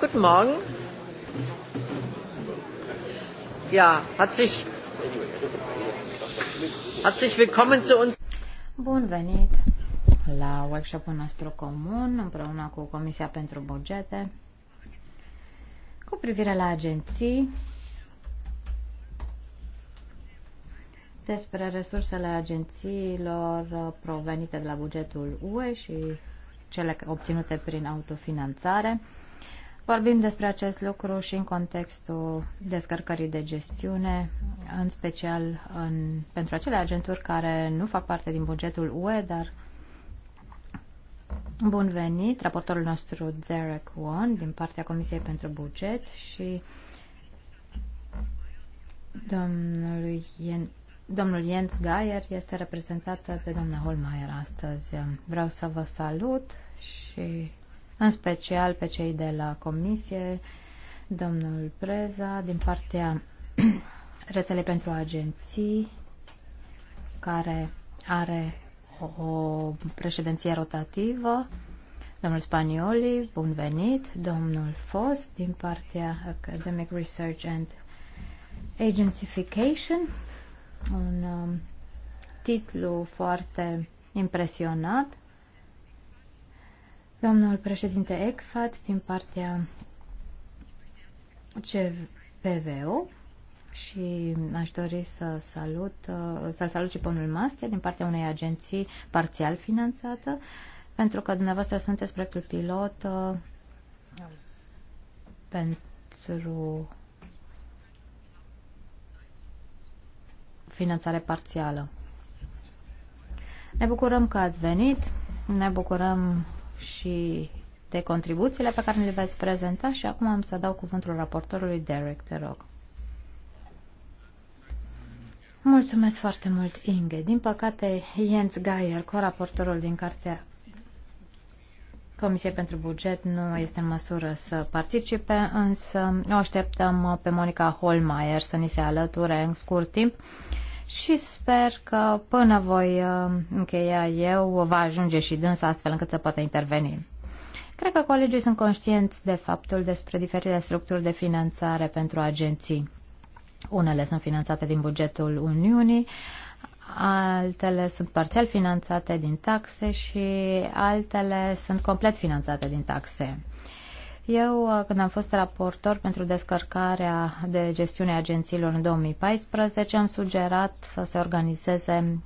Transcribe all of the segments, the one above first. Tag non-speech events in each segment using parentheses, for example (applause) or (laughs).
Guten Morgen. Ja, herzlich, herzlich willkommen zu uns. Bun venit la workshopul nostru comun împreună cu Comisia pentru Bugete cu privire la agenții despre resursele agențiilor provenite de la bugetul UE și cele obținute prin autofinanțare. Vorbim despre acest lucru și în contextul descărcării de gestiune, în special în, pentru acele agenturi care nu fac parte din bugetul UE, dar Bun venit, raportorul nostru Derek Wan din partea Comisiei pentru Buget și domnul Jens Geier este reprezentat de doamna Holmeier astăzi. Vreau să vă salut și în special pe cei de la comisie, domnul Preza, din partea (clears throat) rețelei pentru agenții, care are o președinție rotativă, domnul Spanioli, bun venit, domnul Fos, din partea Academic Research and Agencification, un um, titlu foarte impresionat Domnul președinte ECFAT din partea CPVO și aș dori să salut, să salut și domnul Mastia din partea unei agenții parțial finanțată, pentru că dumneavoastră sunteți proiectul pilot uh, pentru finanțare parțială. Ne bucurăm că ați venit, ne bucurăm și de contribuțiile pe care le veți prezenta și acum am să dau cuvântul raportorului Derek, te rog. Mulțumesc foarte mult, Inge. Din păcate, Jens Geier, raportorul din cartea Comisie pentru Buget, nu este în măsură să participe, însă o așteptăm pe Monica Holmeier să ni se alăture în scurt timp și sper că până voi uh, încheia eu va ajunge și dânsa astfel încât să poată interveni. Cred că colegii sunt conștienți de faptul despre diferite structuri de finanțare pentru agenții. Unele sunt finanțate din bugetul Uniunii, altele sunt parțial finanțate din taxe și altele sunt complet finanțate din taxe. Uh, eu, uh, când am fost raportor pentru descărcarea de gestiune agențiilor în 2014, am sugerat să se organizeze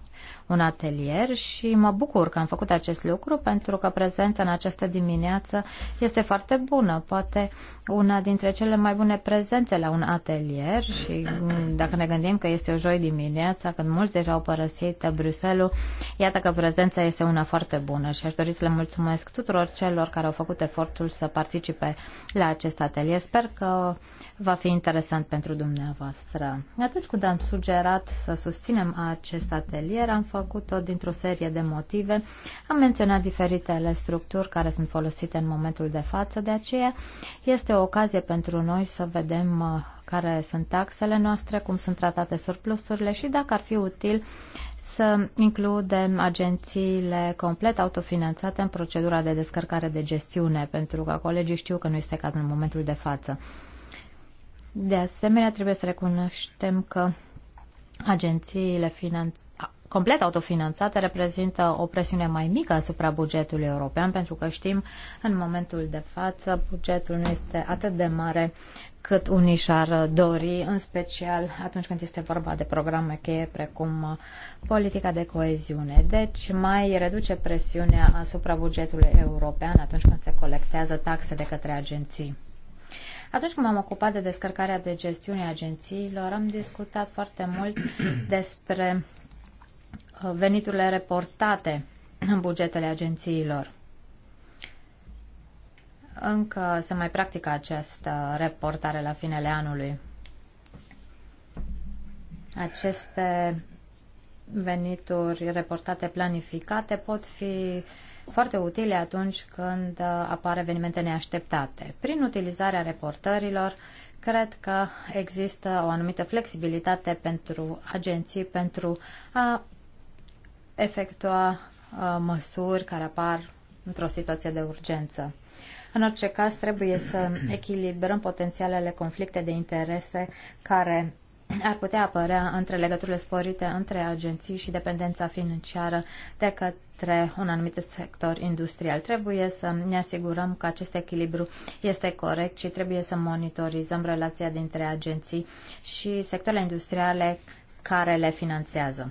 un atelier și mă bucur că am făcut acest lucru pentru că prezența în această dimineață este foarte bună, poate una dintre cele mai bune prezențe la un atelier și dacă ne gândim că este o joi dimineața, când mulți deja au părăsit Bruselul, iată că prezența este una foarte bună și aș dori să le mulțumesc tuturor celor care au făcut efortul să participe la acest atelier. Sper că va fi interesant pentru dumneavoastră. Atunci când am sugerat să susținem acest atelier, am făcut-o dintr-o serie de motive. Am menționat diferitele structuri care sunt folosite în momentul de față, de aceea este o ocazie pentru noi să vedem uh, care sunt taxele noastre, cum sunt tratate surplusurile și dacă ar fi util să includem agențiile complet autofinanțate în procedura de descărcare de gestiune, pentru că colegii știu că nu este cazul în momentul de față. De asemenea, trebuie să recunoaștem că agențiile finanțe complet autofinanțate reprezintă o presiune mai mică asupra bugetului european, pentru că știm în momentul de față bugetul nu este atât de mare cât unii și-ar dori, în special atunci când este vorba de programe cheie precum uh, politica de coeziune. Deci mai reduce presiunea asupra bugetului european atunci când se colectează taxe de către agenții. Atunci când m-am ocupat de descărcarea de gestiune agențiilor, am discutat foarte mult (clears throat) despre uh, veniturile reportate în bugetele agențiilor. Încă se mai practică această reportare la finele anului. Aceste venituri reportate planificate pot fi foarte utile atunci când uh, apar evenimente neașteptate. Prin utilizarea reportărilor, cred că există o anumită flexibilitate pentru agenții pentru a efectua uh, măsuri care apar într-o situație de urgență. În orice caz, trebuie să (clears throat) echilibrăm potențialele conflicte de interese care ar putea apărea între legăturile sporite între agenții și dependența financiară de către un anumit sector industrial. Trebuie să ne asigurăm că acest echilibru este corect și trebuie să monitorizăm relația dintre agenții și sectoarele industriale care le finanțează.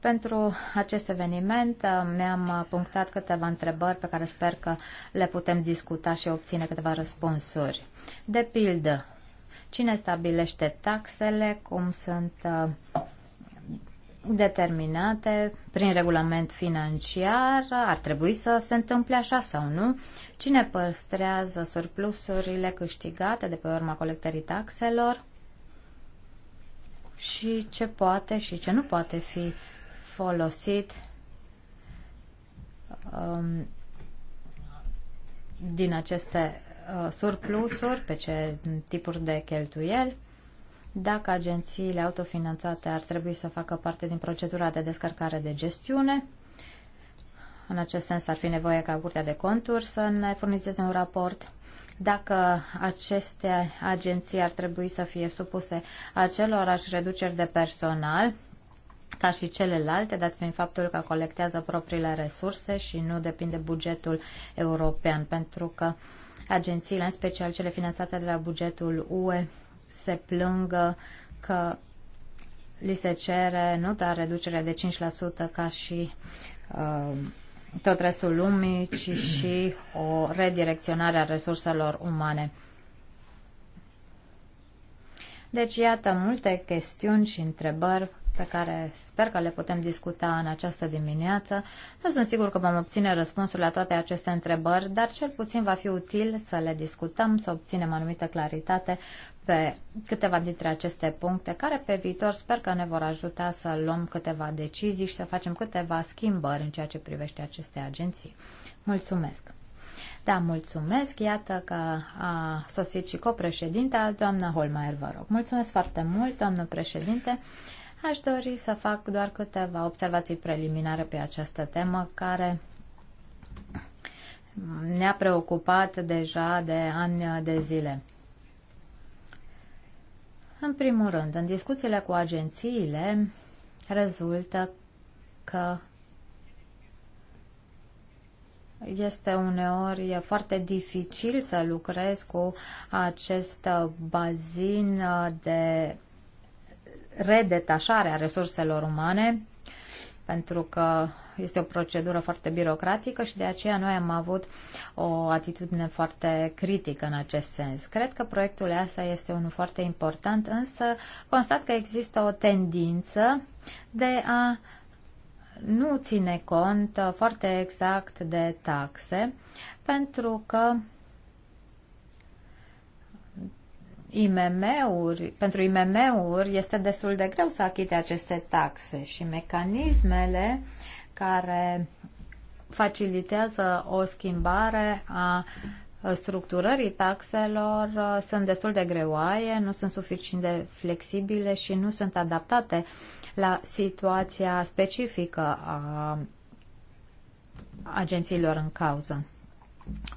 Pentru acest eveniment uh, mi-am punctat câteva întrebări pe care sper că le putem discuta și obține câteva răspunsuri. De pildă, cine stabilește taxele, cum sunt uh, determinate prin regulament financiar, ar trebui să se întâmple așa sau nu, cine păstrează surplusurile câștigate de pe urma colectării taxelor și ce poate și ce nu poate fi folosit um, din aceste Uh, surplusuri, pe ce tipuri de cheltuieli, dacă agențiile autofinanțate ar trebui să facă parte din procedura de descărcare de gestiune. În acest sens ar fi nevoie ca Curtea de Conturi să ne furnizeze un raport. Dacă aceste agenții ar trebui să fie supuse acelorași reduceri de personal, ca și celelalte, dat fiind faptul că colectează propriile resurse și nu depinde bugetul european, pentru că uh, agențiile, în special cele finanțate de la bugetul UE, se plângă că li se cere nu doar reducere de 5% ca și uh, tot restul lumii, ci și o redirecționare a resurselor umane. Deci, iată multe chestiuni și întrebări pe care sper că le putem discuta în această dimineață. Nu sunt sigur că vom obține răspunsuri la toate aceste întrebări, dar cel puțin va fi util să le discutăm, să obținem anumită claritate pe câteva dintre aceste puncte, care pe viitor sper că ne vor ajuta să luăm câteva decizii și să facem câteva schimbări în ceea ce privește aceste agenții. Mulțumesc! Da, mulțumesc. Iată că a sosit și copreședinta, doamna Holmeier, vă rog. Mulțumesc foarte mult, doamnă președinte. Aș dori să fac doar câteva observații preliminare pe această temă care ne-a preocupat deja de ani de zile. În primul rând, în discuțiile cu agențiile rezultă că este uneori foarte dificil să lucrezi cu acest bazin de redetașare a resurselor umane, pentru că este o procedură foarte birocratică și de aceea noi am avut o atitudine foarte critică în acest sens. Cred că proiectul EASA este unul foarte important, însă constat că există o tendință de a nu ține cont foarte exact de taxe, pentru că IMM-uri, pentru IMM-uri este destul de greu să achite aceste taxe și mecanismele care facilitează o schimbare a structurării taxelor sunt destul de greoaie, nu sunt suficient de flexibile și nu sunt adaptate la situația specifică a agențiilor în cauză.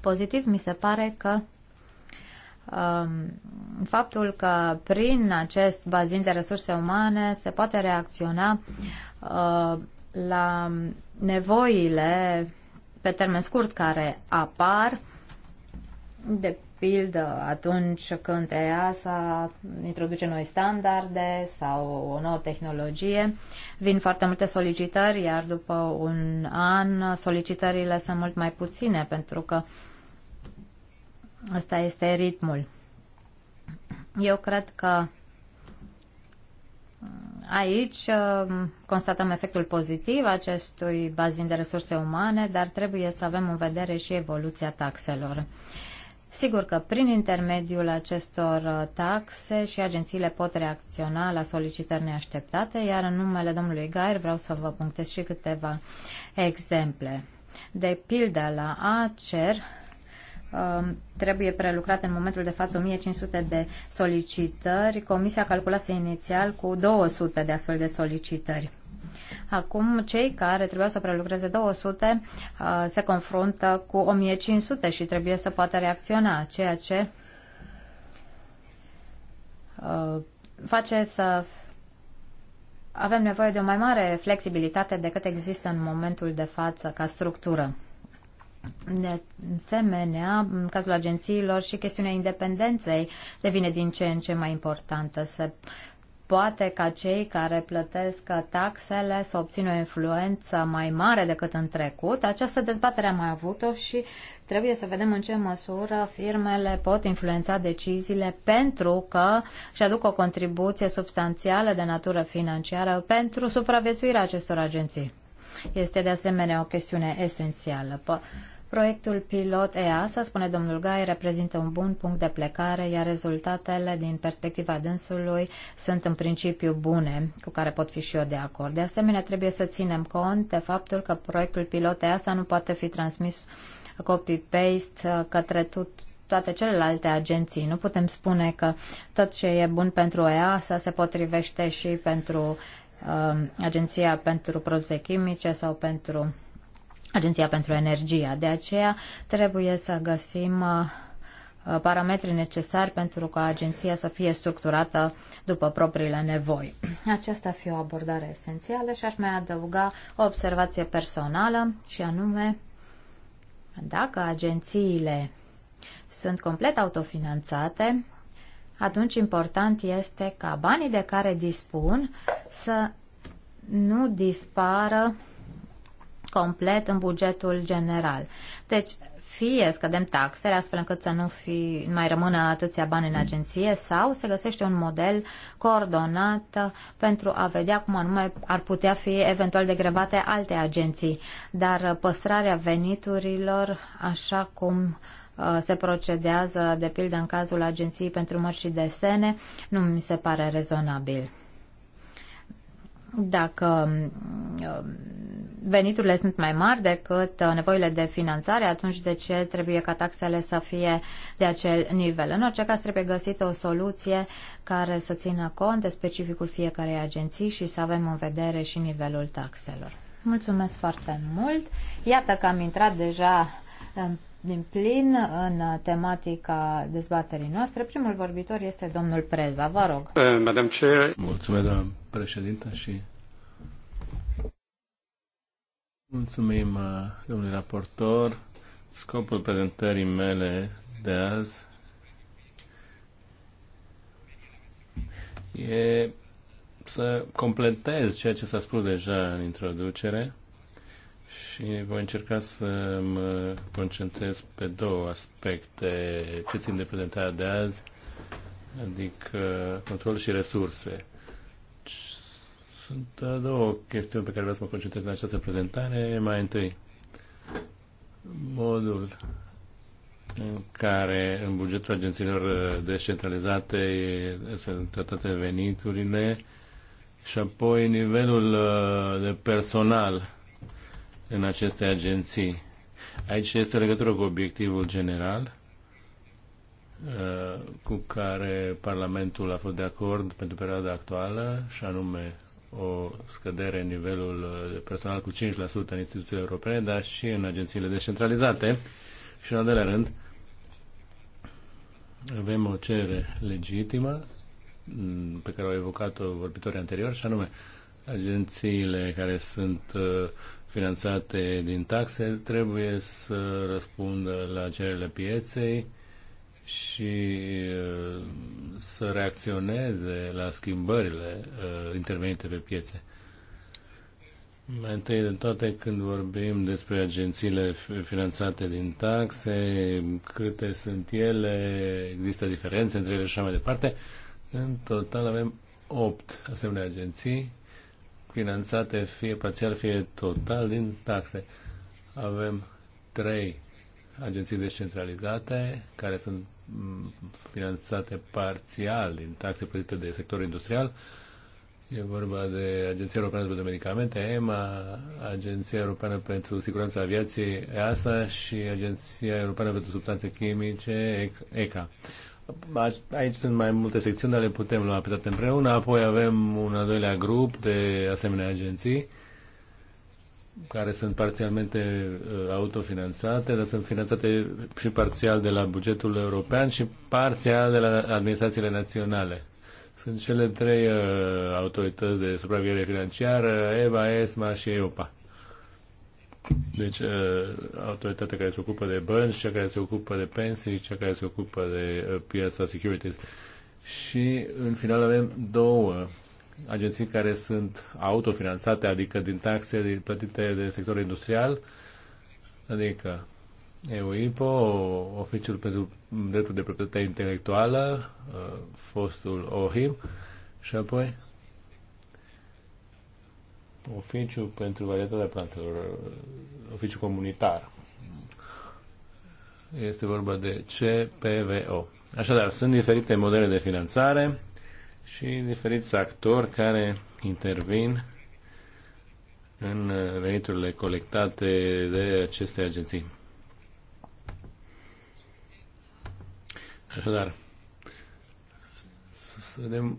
Pozitiv mi se pare că Um, faptul că prin acest bazin de resurse umane se poate reacționa uh, la nevoile pe termen scurt care apar, de pildă atunci când EASA introduce noi standarde sau o nouă tehnologie, vin foarte multe solicitări, iar după un an solicitările sunt mult mai puține pentru că uh, Asta este ritmul. Eu cred că aici uh, constatăm efectul pozitiv acestui bazin de resurse umane, dar trebuie să avem în vedere și evoluția taxelor. Sigur că prin intermediul acestor uh, taxe și agențiile pot reacționa la solicitări neașteptate, iar în numele domnului Gair vreau să vă punctez și câteva exemple. De pildă la ACER, Um, trebuie prelucrate în momentul de față 1500 de solicitări. Comisia calculase inițial cu 200 de astfel de solicitări. Acum, cei care trebuiau să prelucreze 200 uh, se confruntă cu 1500 și trebuie să poată reacționa, ceea ce uh, face să avem nevoie de o mai mare flexibilitate decât există în momentul de față ca structură. De asemenea, în cazul agențiilor și chestiunea independenței devine din ce în ce mai importantă. Se poate ca cei care plătesc taxele să obțină o influență mai mare decât în trecut. Această dezbatere am mai avut-o și trebuie să vedem în ce măsură firmele pot influența deciziile pentru că și aduc o contribuție substanțială de natură financiară pentru supraviețuirea acestor agenții. Este de asemenea o chestiune esențială. Po- Proiectul pilot EASA, spune domnul Gai, reprezintă un bun punct de plecare, iar rezultatele din perspectiva dânsului sunt în principiu bune, cu care pot fi și eu de acord. De asemenea, trebuie să ținem cont de faptul că proiectul pilot EASA nu poate fi transmis copy-paste uh, către tot toate celelalte agenții. Nu putem spune că tot ce e bun pentru EASA se potrivește și pentru uh, Agenția pentru Produse Chimice sau pentru Agenția pentru Energia. De aceea trebuie să găsim uh, uh, parametrii necesari pentru ca agenția să fie structurată după propriile nevoi. (clears throat) Aceasta fi o abordare esențială și aș mai adăuga o observație personală și anume dacă agențiile sunt complet autofinanțate, atunci important este ca banii de care dispun să nu dispară complet în bugetul general. Deci, fie scădem taxele astfel încât să nu fi, mai rămână atâția bani în agenție sau se găsește un model coordonat pentru a vedea cum anume ar putea fi eventual degrevate alte agenții. Dar păstrarea veniturilor, așa cum uh, se procedează, de pildă în cazul Agenției pentru Mărci și Desene, nu mi se pare rezonabil. Dacă um, veniturile sunt mai mari decât uh, nevoile de finanțare, atunci de ce trebuie ca taxele să fie de acel nivel? În orice caz trebuie găsită o soluție care să țină cont de specificul fiecarei agenții și să avem în vedere și nivelul taxelor. Mulțumesc foarte mult! Iată că am intrat deja um, din plin în tematica dezbaterii noastre. Primul vorbitor este domnul Preza. Vă rog. Eh, Madam Chair. Mulțumesc, doamnă președintă, și Mulțumim, uh, domnule raportor. Scopul prezentării mele de azi e să completez ceea ce s-a spus deja în introducere și voi încerca să mă concentrez pe două aspecte ce țin de prezentarea de azi, adică control și resurse. Sunt uh, două chestiuni pe care vreau să mă concentrez în această prezentare. Mai întâi, modul în care în bugetul agențiilor descentralizate sunt tratate veniturile și apoi nivelul uh, de personal în aceste agenții. Aici este legătură cu obiectivul general uh, cu care Parlamentul a fost de acord pentru perioada actuală și anume o scădere în nivelul de eh, personal cu 5% în instituțiile europene, dar și în agențiile descentralizate. Și în al doilea rând, avem o cerere legitimă mm, pe care au evocat-o vorbitorii anterior, și anume agențiile care sunt eh, finanțate din taxe trebuie să răspundă la cererile pieței și uh, să reacționeze la schimbările uh, intervenite pe piețe. Mai întâi de toate, când vorbim despre agențiile finanțate din taxe, câte sunt ele, există diferențe între ele și așa mai departe, în total avem 8 asemenea agenții finanțate fie parțial, fie total din taxe. Avem 3 agenții descentralizate care sunt mm, finanțate parțial din taxe plătite de sectorul industrial. E vorba de Agenția Europeană pentru Medicamente, EMA, Agenția Europeană pentru Siguranța Aviației, EASA și Agenția Europeană pentru Substanțe Chimice, ECA. Aici sunt mai multe secțiuni, dar le putem lua pe toate împreună. Apoi avem un al doilea grup de asemenea agenții care sunt parțialmente uh, autofinanțate, dar sunt finanțate și parțial de la bugetul european și parțial de la administrațiile naționale. Sunt cele trei uh, autorități de supraveghere financiară, EVA, ESMA și EOPA. Deci, uh, autoritatea care se ocupă de bănci, cea care se ocupă de pensii, cea care se ocupă de piața securities. Și, în final, avem două agenții care sunt autofinanțate, adică din taxe plătite de sectorul industrial, adică EUIPO, Oficiul pentru Dreptul de Proprietate Intelectuală, uh, fostul OHIM, și apoi Oficiul pentru Varietatea Plantelor, uh, Oficiul Comunitar. Este vorba de CPVO. Așadar, sunt diferite modele de finanțare și diferiți actori care intervin în veniturile colectate de aceste agenții. Așadar, să vedem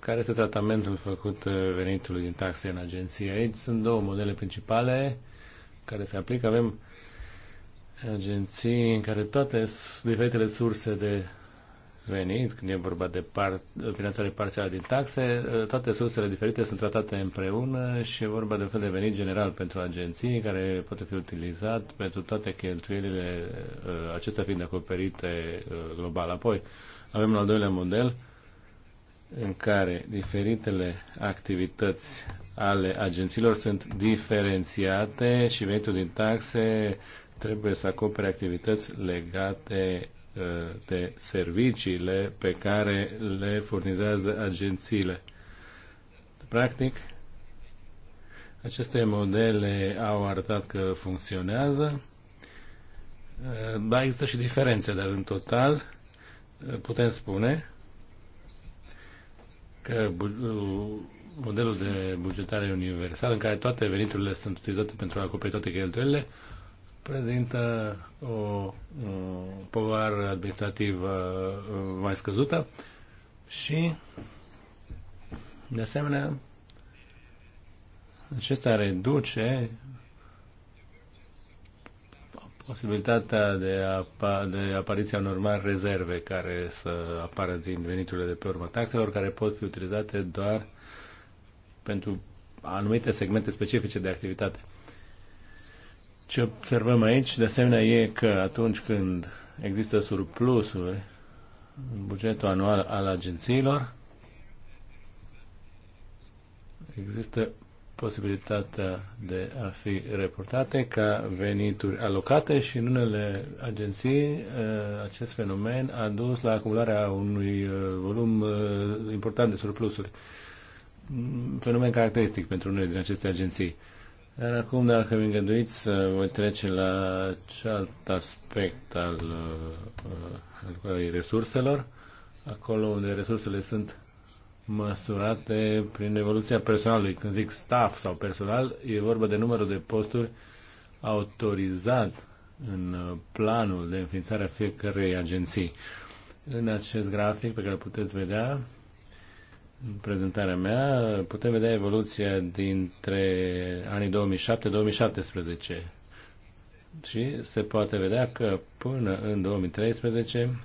care este tratamentul făcut uh, venitului din taxe în agenție. Aici sunt două modele principale care se aplică. Avem agenții în care toate diferitele surse de venit, când e vorba de par, finanțare parțială din taxe, ă, toate sursele diferite sunt tratate împreună și e vorba de un fel de venit general pentru agenții care poate fi utilizat pentru toate cheltuielile, ă, acestea fiind acoperite ă, global. Apoi avem un al doilea model în care diferitele activități ale agențiilor sunt diferențiate și venitul din taxe trebuie să acopere activități legate de serviciile pe care le furnizează agențiile. Practic, aceste modele au arătat că funcționează. Da, există și diferențe, dar în total putem spune că modelul de bugetare universal în care toate veniturile sunt utilizate pentru a acoperi toate cheltuielile prezintă o povară administrativă uh, mai scăzută și, de asemenea, acesta reduce posibilitatea de, apa, de apariția unor mari rezerve care să apară din veniturile de pe urmă taxelor, care pot fi utilizate doar pentru anumite segmente specifice de activitate. Ce observăm aici, de asemenea, e că atunci când există surplusuri în bugetul anual al agențiilor, există posibilitatea de a fi reportate ca venituri alocate și în unele agenții eh, acest fenomen a dus la acumularea unui eh, volum eh, important de surplusuri. Fenomen caracteristic pentru unele din aceste agenții. Dar acum, dacă mi îngăduiți, uh, voi trece la cealalt aspect al uh, al resurselor, acolo unde resursele sunt măsurate prin evoluția personalului. Când zic staff sau personal, e vorba de numărul de posturi autorizat în uh, planul de înființare a fiecărei agenții. În acest grafic pe care îl puteți vedea, prezentarea mea, putem vedea evoluția dintre anii 2007-2017 și se poate vedea că până în 2013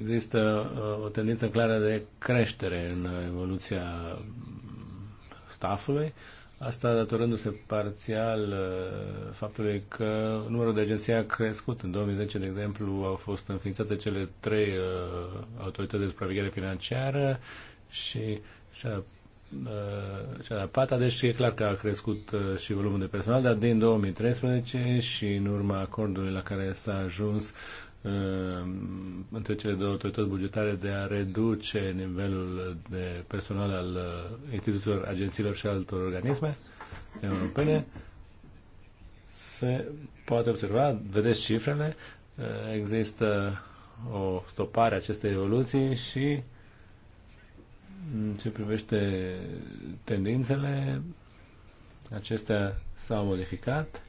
există uh, o tendință clară de creștere în evoluția staffului Asta datorându-se parțial uh, faptului că numărul de agenții a crescut. În 2010, de exemplu, au fost înființate cele trei uh, autorități de supraveghere financiară și cea uh, cea de-a deci e clar că a crescut și volumul de personal, dar din 2013 și în urma acordului la care s-a ajuns Ehm, între cele două autorități bugetare de a reduce nivelul de personal al uh, instituțiilor, agențiilor și altor organisme europene, se poate observa, vedeți cifrele, uh, există o stopare a acestei evoluții și în ce privește tendințele, acestea s-au modificat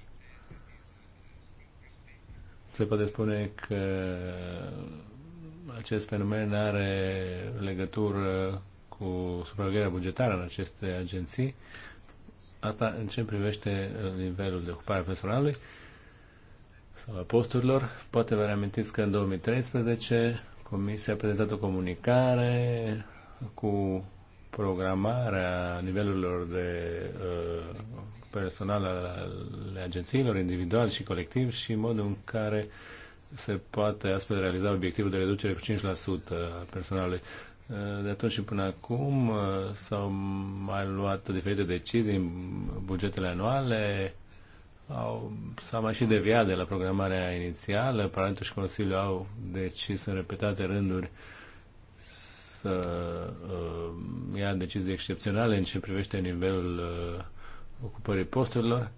se poate spune că acest fenomen are legătură cu supravegherea bugetară în aceste agenții, asta în ce privește nivelul de ocupare personalului sau a posturilor. Poate vă reamintiți că în 2013 Comisia a prezentat o comunicare cu programarea nivelurilor de uh, personal al agențiilor, individual și colectiv și modul în care se poate astfel realiza obiectivul de reducere cu 5% a personalului. Uh, de atunci și până acum uh, s-au mai luat diferite decizii în bugetele anuale, au, s-a mai și deviat de la programarea inițială, Parlamentul și Consiliul au decis în repetate rânduri să uh, ia decizii excepționale în ce privește nivelul uh, ocupării posturilor.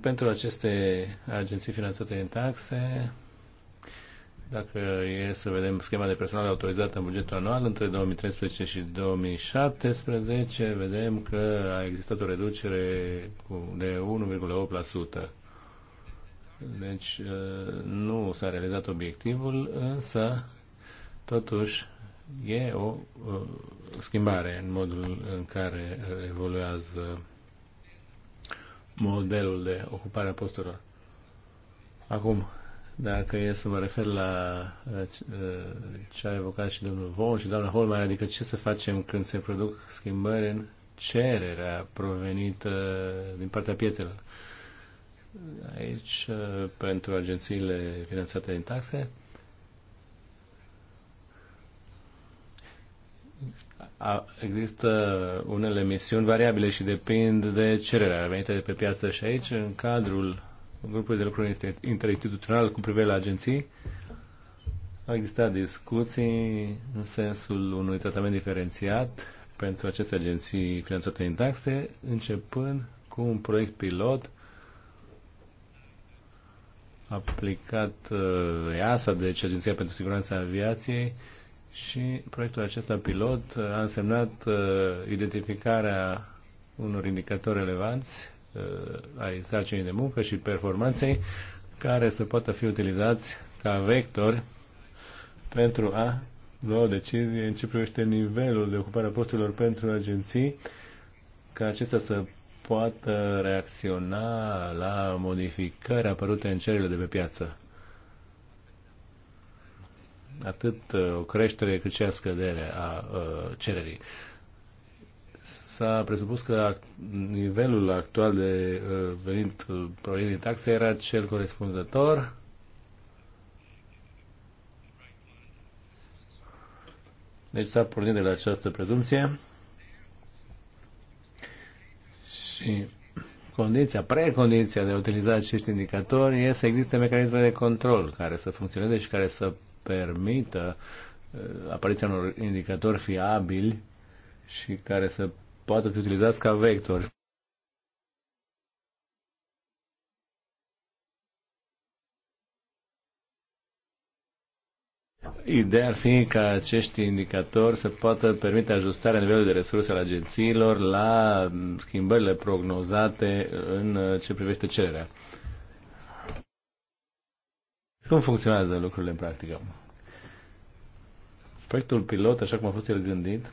Pentru aceste agenții finanțate din taxe, dacă e să vedem schema de personal autorizată în bugetul anual, între 2013 și 2017 vedem că a existat o reducere de 1,8%. Deci uh, nu s-a realizat obiectivul, însă totuși e o schimbare în modul în care uh, evoluează modelul de ocupare a posturilor. Acum, dacă e să mă refer la uh, uh, ce a evocat și domnul Von și doamna Holmeier, adică ce să facem când se produc schimbări în cererea provenită din partea piețelor. Aici, pentru agențiile finanțate din taxe, există unele misiuni variabile și depind de cererea venită de pe piață și aici, în cadrul grupului de lucru interinstituțional cu privire la agenții, au existat discuții în sensul unui tratament diferențiat pentru aceste agenții finanțate din taxe, începând cu un proiect pilot aplicat uh, EASA, deci Agenția pentru Siguranța Aviației, și proiectul acesta pilot a însemnat uh, identificarea unor indicatori relevanți uh, ai sarcinii de muncă și performanței care să poată fi utilizați ca vector pentru a lua o decizie în ce privește nivelul de ocupare a posturilor pentru agenții, ca acesta să poată reacționa la modificări apărute în cererile de pe piață atât uh, o creștere cât și a scădere a uh, cererii. S-a presupus că nivelul actual de uh, venit provenit din taxe era cel corespunzător Deci s-a pornit de la această prezumție și condiția, precondiția de a utiliza acești indicatori este să existe mecanisme de control care să funcționeze și care să permită uh, apariția unor indicatori fiabili și care să poată fi utilizați ca vectori. Ideea ar fi ca acești indicatori să poată permite ajustarea nivelului de resurse al agențiilor la schimbările prognozate în uh, ce privește cererea cum funcționează lucrurile în practică? Proiectul pilot, așa cum a fost el gândit,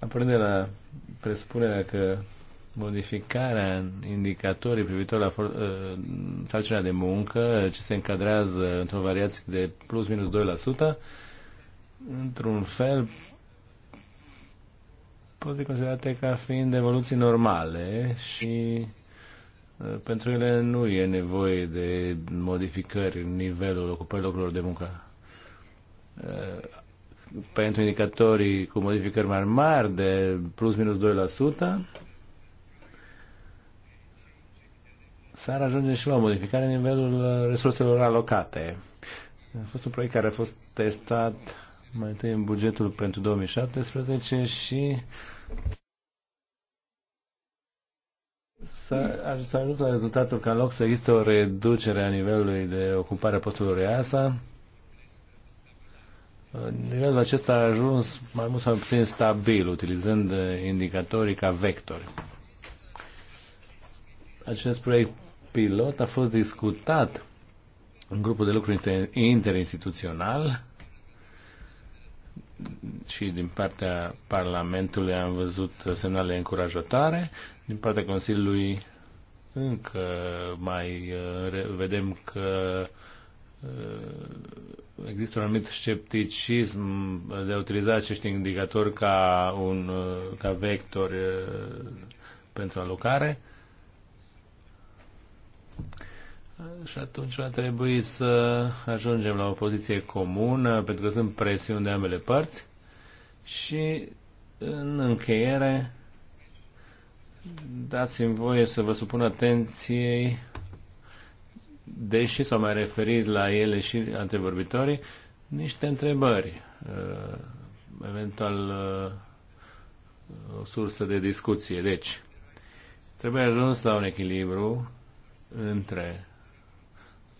apărând de la presupunerea că modificarea în indicatorii privitor la for- uh, ă, facerea de muncă, ce se încadrează într-o variație de plus minus 2%, într-un fel pot fi considerate ca fiind evoluții normale și Eh, pentru ele nu e nevoie de modificări în nivelul ocupării locurilor de muncă. Eh, pentru indicatorii cu modificări mai mari de plus minus 2%, s-ar ajunge și la o modificare în nivelul eh, resurselor alocate. A fost un proiect care a fost testat mai întâi în bugetul pentru 2017 și să, a ajuns la rezultatul că în loc să există o reducere a nivelului de ocupare a postului EASA, nivelul acesta a ajuns mai mult sau mai puțin stabil, utilizând indicatorii ca vectori. Acest proiect pilot a fost discutat în grupul de lucru interinstituțional și din partea Parlamentului am văzut semnale încurajatoare din partea Consiliului încă mai uh, vedem că uh, există un anumit scepticism de a utiliza acești indicatori ca, un, uh, ca vector pentru alocare. Și atunci va trebui să ajungem la o poziție comună, pentru că sunt presiuni de ambele părți. Și în încheiere, dați-mi voie să vă supun atenției, deși s-au mai referit la ele și antevorbitorii, niște întrebări, uh, eventual uh, o sursă de discuție. Deci, trebuie ajuns la un echilibru între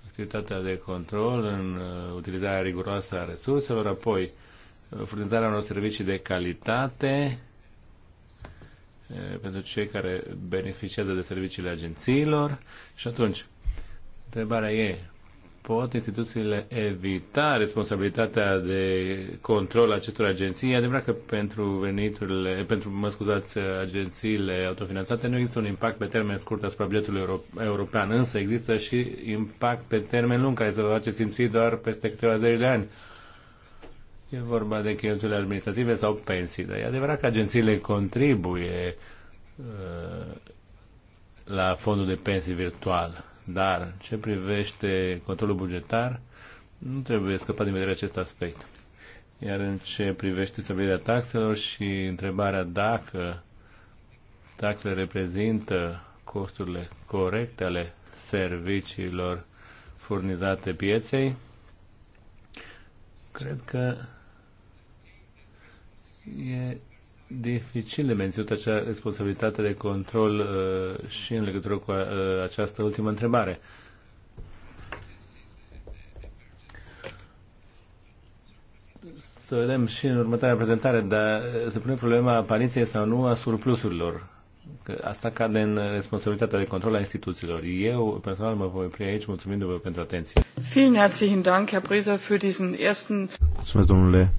activitatea de control în uh, utilizarea riguroasă a resurselor, apoi furnizarea unor servicii de calitate, pentru cei care beneficiază de serviciile agențiilor. Și atunci, întrebarea e, pot instituțiile evita responsabilitatea de control acestor agenții? E adevărat că pentru veniturile, pentru, mă scuzați, agențiile autofinanțate nu există un impact pe termen scurt asupra bugetului european, însă există și impact pe termen lung care se va face simți doar peste câteva zeci de ani. E vorba de cheltuieli administrative sau pensii, dar e adevărat că agențiile contribuie uh, la fondul de pensii virtual, dar ce privește controlul bugetar, nu trebuie scăpat din vedere acest aspect. Iar în ce privește stabilirea taxelor și întrebarea dacă taxele reprezintă costurile corecte ale serviciilor furnizate pieței, cred că E dificil de menținut acea responsabilitate de control uh, și în legătură cu uh, această ultimă întrebare. Să vedem și în următoarea prezentare, dar uh, se pune problema apariției sau nu a surplusurilor. Că asta cade în responsabilitatea de control a instituțiilor. Eu personal mă voi opri aici mulțumindu-vă pentru atenție. Vielen herzlichen Dank, Herr für diesen ersten... Mulțumesc, domnule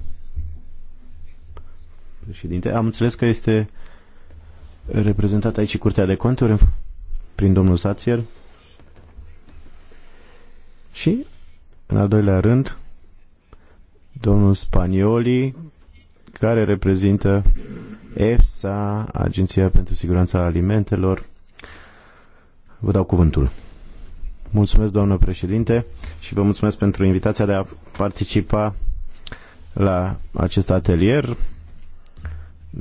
președinte. Am înțeles că este reprezentat aici Curtea de Conturi prin domnul Sațier. Și, în al doilea rând, domnul Spanioli, care reprezintă EFSA, Agenția pentru Siguranța Alimentelor. Vă dau cuvântul. Mulțumesc, doamnă președinte, și vă mulțumesc pentru invitația de a participa la acest atelier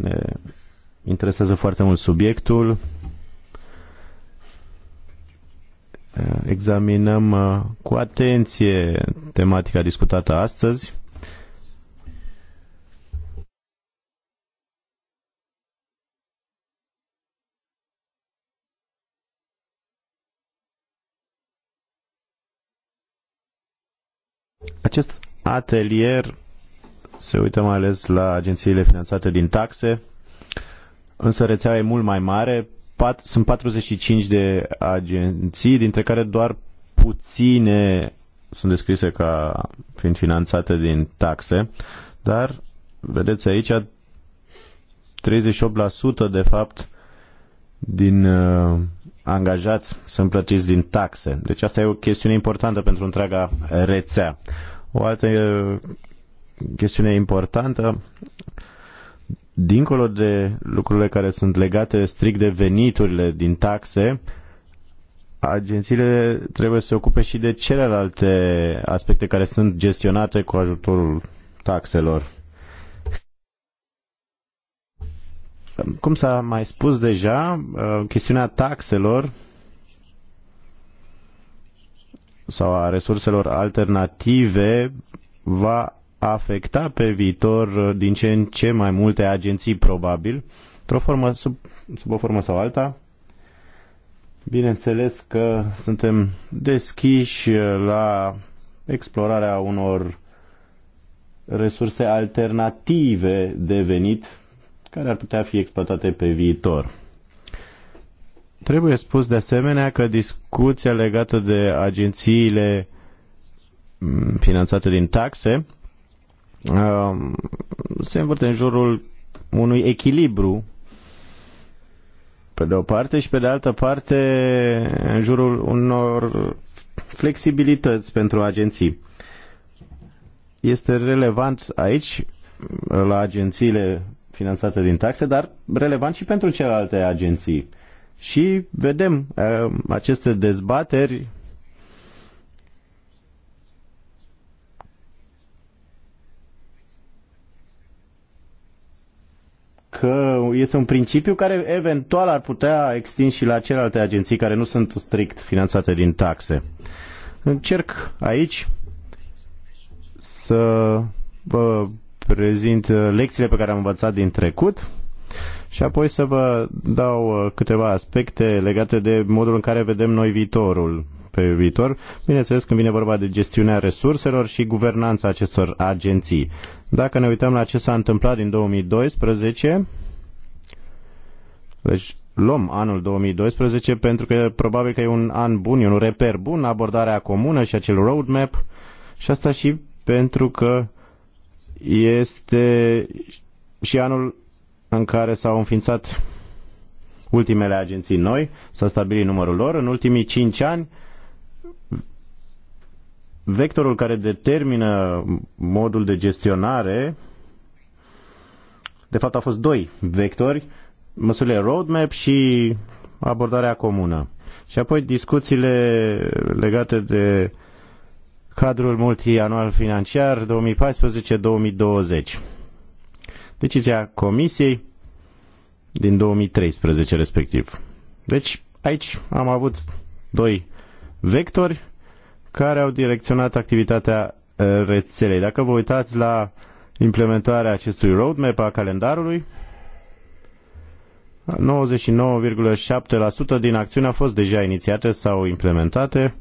ne interesează foarte mult subiectul. Examinăm uh, cu atenție tematica discutată astăzi. Acest atelier se uită mai ales la agențiile finanțate din taxe, însă rețeaua e mult mai mare. Pat, sunt 45 de agenții, dintre care doar puține sunt descrise ca fiind finanțate din taxe, dar vedeți aici 38% de fapt din uh, angajați sunt plătiți din taxe. Deci asta e o chestiune importantă pentru întreaga rețea. O altă uh, chestiune importantă. Dincolo de lucrurile care sunt legate strict de veniturile din taxe, agențiile trebuie să se ocupe și de celelalte aspecte care sunt gestionate cu ajutorul taxelor. Cum s-a mai spus deja, uh, chestiunea taxelor sau a resurselor alternative va afecta pe viitor uh, din ce în ce mai multe agenții, probabil, într-o formă, sub, sub o formă sau alta. Bineînțeles că suntem deschiși uh, la explorarea unor resurse alternative de venit care ar putea fi exploatate pe viitor. Trebuie spus de asemenea că discuția legată de agențiile mm, finanțate din taxe se învârte în jurul unui echilibru pe de o parte și pe de altă parte în jurul unor flexibilități pentru agenții. Este relevant aici la agențiile finanțate din taxe, dar relevant și pentru celelalte agenții. Și vedem uh, aceste dezbateri că este un principiu care eventual ar putea extins și la celelalte agenții care nu sunt strict finanțate din taxe. Încerc aici să vă prezint lecțiile pe care am învățat din trecut și apoi să vă dau uh, câteva aspecte legate de modul în care vedem noi viitorul pe viitor, bineînțeles când vine vorba de gestiunea resurselor și guvernanța acestor agenții. Dacă ne uităm la ce s-a întâmplat din 2012, deci luăm anul 2012 pentru că probabil că e un an bun, e un reper bun, abordarea comună și acel roadmap și asta și pentru că este și anul în care s-au înființat ultimele agenții noi, s-a stabilit numărul lor. În ultimii 5 ani vectorul care determină modul de gestionare, de fapt au fost doi vectori, măsurile roadmap și abordarea comună. Și apoi discuțiile legate de cadrul multianual financiar 2014-2020. Decizia Comisiei din 2013 respectiv. Deci aici am avut doi vectori care au direcționat activitatea eh, rețelei. Dacă vă uitați la implementarea acestui roadmap a calendarului, 99,7% din acțiuni au fost deja inițiate sau implementate.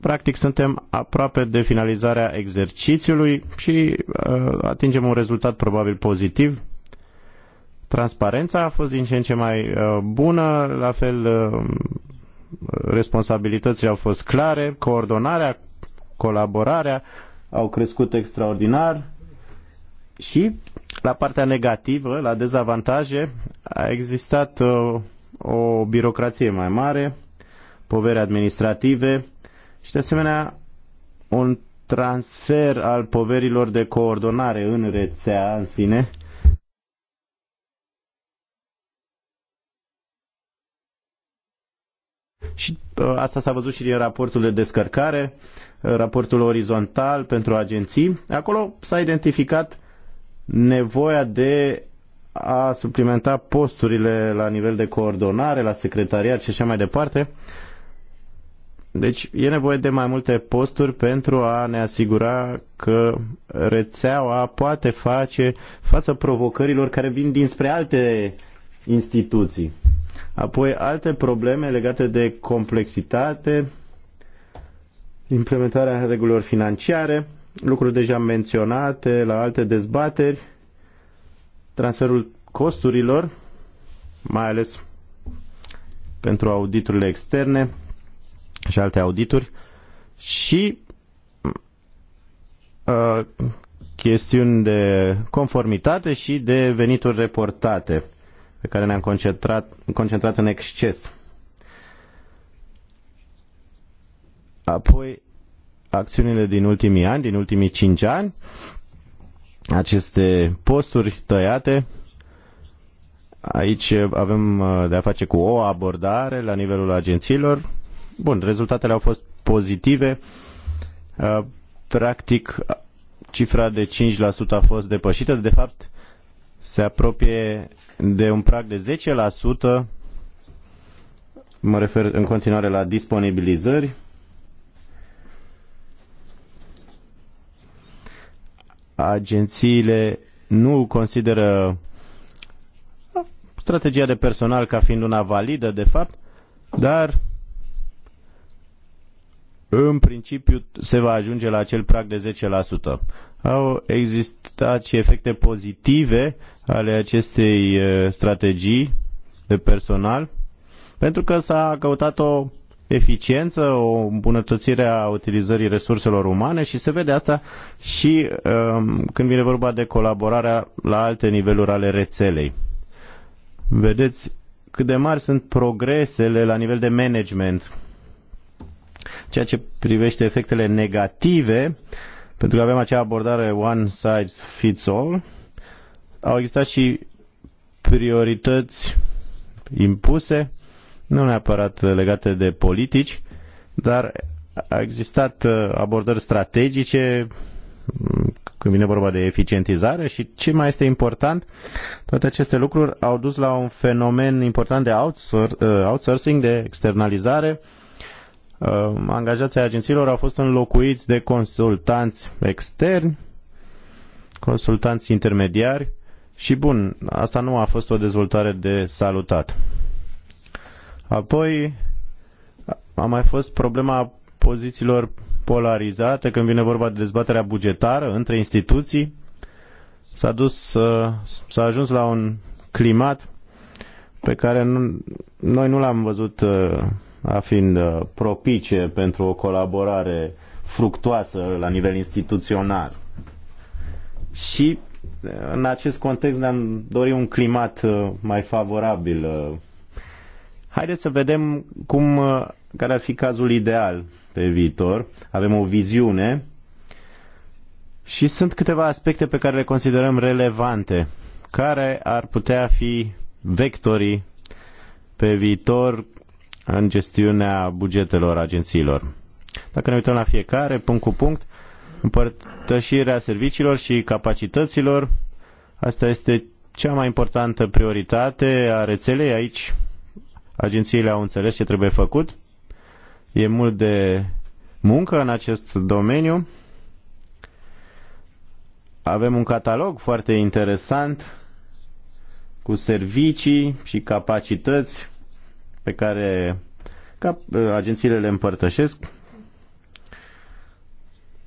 Practic suntem aproape de finalizarea exercițiului și uh, atingem un rezultat probabil pozitiv. Transparența a fost din ce în ce mai uh, bună, la fel uh, responsabilitățile au fost clare, coordonarea, colaborarea au crescut extraordinar și la partea negativă, la dezavantaje, a existat o, uh, o birocrație mai mare, povere administrative și de asemenea un transfer al poverilor de coordonare în rețea în sine, Și uh, asta s-a văzut și din raportul de descărcare, uh, raportul orizontal pentru agenții. Acolo s-a identificat nevoia de a suplimenta posturile la nivel de coordonare, la secretariat și așa mai departe. Deci e nevoie de mai multe posturi pentru a ne asigura că rețeaua poate face față provocărilor care vin dinspre alte instituții. Apoi alte probleme legate de complexitate, implementarea regulilor financiare, lucruri deja menționate la alte dezbateri, transferul costurilor, mai ales pentru auditurile externe și alte audituri și uh, chestiuni de conformitate și de venituri reportate pe care ne-am concentrat, concentrat în exces. Apoi, acțiunile din ultimii ani, din ultimii cinci ani, aceste posturi tăiate. Aici avem uh, de a face cu o abordare la nivelul agențiilor. Bun, rezultatele au fost pozitive. Uh, practic, cifra de 5% a fost depășită. De fapt, se apropie de un prag de 10%, mă refer în continuare la disponibilizări, agențiile nu consideră strategia de personal ca fiind una validă, de fapt, dar în principiu se va ajunge la acel prag de au existat și efecte pozitive ale acestei uh, strategii de personal, pentru că s-a căutat o eficiență, o îmbunătățire a utilizării resurselor umane și se vede asta și um, când vine vorba de colaborarea la alte niveluri ale rețelei. Vedeți cât de mari sunt progresele la nivel de management. Ceea ce privește efectele negative, uh, pentru că avem acea abordare one size fits all, au existat și priorități impuse, nu neapărat legate de politici, dar a existat uh, abordări strategice mm, când vine vorba de eficientizare și ce mai este important, toate aceste lucruri au dus la un fenomen important de uh, outsourcing, de externalizare, angajații agențiilor au fost înlocuiți de consultanți externi, consultanți intermediari și bun, asta nu a fost o dezvoltare de salutat. Apoi a mai fost problema pozițiilor polarizate când vine vorba de dezbaterea bugetară între instituții. S-a dus, uh, s-a ajuns la un climat pe care nu, noi nu l-am văzut uh, a fiind uh, propice pentru o colaborare fructoasă la nivel instituțional. Și uh, în acest context ne-am dorit un climat uh, mai favorabil. Haideți să vedem cum, care ar fi cazul ideal pe viitor. Avem o viziune și sunt câteva aspecte pe care le considerăm relevante, care ar putea fi vectorii pe viitor în gestiunea bugetelor agențiilor. Dacă ne uităm la fiecare, punct cu punct, împărtășirea serviciilor și capacităților, asta este cea mai importantă prioritate a rețelei. Aici agențiile au înțeles ce trebuie făcut. E mult de muncă în acest domeniu. Avem un catalog foarte interesant cu servicii și capacități pe care ca, ă, agențiile le împărtășesc.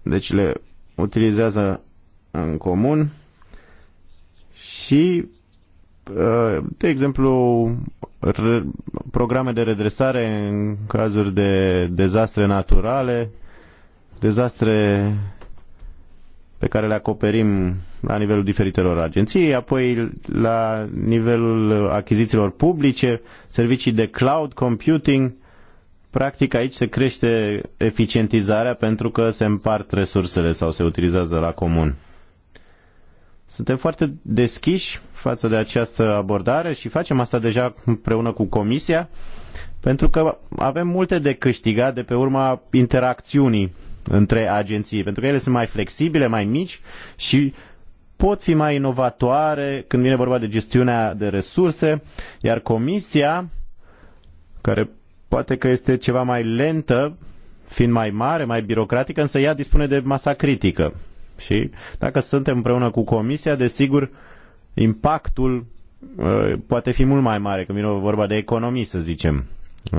Deci le utilizează în comun și, ă, de exemplu, programe de redresare în cazuri de dezastre naturale, dezastre pe care le acoperim la nivelul diferitelor agenții, apoi la nivelul achizițiilor publice, servicii de cloud computing. Practic aici se crește eficientizarea pentru că se împart resursele sau se utilizează la comun. Suntem foarte deschiși față de această abordare și facem asta deja împreună cu Comisia, pentru că avem multe de câștigat de pe urma interacțiunii între agenții, pentru că ele sunt mai flexibile, mai mici și pot fi mai inovatoare când vine vorba de gestiunea de resurse, iar comisia, care poate că este ceva mai lentă, fiind mai mare, mai birocratică, însă ea dispune de masa critică. Și dacă suntem împreună cu comisia, desigur, impactul uh, poate fi mult mai mare când vine vorba de economii, să zicem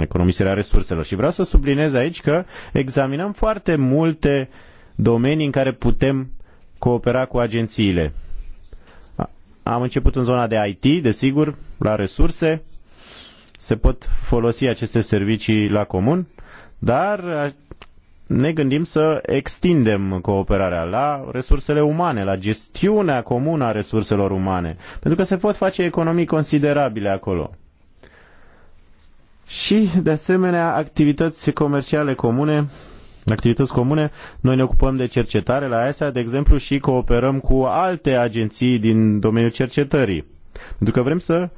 economisirea resurselor. Și vreau să subliniez aici că examinăm foarte multe domenii în care putem coopera cu agențiile. Am început în zona de IT, desigur, la resurse. Se pot folosi aceste servicii la comun, dar ne gândim să extindem cooperarea la resursele umane, la gestiunea comună a resurselor umane, pentru că se pot face economii considerabile acolo și, de asemenea, activități comerciale comune, activități comune. Noi ne ocupăm de cercetare la ESA, de exemplu, și cooperăm cu alte agenții din domeniul cercetării. Pentru că vrem să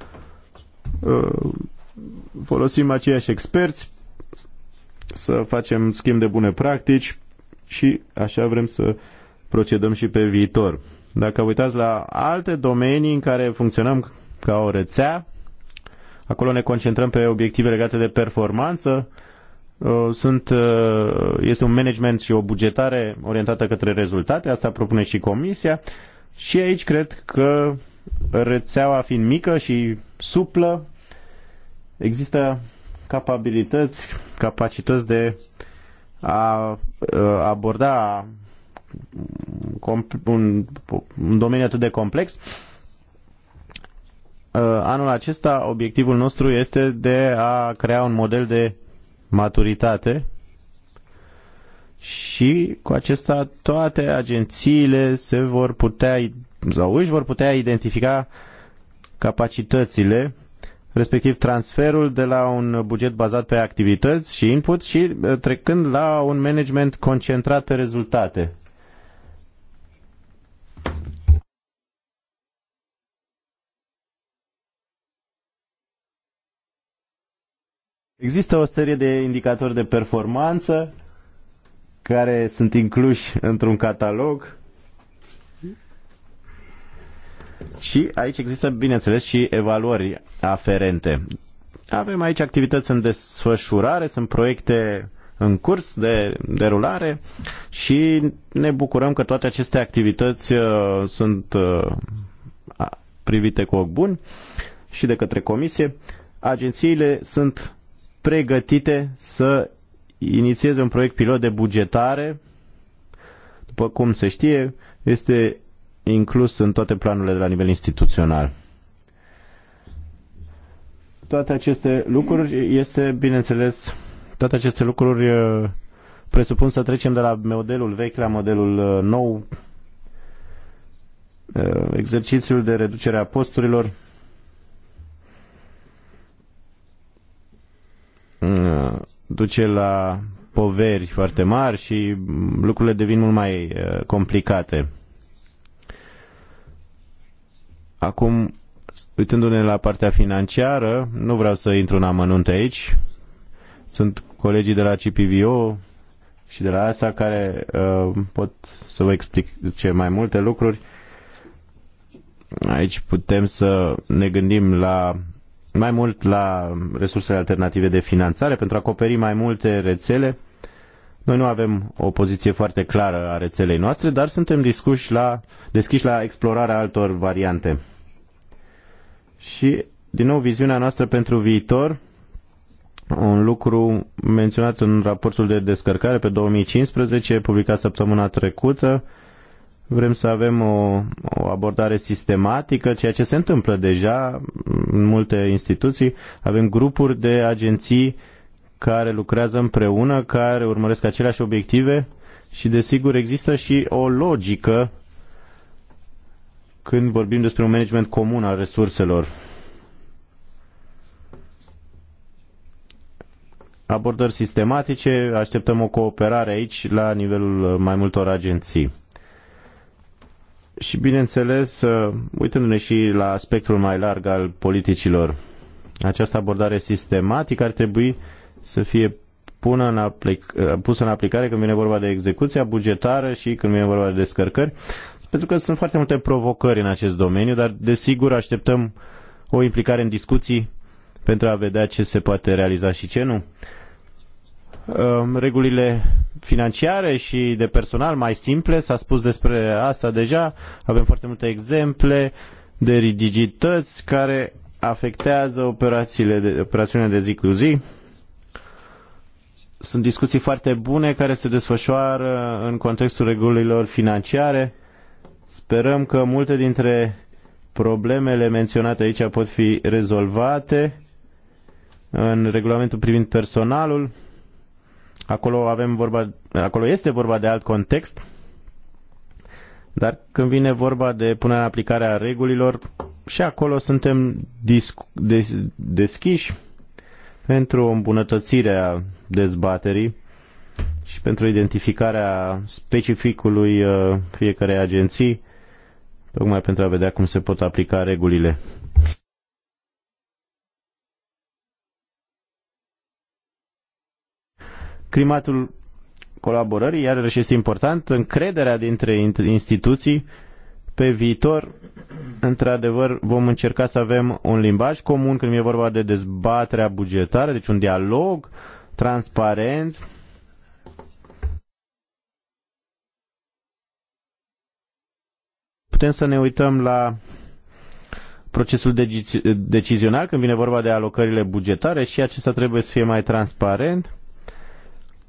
uh, folosim aceiași experți, să facem schimb de bune practici și așa vrem să procedăm și pe viitor. Dacă uitați la alte domenii în care funcționăm ca o rețea, Acolo ne concentrăm pe obiective legate de performanță. Uh, sunt, uh, este un management și o bugetare orientată către rezultate, asta propune și Comisia. Și aici cred că rețeaua fiind mică și suplă, există capabilități, capacități de a, uh, aborda un, un domeniu atât de complex Ă, anul acesta obiectivul nostru este de a crea un model de maturitate și cu acesta toate agențiile se vor putea sau își vor putea identifica capacitățile respectiv transferul de la un buget bazat pe activități și input și ă, trecând la un management concentrat pe rezultate. Există o serie de indicatori de performanță care sunt incluși într-un catalog și aici există, bineînțeles, și evaluări aferente. Avem aici activități în desfășurare, sunt proiecte în curs de derulare și ne bucurăm că toate aceste activități uh, sunt uh, privite cu ochi buni și de către comisie. Agențiile sunt pregătite să inițieze un proiect pilot de bugetare. După cum se știe, este inclus în toate planurile de la nivel instituțional. Toate aceste lucruri este, bineînțeles, toate aceste lucruri uh, presupun să trecem de la modelul vechi la modelul uh, nou, uh, exercițiul de reducere a posturilor, Mm, duce la poveri foarte mari și lucrurile devin mult mai uh, complicate. Acum, uitându-ne la partea financiară, nu vreau să intru în amănunte aici. Sunt colegii de la CPVO și de la ASA care uh, pot să vă explic ce mai multe lucruri. Aici putem să ne gândim la mai mult la resursele alternative de finanțare pentru a acoperi mai multe rețele. Noi nu avem o poziție foarte clară a rețelei noastre, dar suntem discuși la, deschiși la explorarea altor variante. Și, din nou, viziunea noastră pentru viitor, un lucru menționat în raportul de descărcare pe 2015, publicat săptămâna trecută, Vrem să avem o, o abordare sistematică, ceea ce se întâmplă deja în multe instituții. Avem grupuri de agenții care lucrează împreună, care urmăresc aceleași obiective și, desigur, există și o logică când vorbim despre un management comun al resurselor. Abordări sistematice, așteptăm o cooperare aici la nivelul mai multor agenții și, bineînțeles, uh, uitându-ne și la spectrul mai larg al politicilor, această abordare sistematică ar trebui să fie pună în aplic- uh, pusă în aplicare când vine vorba de execuția bugetară și când vine vorba de descărcări, pentru că sunt foarte multe provocări în acest domeniu, dar desigur așteptăm o implicare în discuții pentru a vedea ce se poate realiza și ce nu. Ehm, regulile financiare și de personal mai simple, s-a spus despre asta deja, avem foarte multe exemple de rigidități care afectează operațiile de, operațiunile de zi cu zi. Sunt discuții foarte bune care se desfășoară în contextul regulilor financiare. Sperăm că multe dintre problemele menționate aici pot fi rezolvate în regulamentul privind personalul. Acolo, avem vorba, acolo este vorba de alt context, dar când vine vorba de punerea în aplicare a regulilor, și acolo suntem des- deschiși pentru o îmbunătățire a dezbaterii și pentru identificarea specificului uh, fiecarei agenții, tocmai pentru a vedea cum se pot aplica regulile. Climatul colaborării, iarăși este important, încrederea dintre instituții pe viitor, într-adevăr, vom încerca să avem un limbaj comun când e vorba de dezbaterea bugetară, deci un dialog transparent. Putem să ne uităm la procesul deci- decizional când vine vorba de alocările bugetare și acesta trebuie să fie mai transparent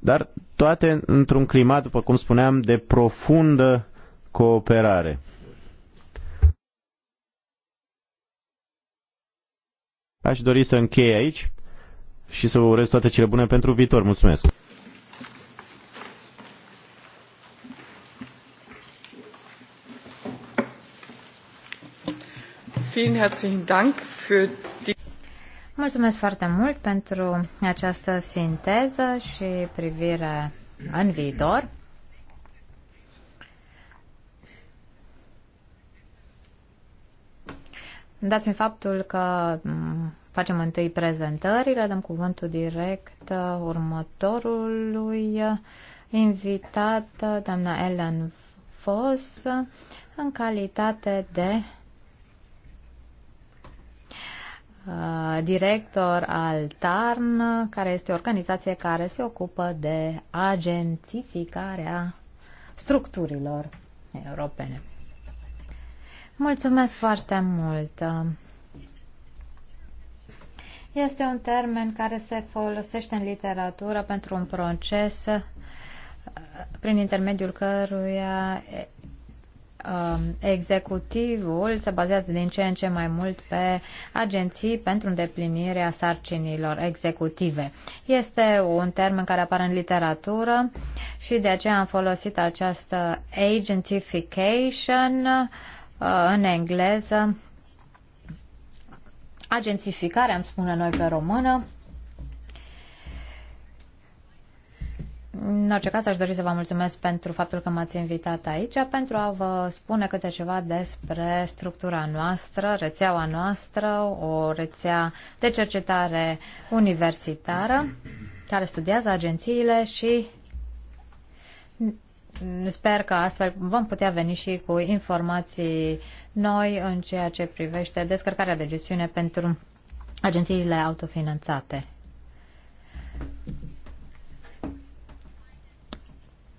dar toate într-un climat, după cum spuneam, de profundă cooperare. Aș dori să închei aici și să vă urez toate cele bune pentru viitor. Mulțumesc! Vielen herzlichen Dank für die Mulțumesc foarte mult pentru această sinteză și privire în viitor. Dați mi faptul că mm, facem întâi prezentările, dăm cuvântul direct uh, următorului uh, invitat, uh, doamna Ellen Foss, în calitate de Uh, director al TARN, care este o organizație care se ocupă de agențificarea structurilor europene. Mulțumesc foarte mult! Este un termen care se folosește în literatură pentru un proces uh, prin intermediul căruia Um, executivul se bazează din ce în ce mai mult pe agenții pentru îndeplinirea sarcinilor executive. Este un termen care apare în literatură și de aceea am folosit această agentification uh, în engleză, agențificare, am spune noi pe română, În orice caz, aș dori să vă mulțumesc pentru faptul că m-ați invitat aici pentru a vă spune câte ceva despre structura noastră, rețeaua noastră, o rețea de cercetare universitară care studiază agențiile și sper că astfel vom putea veni și cu informații noi în ceea ce privește descărcarea de gestiune pentru agențiile autofinanțate.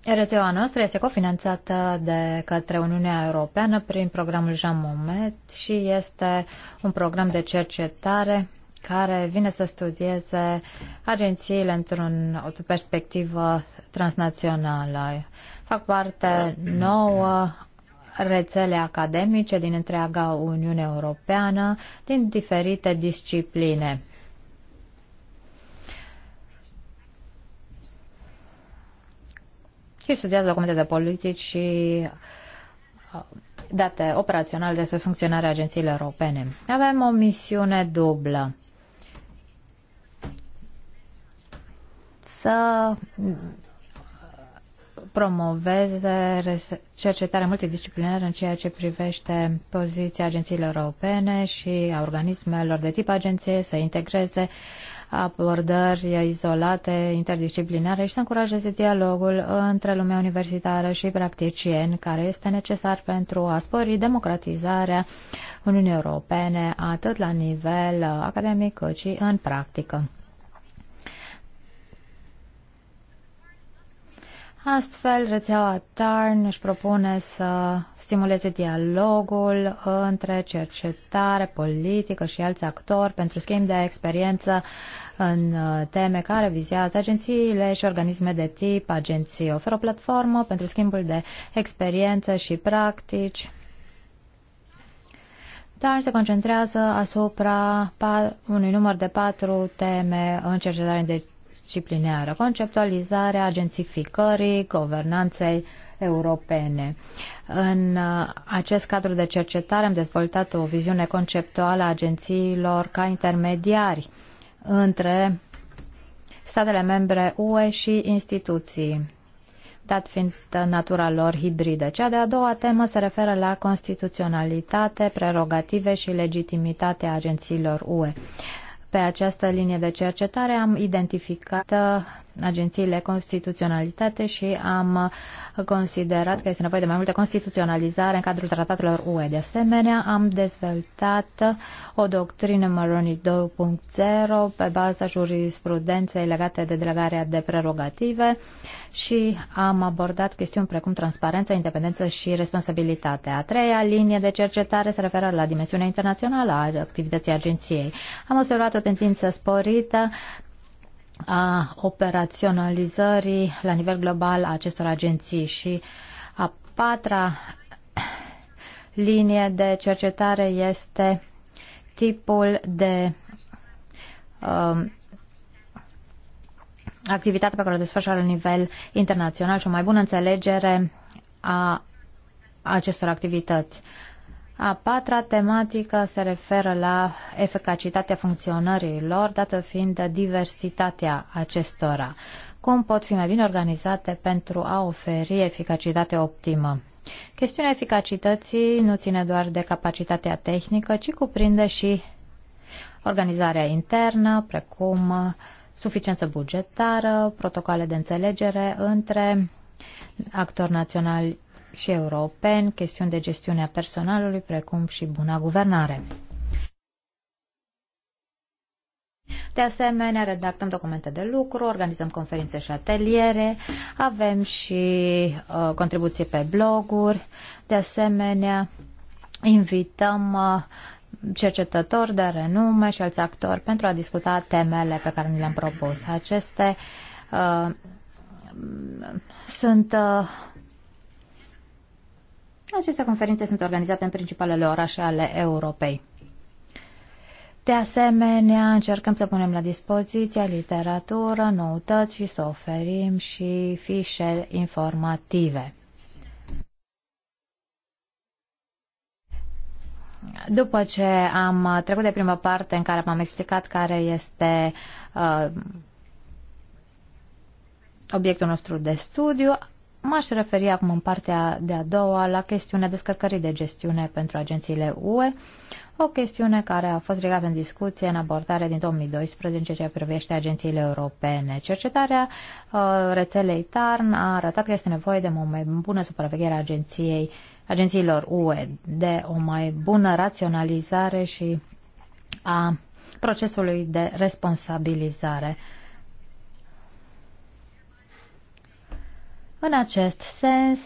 Rețeaua noastră este cofinanțată de către Uniunea Europeană prin programul Jean Moment și este un program de cercetare care vine să studieze agențiile într-un, o perspectivă transnațională. Fac parte nouă rețele academice din întreaga Uniune Europeană, din diferite discipline. și studiază documente de politici și uh, date operaționale despre funcționarea agențiilor europene. Avem o misiune dublă. Să uh, promoveze cercetarea multidisciplinară în ceea ce privește poziția agențiilor europene și a organismelor de tip agenție, să integreze abordări izolate, interdisciplinare și să încurajeze dialogul între lumea universitară și practicieni, care este necesar pentru a spori democratizarea Uniunii Europene, atât la nivel academic cât și în practică. Astfel, rețeaua TARN își propune să stimuleze dialogul între cercetare, politică și alți actori pentru schimb de experiență în uh, teme care vizează agențiile și organisme de tip agenții. Oferă o platformă pentru schimbul de experiență și practici dar se concentrează asupra unui număr de patru teme în cercetare disciplinară, conceptualizarea agențificării, guvernanței europene. În uh, acest cadru de cercetare am dezvoltat o viziune conceptuală a agențiilor ca intermediari între statele membre UE și instituții dat fiind natura lor hibridă. Cea de-a doua temă se referă la constituționalitate, prerogative și legitimitatea agențiilor UE. Pe această linie de cercetare am identificat uh, agențiile de constituționalitate și am considerat că este nevoie de mai multă constituționalizare în cadrul tratatelor UE. De asemenea, am dezvoltat o doctrină Maroni 2.0 pe baza jurisprudenței legate de delegarea de prerogative și am abordat chestiuni precum transparența, independență și responsabilitatea. A treia linie de cercetare se referă la dimensiunea internațională a activității agenției. Am observat o tendință sporită a operaționalizării la nivel global a acestor agenții și a patra linie de cercetare este tipul de um, activitate pe care o desfășoară la nivel internațional și o mai bună înțelegere a acestor activități. A patra tematică se referă la eficacitatea funcționării lor, dată fiind diversitatea acestora. Cum pot fi mai bine organizate pentru a oferi eficacitate optimă? Chestiunea eficacității nu ține doar de capacitatea tehnică, ci cuprinde și organizarea internă, precum suficiență bugetară, protocoale de înțelegere între actori naționali și europeni, chestiuni de gestiune a personalului, precum și buna guvernare. De asemenea, redactăm documente de lucru, organizăm conferințe și ateliere, avem și uh, contribuții pe bloguri, de asemenea, invităm uh, cercetători de renume și alți actori pentru a discuta temele pe care ni le-am propus. Aceste uh, sunt uh, aceste conferințe sunt organizate în principalele orașe ale Europei. De asemenea, încercăm să punem la dispoziție literatură, noutăți și să oferim și fișe informative. După ce am trecut de prima parte în care v-am explicat care este uh, obiectul nostru de studiu, M-aș referi acum în partea de-a doua la chestiunea descărcării de gestiune pentru agențiile UE, o chestiune care a fost legată în discuție în abordarea din 2012 ce privește agențiile europene. Cercetarea uh, rețelei TARN a arătat că este nevoie de o mai bună supraveghere a agenției, agențiilor UE, de o mai bună raționalizare și a procesului de responsabilizare. În acest sens,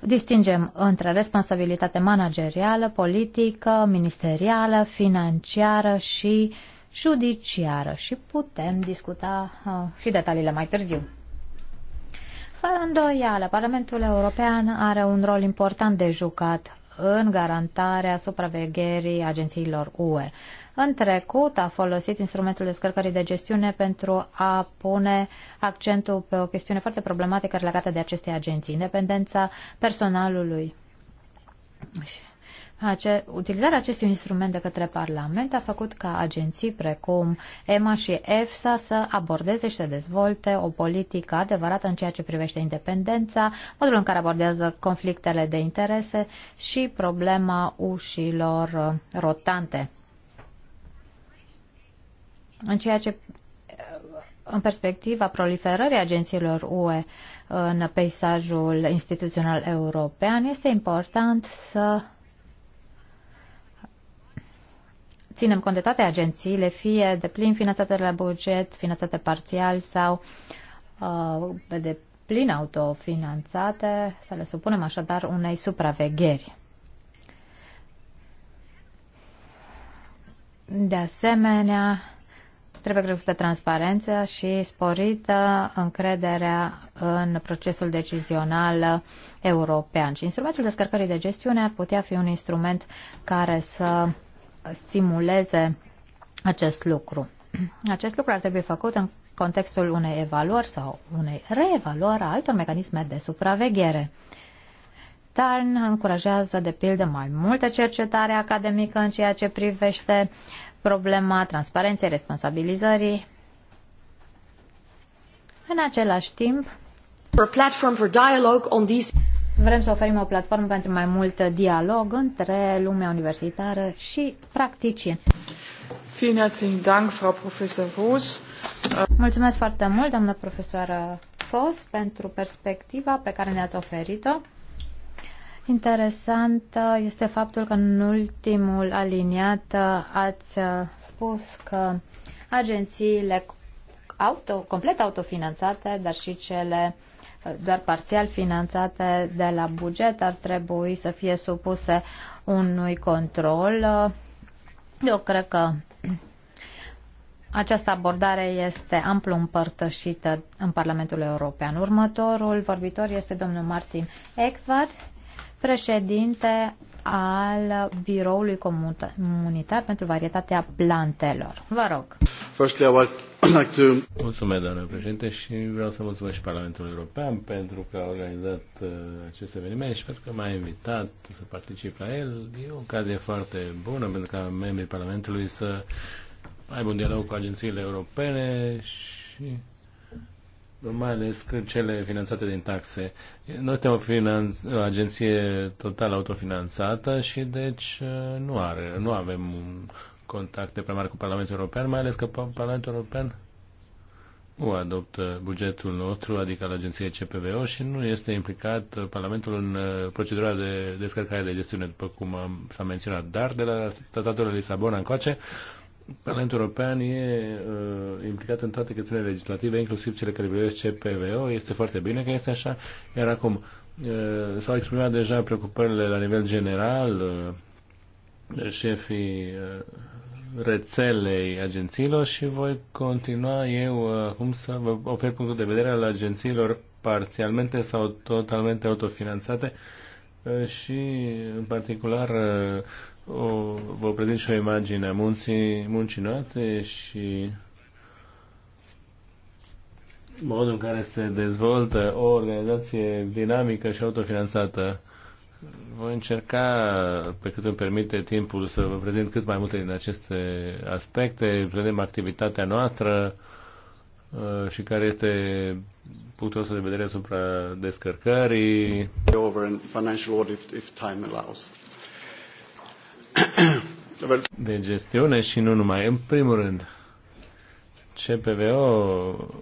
distingem între responsabilitate managerială, politică, ministerială, financiară și judiciară și putem discuta uh, și detaliile mai târziu. Fără îndoială, Parlamentul European are un rol important de jucat în garantarea supravegherii agențiilor UE. În trecut a folosit instrumentul descărcării de gestiune pentru a pune accentul pe o chestiune foarte problematică legată de aceste agenții, independența personalului Ace- utilizarea acestui instrument de către Parlament a făcut ca agenții precum EMA și EFSA să abordeze și să dezvolte o politică adevărată în ceea ce privește independența, modul în care abordează conflictele de interese și problema ușilor uh, rotante. În ceea ce uh, în perspectiva proliferării agențiilor UE în peisajul instituțional european, este important să ținem cont de toate agențiile, fie de plin finanțate la buget, finanțate parțial sau uh, de plin autofinanțate, să le supunem așadar unei supravegheri. De asemenea, trebuie crescută transparența și sporită încrederea în procesul decizional european. Și instrumentul descărcării de gestiune ar putea fi un instrument care să stimuleze acest lucru. Acest lucru ar trebui făcut în contextul unei evaluări sau unei reevaluări a altor mecanisme de supraveghere. Tarn încurajează, de pildă, mai multă cercetare academică în ceea ce privește problema transparenței, responsabilizării. În același timp, platform for dialogue on these... Vrem să oferim o platformă pentru mai mult dialog între lumea universitară și practicieni. Vielen herzlichen Dank, Frau Professor Voss. Mulțumesc foarte mult, doamnă profesoară Voss, pentru perspectiva pe care ne-ați oferit-o. Interesant este faptul că în ultimul aliniat ați spus că agențiile auto, complet autofinanțate, dar și cele uh, doar parțial finanțate de la buget ar trebui să fie supuse unui control. Eu cred că această abordare este amplu împărtășită în Parlamentul European. Următorul vorbitor este domnul Martin Ekvard, președinte al Biroului Comunitar pentru Varietatea Plantelor. Vă rog. Firstly, I Mulțumesc, doamnă președinte, și vreau să mulțumesc și Parlamentul European pentru că a organizat uh, acest eveniment și pentru că m-a invitat să particip la el. E o ocazie foarte bună pentru ca membrii Parlamentului să aibă un dialog cu agențiile europene și mai ales că cele finanțate din taxe. Noi suntem o, o agenție total autofinanțată și deci uh, nu, are, nu avem un contacte prea mari cu Parlamentul European, mai ales că Parlamentul European nu adoptă bugetul nostru, adică al agenției CPVO și nu este implicat Parlamentul în uh, procedura de descărcare de gestiune, după cum s-a menționat. Dar de la tratatul de Lisabona încoace, Parlamentul European e uh, implicat în toate chestiunile legislative, inclusiv cele care privesc CPVO. Este foarte bine că este așa. Iar acum, uh, s-au exprimat deja preocupările la nivel general, uh, șefii uh, rețelei agențiilor și voi continua eu uh, cum să vă ofer punctul de vedere al agențiilor parțialmente sau totalmente autofinanțate uh, și în particular uh, o, vă prezint și o imagine a munții, muncinoate și modul în care se dezvoltă o organizație dinamică și autofinanțată. Voi încerca, pe cât îmi permite timpul, să vă prezint cât mai multe din aceste aspecte. Vedem activitatea noastră uh, și care este punctul să de vedere asupra descărcării. Over in financial audit if time allows. (coughs) de gestiune și nu numai. În primul rând, CPVO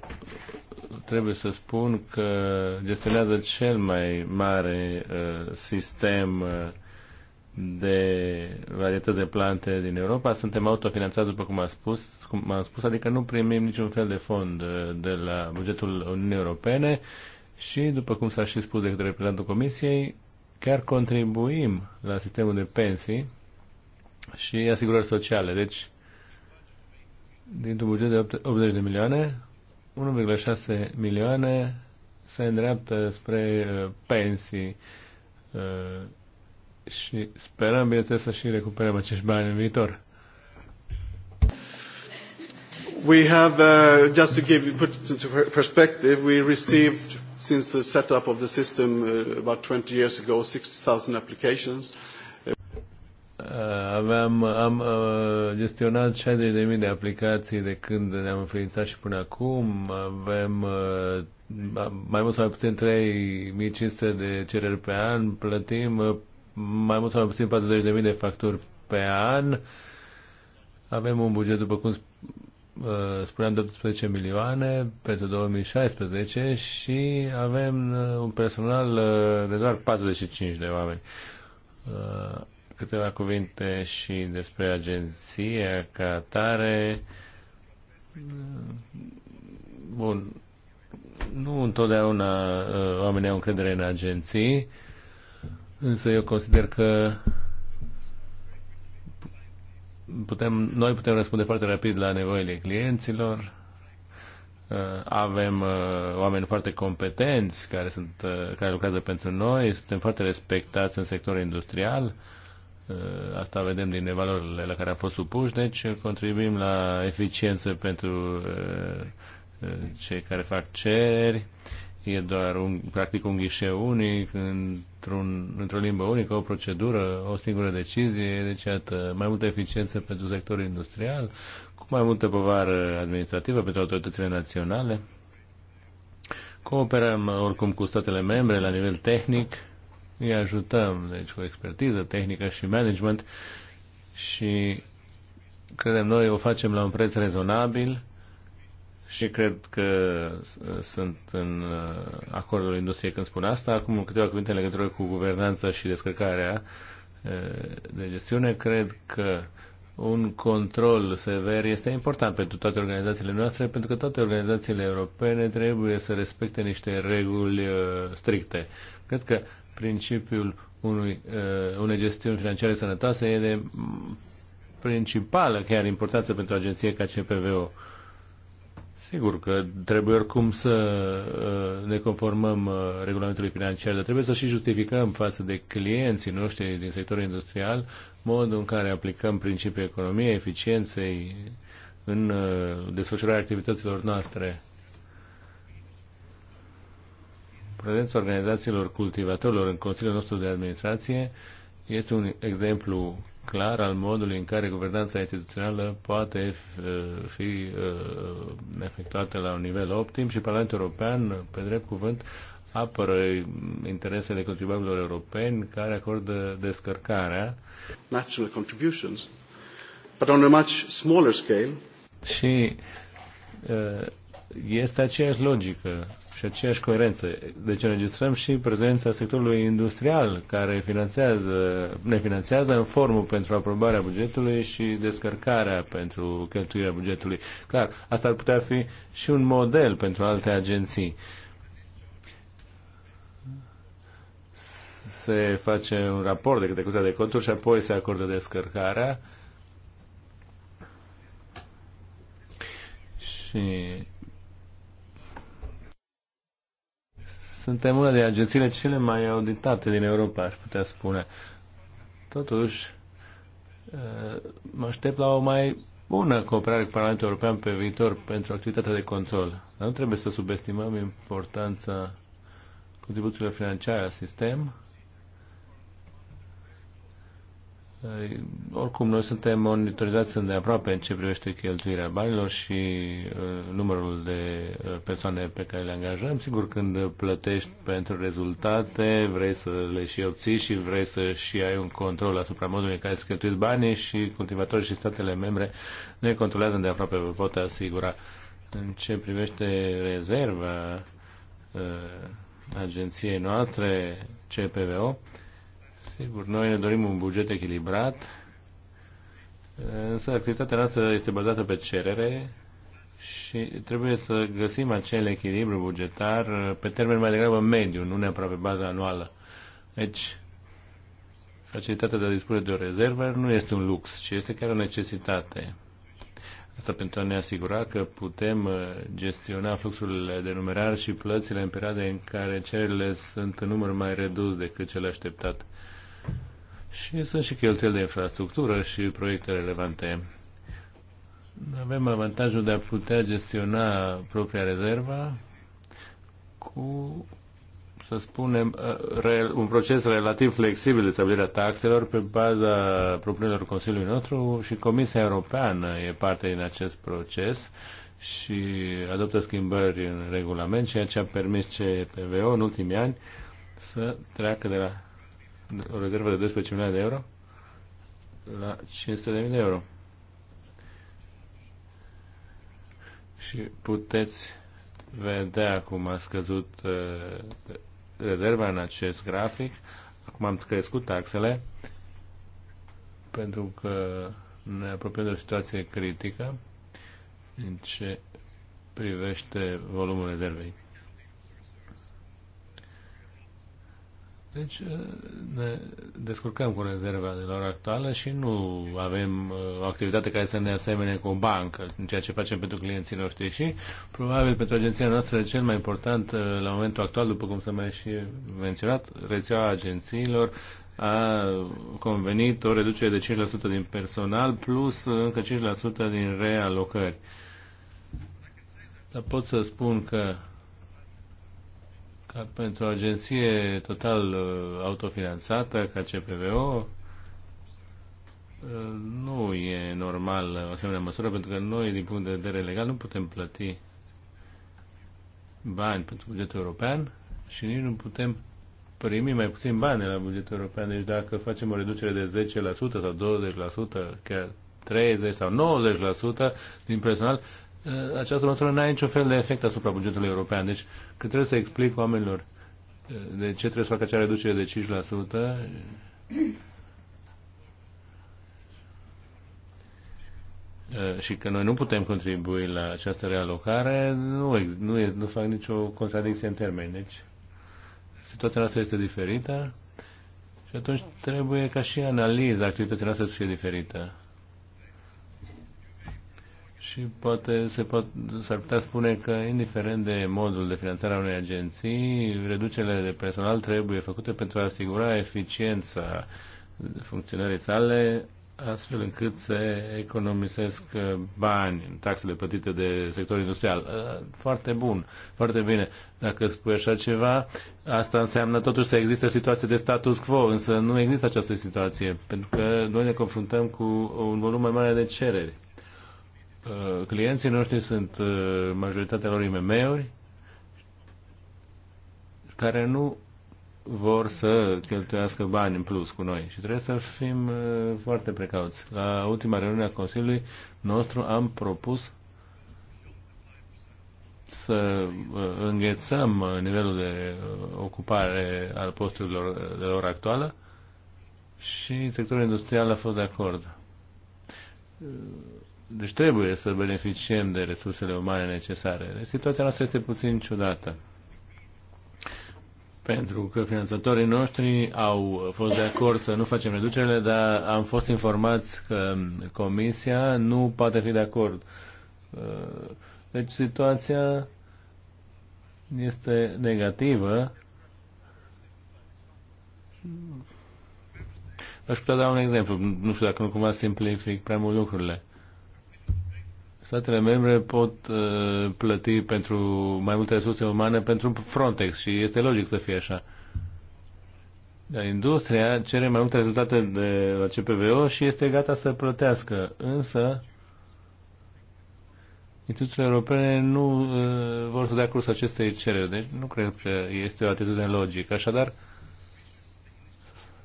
trebuie să spun că gestionează cel mai mare uh, sistem uh, de varietăți de plante din Europa. Suntem autofinanțați, după cum am spus, cum am spus adică nu primim niciun fel de fond uh, de la bugetul Uniunii Europene și, după cum s-a și spus de către reprezentantul Comisiei, chiar contribuim la sistemul de pensii și asigurări sociale. Deci, dintr-un buget de 80 de milioane, 1,6 milioane se îndreaptă spre uh, pensii uh, și sperăm, bineînțeles, să și recuperăm acești bani în viitor. We have, uh, just to give put it into perspective, we received since the setup of the system uh, about 20 years ago 60,000 applications Uh, aveam, am uh, gestionat 60.000 de aplicații de când ne-am înființat și până acum. Avem uh, mai mult sau mai puțin 3500 de cereri pe an, plătim mai mult sau mai puțin 40.000 de facturi pe an. Avem un buget, după cum spuneam, de 18 milioane pentru 2016 și avem un personal de doar 45 de oameni câteva cuvinte și despre agenția ca tare Bun, nu întotdeauna uh, oamenii au încredere în agenții, însă eu consider că putem, noi putem răspunde foarte rapid la nevoile clienților, uh, avem uh, oameni foarte competenți care, sunt, care lucrează pentru noi, suntem foarte respectați în sectorul industrial, Uh, asta vedem din evaluările la care am fost supuși, deci uh, contribuim la eficiență pentru uh, cei care fac ceri. E doar un, practic un ghișeu unic, într-un, într-o limbă unică, o procedură, o singură decizie, deci atât, mai multă eficiență pentru sectorul industrial, cu mai multă povară administrativă pentru autoritățile naționale. Cooperăm oricum cu statele membre la nivel tehnic, îi ajutăm, deci cu expertiză tehnică și management și credem noi o facem la un preț rezonabil și cred că sunt în uh, acordul industriei când spun asta. Acum câteva cuvinte în legătură cu guvernanța și descărcarea uh, de gestiune. Cred că un control sever este important pentru toate organizațiile noastre, pentru că toate organizațiile europene trebuie să respecte niște reguli uh, stricte. Cred că principiul unui, uh, unei gestiuni financiare sănătoase e de principală chiar importanță pentru agenție ca CPVO. Sigur că trebuie oricum să uh, ne conformăm uh, regulamentului financiar, dar trebuie să și justificăm față de clienții noștri din sectorul industrial modul în care aplicăm principiul economiei, eficienței în uh, desfășurarea activităților noastre prezența organizațiilor cultivatorilor în Consiliul nostru de administrație este un exemplu clar al modului în care guvernanța instituțională poate eh, fi eh, efectuată la un nivel optim și Parlamentul European, pe drept cuvânt, apără interesele contribuabililor europeni care acordă descărcarea national contributions, but on a much smaller scale. Și eh, este aceeași logică și aceeași coerență. Deci înregistrăm și prezența sectorului industrial care finanțează, ne finanțează în formă pentru aprobarea bugetului și descărcarea pentru cheltuirea bugetului. Clar, asta ar putea fi și un model pentru alte agenții. Se face un raport de câte de Conturi și apoi se acordă descărcarea. Și Suntem una din agențiile cele mai auditate din Europa, aș putea spune. Totuși, mă aștept la o mai bună cooperare cu Parlamentul European pe viitor pentru activitatea de control. Dar nu trebuie să subestimăm importanța contribuțiilor financiare al sistem Oricum, noi suntem monitorizați îndeaproape în ce privește cheltuirea banilor și numărul de persoane pe care le angajăm. Sigur, când plătești pentru rezultate, vrei să le și obții și vrei să și ai un control asupra modului în care se cheltuiesc banii și cultivatorii și statele membre ne controlează îndeaproape, vă pot asigura. În ce privește rezerva agenției noastre, CPVO, Sigur, noi ne dorim un buget echilibrat, însă activitatea noastră este bazată pe cerere și trebuie să găsim acel echilibru bugetar pe termen mai degrabă mediu, nu neapărat pe bază anuală. Deci, facilitatea de a dispune de o rezervă nu este un lux, ci este chiar o necesitate. Asta pentru a ne asigura că putem uh, gestiona fluxurile de numerar și plățile în perioade în care cererile sunt în număr mai redus decât cele așteptate și sunt și cheltuieli de infrastructură și proiecte relevante. Avem avantajul de a putea gestiona propria rezervă cu, să spunem, uh, un proces relativ flexibil de stabilirea taxelor pe baza propunerilor Consiliului nostru și Comisia Europeană e parte din acest proces și adoptă schimbări în regulament, ceea ce a permis CPVO în ultimii ani să treacă de la o rezervă de 12 milioane de euro la 500.000 de euro. Și puteți vedea cum a scăzut uh, rezerva în acest grafic. Acum am crescut taxele pentru că ne apropiem de o situație critică în ce privește volumul rezervei. Deci eh, ne descurcăm cu rezerva de la ora actuală și nu avem eh, o activitate care să ne asemene cu o bancă, în ceea ce facem pentru clienții noștri și probabil pentru agenția noastră cel mai important eh, la momentul actual, după cum s-a mai și menționat, rețeaua agențiilor a convenit o reducere de 5% din personal plus încă 5% din realocări. Dar pot să spun că ca pentru o agenție total uh, autofinanțată, ca CPVO, uh, nu e normal o asemenea măsură, pentru că noi, din punct de vedere legal, nu putem plăti bani pentru bugetul european și nici nu putem primi mai puțin bani de la bugetul european. Deci dacă facem o reducere de 10% sau 20%, chiar 30% sau 90% din personal, această măsură nu are niciun fel de efect asupra bugetului european. Deci, când trebuie să explic oamenilor eh, de ce trebuie să facă acea reducere de 5%, eh, și că noi nu putem contribui la această realocare, nu, nu, e, nu fac nicio contradicție în termeni. Deci, situația noastră este diferită și atunci trebuie ca și analiza activității noastre să fie diferită și poate se pot, s-ar putea spune că, indiferent de modul de finanțare a unei agenții, reducerile de personal trebuie făcute pentru a asigura eficiența funcționării sale, astfel încât să economisesc uh, bani în taxele plătite de sectorul industrial. Uh, foarte bun, foarte bine. Dacă spui așa ceva, asta înseamnă totuși să există situație de status quo, însă nu există această situație, pentru că noi ne confruntăm cu un volum mai mare de cereri. Uh, clienții noștri sunt uh, majoritatea lor IMM-uri care nu vor să cheltuiască bani în plus cu noi și trebuie să fim uh, foarte precauți. La ultima reuniune a Consiliului nostru am propus să înghețăm nivelul de ocupare al posturilor de lor actuală și sectorul industrial a fost de acord deci trebuie să beneficiem de resursele umane necesare. Deci situația noastră este puțin ciudată. Pentru că finanțatorii noștri au fost de acord să nu facem reducerile, dar am fost informați că Comisia nu poate fi de acord. Uh, deci situația este negativă. Aș putea da un exemplu. Nu știu dacă nu cumva simplific prea mult lucrurile statele membre pot uh, plăti pentru mai multe resurse umane pentru Frontex și este logic să fie așa. Dar industria cere mai multe rezultate de la CPVO și este gata să plătească, însă instituțiile europene nu uh, vor să dea curs acestei cereri, deci nu cred că este o atitudine logică. Așadar,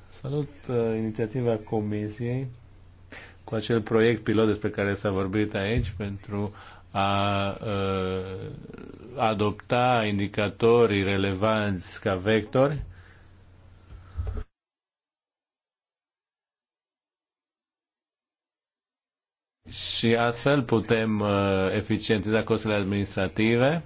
salut uh, inițiativa Comisiei cu acel proiect pilot despre care s-a vorbit aici pentru a uh, adopta indicatorii relevanți ca vectori și astfel putem uh, eficientiza costurile administrative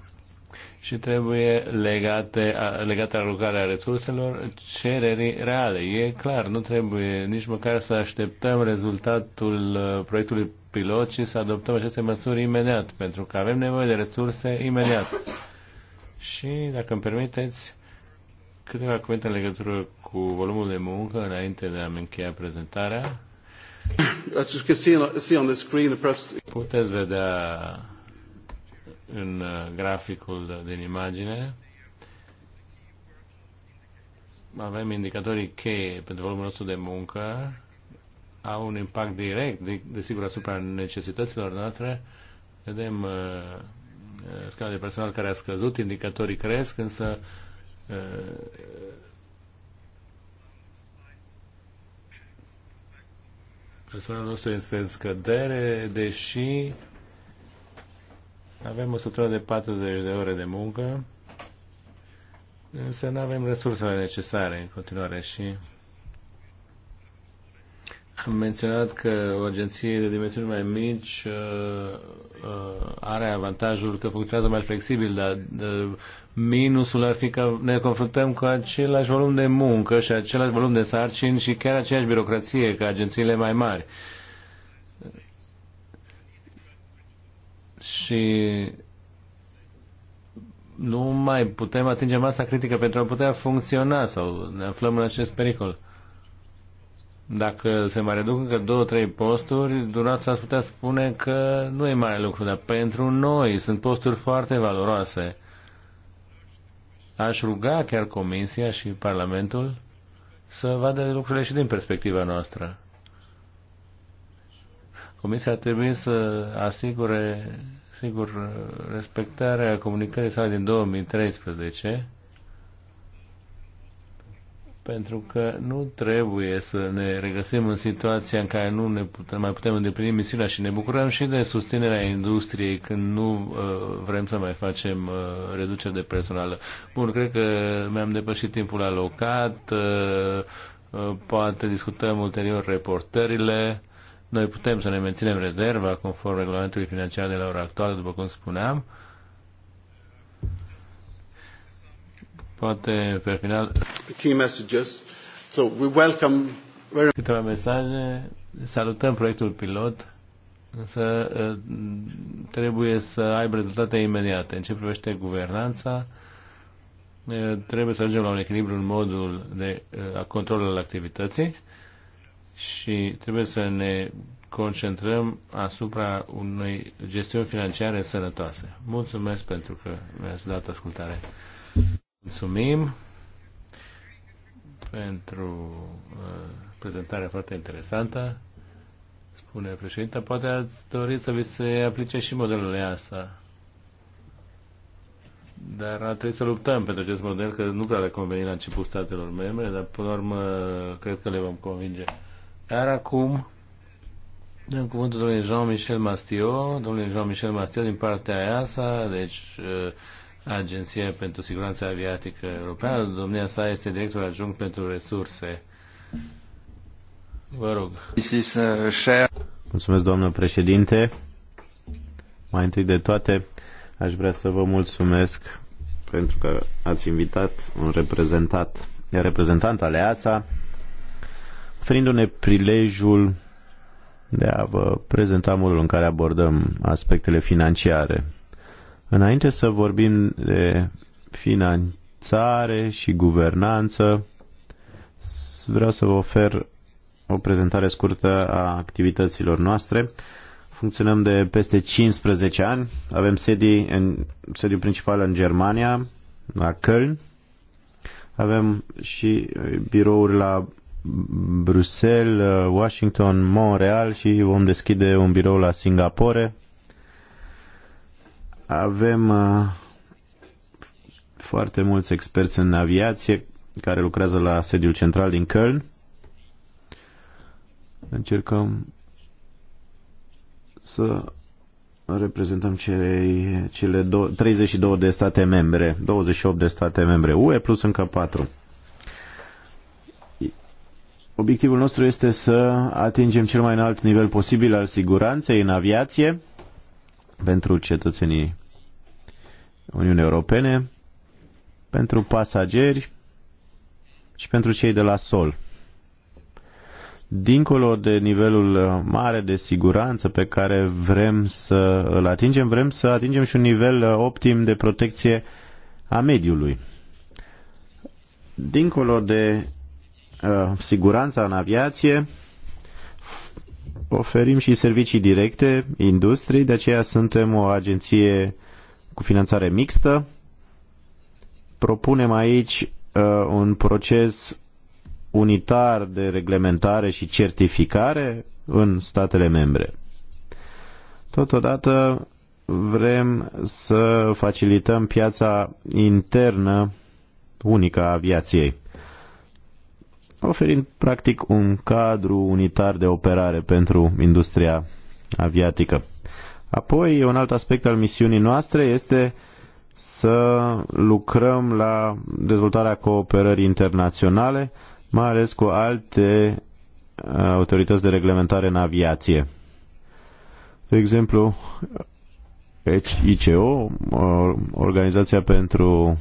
și trebuie legate, legată alocarea resurselor cererii reale. E clar, nu trebuie nici măcar să așteptăm rezultatul uh, proiectului pilot și să adoptăm aceste măsuri imediat, pentru că avem nevoie de resurse imediat. și, dacă îmi permiteți, câteva cuvinte în legătură cu volumul de muncă înainte de a-mi încheia prezentarea. Puteți vedea în uh, graficul din imagine. Avem indicatorii cheie pentru volumul nostru de muncă. Au un impact direct, desigur, de asupra necesităților noastre. Vedem uh, uh, scala de personal care a scăzut, indicatorii cresc, însă uh, personalul nostru este în scădere, deși avem o 140 de ore de muncă, însă nu avem resursele necesare în continuare și am menționat că o agenție de dimensiuni mai mici uh, uh, are avantajul că funcționează mai flexibil, dar uh, minusul ar fi că ne confruntăm cu același volum de muncă și același volum de sarcini și chiar aceeași birocrație ca agențiile mai mari. Uh, și nu mai putem atinge masa critică pentru a putea funcționa sau ne aflăm în acest pericol. Dacă se mai reduc încă două, trei posturi, durața ați putea spune că nu e mare lucru, dar pentru noi sunt posturi foarte valoroase. Aș ruga chiar Comisia și Parlamentul să vadă lucrurile și din perspectiva noastră. Comisia ar trebui să asigure, sigur, respectarea comunicării sale din 2013, pentru că nu trebuie să ne regăsim în situația în care nu ne putem, mai putem îndeplini misiunea și ne bucurăm și de susținerea industriei când nu uh, vrem să mai facem uh, reducere de personal. Bun, cred că mi-am depășit timpul alocat, uh, uh, poate discutăm ulterior reportările noi putem să ne menținem rezerva conform regulamentului financiar de la ora actuală, după cum spuneam. Poate pe final. Key messages. So we welcome very... Câteva mesaje. Salutăm proiectul pilot, însă ă, trebuie să aibă rezultate imediate. În ce privește guvernanța, ă, trebuie să ajungem la un echilibru în modul de ă, control al activității și trebuie să ne concentrăm asupra unei gestiuni financiare sănătoase. Mulțumesc pentru că mi-ați dat ascultare. Mulțumim pentru uh, prezentarea foarte interesantă, spune președinte, Poate ați dori să vi se aplice și modelul asta, Dar a trebuit să luptăm pentru acest model, că nu prea le conveni la început statelor membre, dar până la urmă cred că le vom convinge. Iar acum dăm cuvântul domnului Jean-Michel Mastio, domnului Jean-Michel Mastio din partea EASA, deci uh, Agenția pentru Siguranța Aviatică Europeană. Domnia sa este director adjunct pentru resurse. Vă rog. Uh, mulțumesc, doamnă președinte. Mai întâi de toate, aș vrea să vă mulțumesc pentru că ați invitat un reprezentat, reprezentant al EASA, oferindu-ne prilejul de a vă prezenta modul în care abordăm aspectele financiare. Înainte să vorbim de finanțare și guvernanță, vreau să vă ofer o prezentare scurtă a activităților noastre. Funcționăm de peste 15 ani. Avem sedii în, sediu principal în Germania, la Köln. Avem și birouri la Bruxelles, Washington, Montreal și vom deschide un birou la Singapore. Avem uh, foarte mulți experți în aviație care lucrează la sediul central din Köln. Încercăm să reprezentăm cele, cele 32 de state membre, 28 de state membre UE plus încă 4. Obiectivul nostru este să atingem cel mai înalt nivel posibil al siguranței în aviație pentru cetățenii Uniunii Europene, pentru pasageri și pentru cei de la sol. Dincolo de nivelul mare de siguranță pe care vrem să îl atingem, vrem să atingem și un nivel optim de protecție a mediului. Dincolo de Uh, siguranța în aviație, oferim și servicii directe industriei, de aceea suntem o agenție cu finanțare mixtă. Propunem aici uh, un proces unitar de reglementare și certificare în statele membre. Totodată vrem să facilităm piața internă unică a aviației oferind practic un cadru unitar de operare pentru industria aviatică. Apoi, un alt aspect al misiunii noastre este să lucrăm la dezvoltarea cooperării internaționale, mai ales cu alte uh, autorități de reglementare în aviație. De exemplu, ICO, uh, Organizația pentru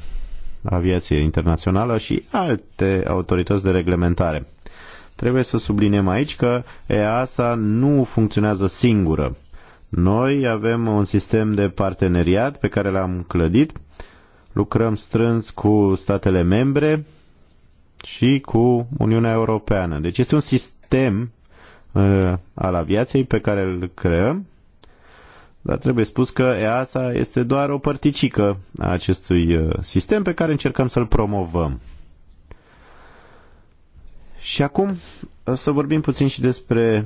Aviație internațională și alte autorități de reglementare. Trebuie să subliniem aici că EASA nu funcționează singură. Noi avem un sistem de parteneriat pe care l-am clădit, lucrăm strâns cu statele membre și cu Uniunea Europeană. Deci este un sistem uh, al aviației pe care îl creăm dar trebuie spus că EASA este doar o părticică a acestui uh, sistem pe care încercăm să-l promovăm. Și acum uh, să vorbim puțin și despre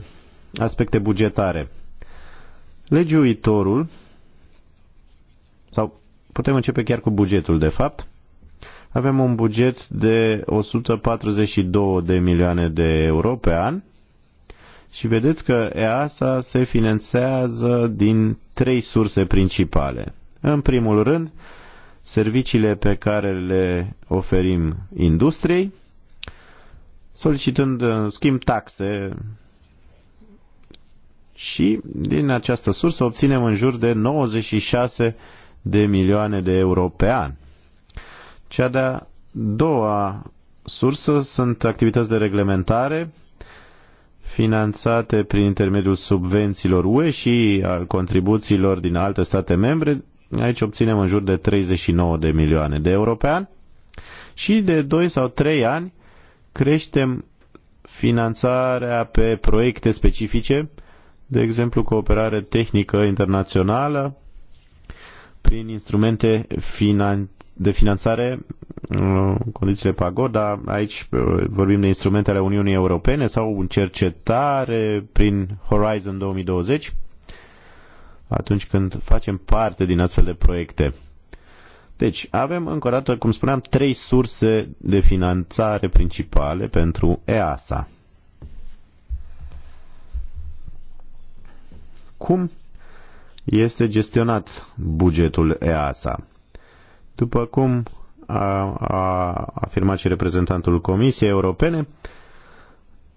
aspecte bugetare. Legiuitorul, sau putem începe chiar cu bugetul de fapt, avem un buget de 142 de milioane de euro pe an și vedeți că EASA se finanțează din trei surse principale. În primul rând, serviciile pe care le oferim industriei, solicitând în uh, schimb taxe și din această sursă obținem în jur de 96 de milioane de euro pe an. Cea de-a doua sursă sunt activități de reglementare finanțate prin intermediul subvențiilor UE și al contribuțiilor din alte state membre, aici obținem în jur de 39 de milioane de euro pe an și de 2 sau 3 ani creștem finanțarea pe proiecte specifice, de exemplu cooperare tehnică internațională prin instrumente finan- de finanțare, uh, condițiile pagoda, aici uh, vorbim de instrumente ale Uniunii Europene sau în cercetare prin Horizon 2020, atunci când facem parte din astfel de proiecte. Deci, avem încă o dată, cum spuneam, trei surse de finanțare principale pentru EASA. Cum este gestionat bugetul EASA? După cum a, a afirmat și reprezentantul Comisiei Europene,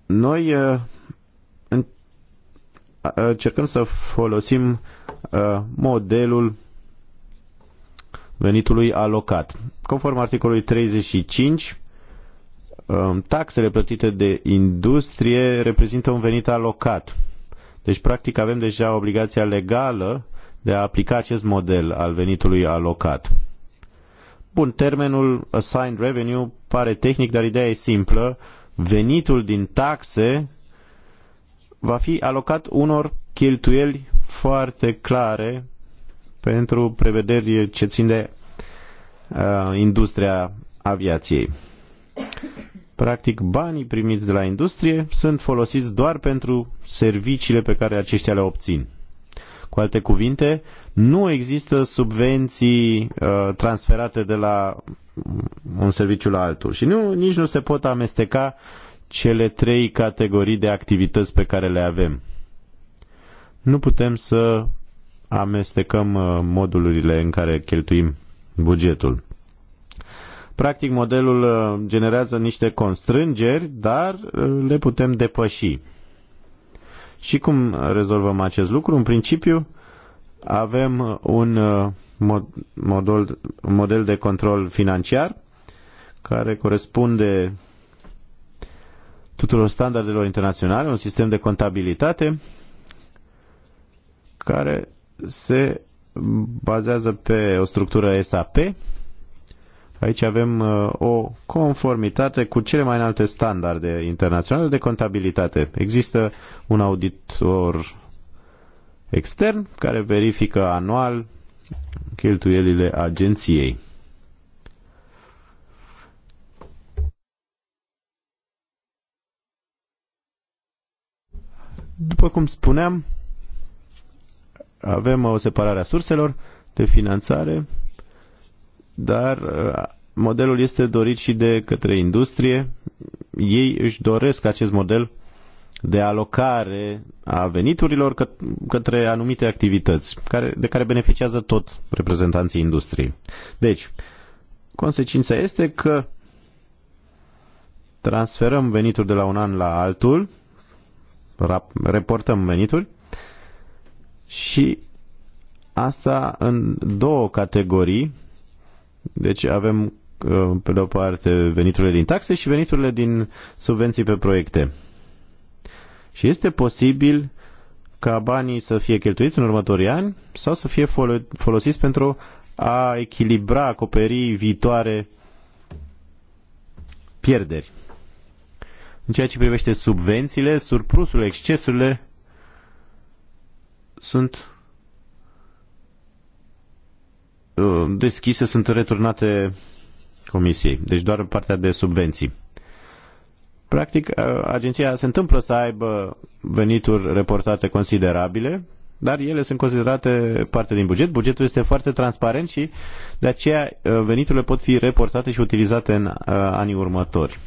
noi uh, încercăm să folosim uh, modelul venitului alocat. Conform articolului 35, um, taxele plătite de industrie reprezintă un venit alocat. Deci, practic, avem deja obligația legală de a aplica acest model al venitului alocat. Bun, termenul assigned revenue pare tehnic, dar ideea e simplă. Venitul din taxe va fi alocat unor cheltuieli foarte clare pentru prevederi ce țin de uh, industria aviației. Practic, banii primiți de la industrie sunt folosiți doar pentru serviciile pe care aceștia le obțin. Cu alte cuvinte, uh, nu există subvenții uh, transferate de la un serviciu la altul și nu, nici nu se pot amesteca cele trei categorii de activități pe care le avem. Nu putem să amestecăm uh, modulurile în care cheltuim bugetul. Practic, modelul uh, generează niște constrângeri, dar uh, le putem depăși. Și cum rezolvăm acest lucru? În principiu, uh, avem uh, un uh, mod, model, model de control financiar care corespunde tuturor standardelor internaționale, un sistem de contabilitate care se bazează pe o structură SAP. Aici avem uh, o conformitate cu cele mai înalte standarde internaționale de contabilitate. Există un auditor extern care verifică anual cheltuielile agenției. După cum spuneam, avem o separare a surselor de finanțare, dar uh, modelul este dorit și de către industrie. Ei își doresc acest model de alocare a veniturilor că, către anumite activități care, de care beneficiază tot reprezentanții industriei. Deci, consecința este că transferăm venituri de la un an la altul, reportăm venituri și asta în două categorii. Deci avem uh, pe de o parte veniturile din taxe și veniturile din subvenții pe proiecte. Și este posibil ca banii să fie cheltuiți în următorii ani sau să fie folosiți pentru a echilibra, acoperi viitoare pierderi. În ceea ce privește subvențiile, surplusurile, excesurile sunt uh, deschise, sunt returnate comisiei. Deci doar partea de subvenții. Practic, uh, agenția se întâmplă să aibă venituri reportate considerabile, dar ele sunt considerate parte din buget. Bugetul este foarte transparent și de aceea uh, veniturile pot fi reportate și utilizate în uh, anii următori.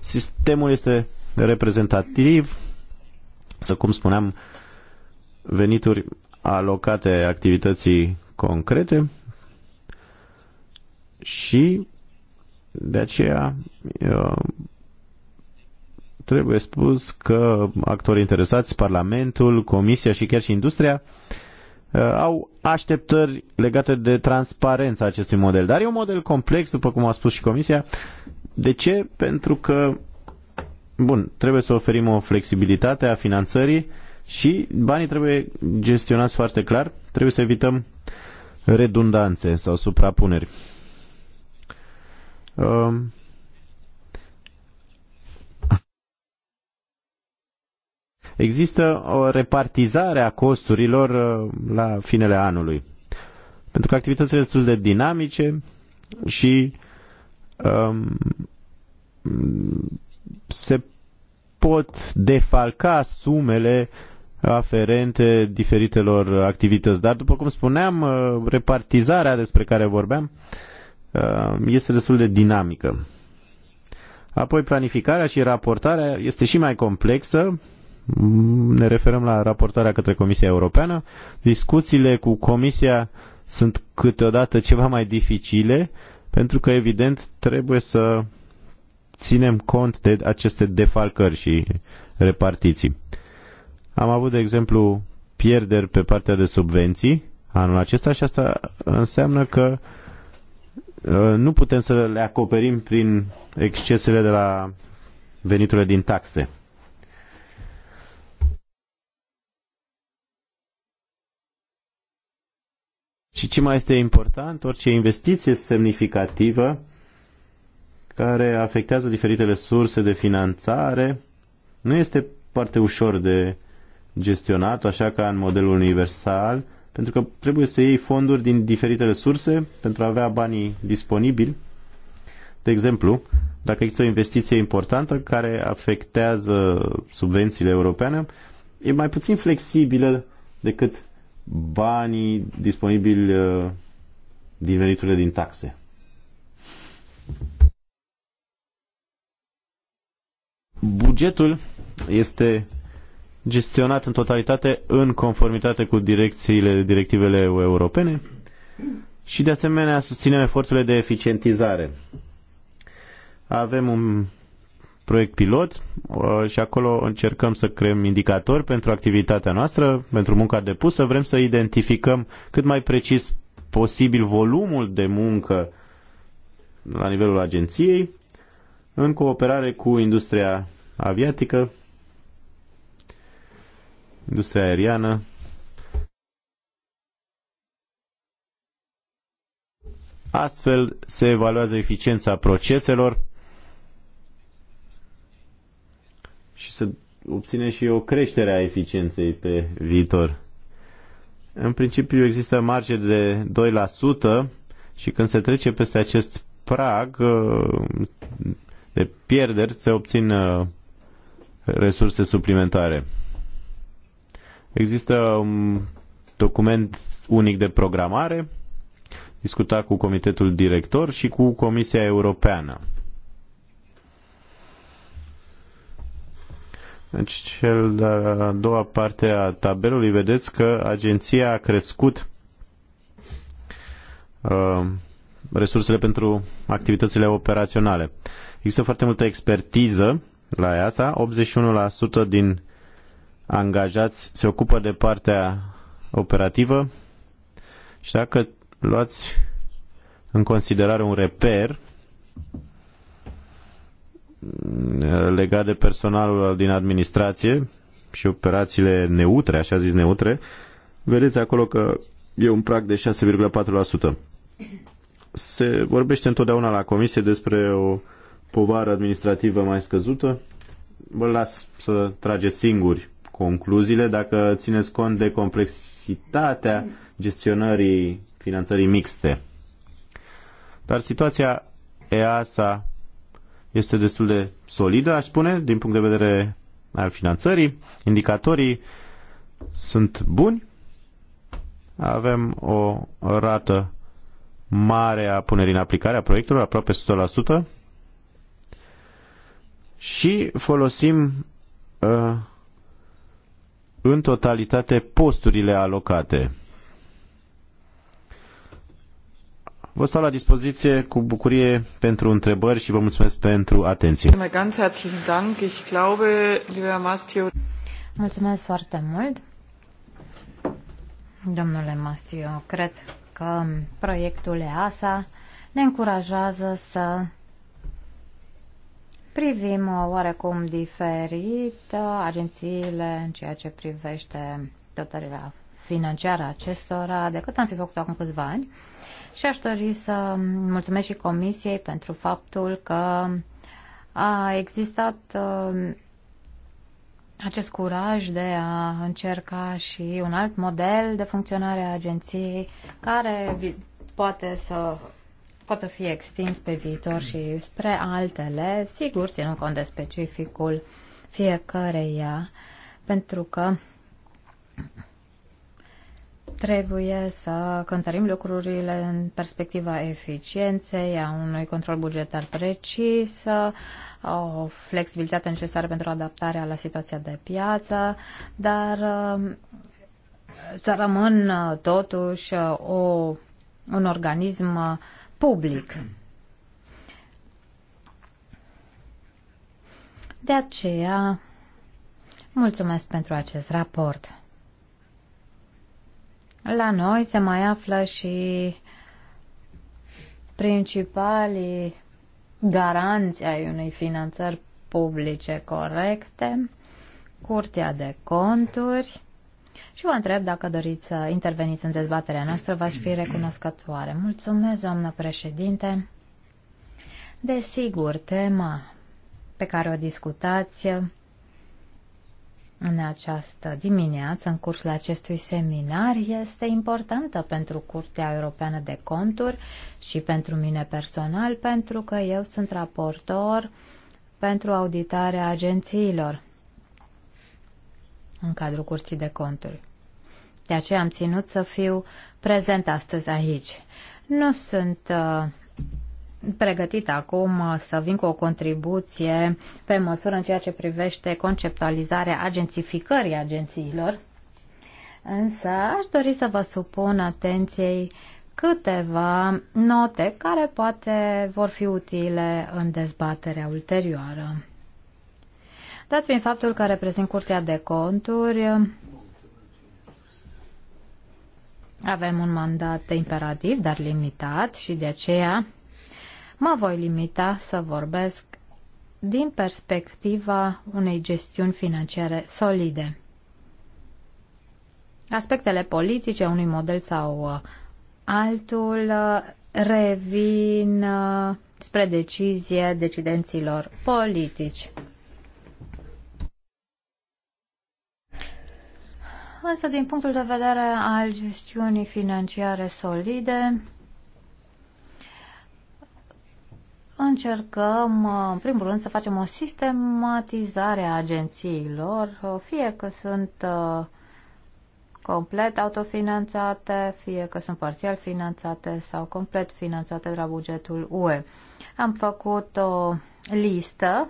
Sistemul este reprezentativ, să cum spuneam, venituri alocate activității concrete și de aceea uh, trebuie spus că actorii interesați, Parlamentul, Comisia și chiar și industria uh, au așteptări legate de transparența acestui model. Dar e un model complex, după cum a spus și Comisia. De ce? Pentru că, bun, trebuie să oferim o flexibilitate a finanțării și banii trebuie gestionați foarte clar, trebuie să evităm redundanțe sau suprapuneri. Um, există o repartizare a costurilor uh, la finele anului. Pentru că activitățile sunt destul de dinamice și um, se pot defalca sumele aferente diferitelor activități. Dar, după cum spuneam, uh, repartizarea despre care vorbeam uh, Uh, este destul de dinamică. Apoi planificarea și raportarea este și mai complexă. Mm, ne referăm la raportarea către Comisia Europeană. Discuțiile cu Comisia sunt câteodată ceva mai dificile, pentru că, evident, trebuie să ținem cont de aceste defalcări și repartiții. Am avut, de exemplu, pierderi pe partea de subvenții anul acesta și asta înseamnă că uh, Uh, nu putem să le acoperim prin excesele de la veniturile din taxe. Și ce mai este important, orice investiție semnificativă care afectează diferitele surse de finanțare nu este foarte ușor de gestionat, așa ca în modelul universal, pentru că trebuie să iei fonduri din diferite resurse pentru a avea banii disponibili. De exemplu, dacă există o investiție importantă care afectează subvențiile europene, e mai puțin flexibilă decât banii disponibili uh, din veniturile din taxe. Bugetul este gestionat în totalitate în conformitate cu direcțiile, directivele europene și de asemenea susținem eforturile de eficientizare. Avem un proiect pilot uh, și acolo încercăm să creăm indicatori pentru activitatea noastră, pentru munca depusă. Vrem să identificăm cât mai precis posibil volumul de muncă la nivelul agenției în cooperare cu industria aviatică industria aeriană. Astfel se evaluează eficiența proceselor și se obține și o creștere a eficienței pe viitor. În principiu există marge de 2% și când se trece peste acest prag de pierderi se obțin uh, resurse suplimentare. Există un document unic de programare discutat cu Comitetul Director și cu Comisia Europeană. Deci, cel de-a doua parte a tabelului, vedeți că agenția a crescut uh, resursele pentru activitățile operaționale. Există foarte multă expertiză la EASA, 81% din angajați se ocupă de partea operativă și dacă luați în considerare un reper legat de personalul din administrație și operațiile neutre, așa zis neutre, vedeți acolo că e un prag de 6,4%. Se vorbește întotdeauna la comisie despre o povară administrativă mai scăzută. Vă las să trageți singuri concluziile dacă țineți cont de complexitatea gestionării finanțării mixte. Dar situația EASA este destul de solidă, aș spune, din punct de vedere al finanțării. Indicatorii sunt buni. Avem o rată mare a punerii în aplicare a proiectelor, aproape 100%. Și folosim uh, în totalitate posturile alocate. Vă stau la dispoziție cu bucurie pentru întrebări și vă mulțumesc pentru atenție. Mulțumesc foarte mult, domnule Mastio. Cred că proiectul EASA ne încurajează să privim oarecum diferit uh, agențiile în ceea ce privește dotarea financiară acestora decât am fi făcut acum câțiva ani și aș dori să mulțumesc și Comisiei pentru faptul că a existat uh, acest curaj de a încerca și un alt model de funcționare a agenției care poate să poate fi extins pe viitor și spre altele, sigur, ținând cont de specificul fiecăreia, pentru că trebuie să cântărim lucrurile în perspectiva eficienței, a unui control bugetar precis, o flexibilitate necesară pentru adaptarea la situația de piață, dar um, să rămân totuși uh, o, un organism uh, public. De aceea, mulțumesc pentru acest raport. La noi se mai află și principalii garanți ai unei finanțări publice corecte, Curtea de Conturi, și vă întreb dacă doriți să interveniți în dezbaterea noastră, v-aș fi recunoscătoare. Mulțumesc, doamnă președinte. Desigur, tema pe care o discutați în această dimineață, în cursul acestui seminar, este importantă pentru Curtea Europeană de Conturi și pentru mine personal, pentru că eu sunt raportor pentru auditarea agențiilor în cadrul Curții de Conturi. De aceea am ținut să fiu prezent astăzi aici. Nu sunt uh, pregătit acum uh, să vin cu o contribuție pe măsură în ceea ce privește conceptualizarea agențificării agențiilor, însă aș dori să vă supun atenției câteva note care poate vor fi utile în dezbaterea ulterioară. Dat fiind faptul că reprezint Curtea de Conturi, avem un mandat imperativ, dar limitat și de aceea mă voi limita să vorbesc din perspectiva unei gestiuni financiare solide. Aspectele politice unui model sau altul revin spre decizie decidenților politici. Însă, din punctul de vedere al gestiunii financiare solide, încercăm, în primul rând, să facem o sistematizare a agențiilor, fie că sunt uh, complet autofinanțate, fie că sunt parțial finanțate sau complet finanțate de la bugetul UE. Am făcut o listă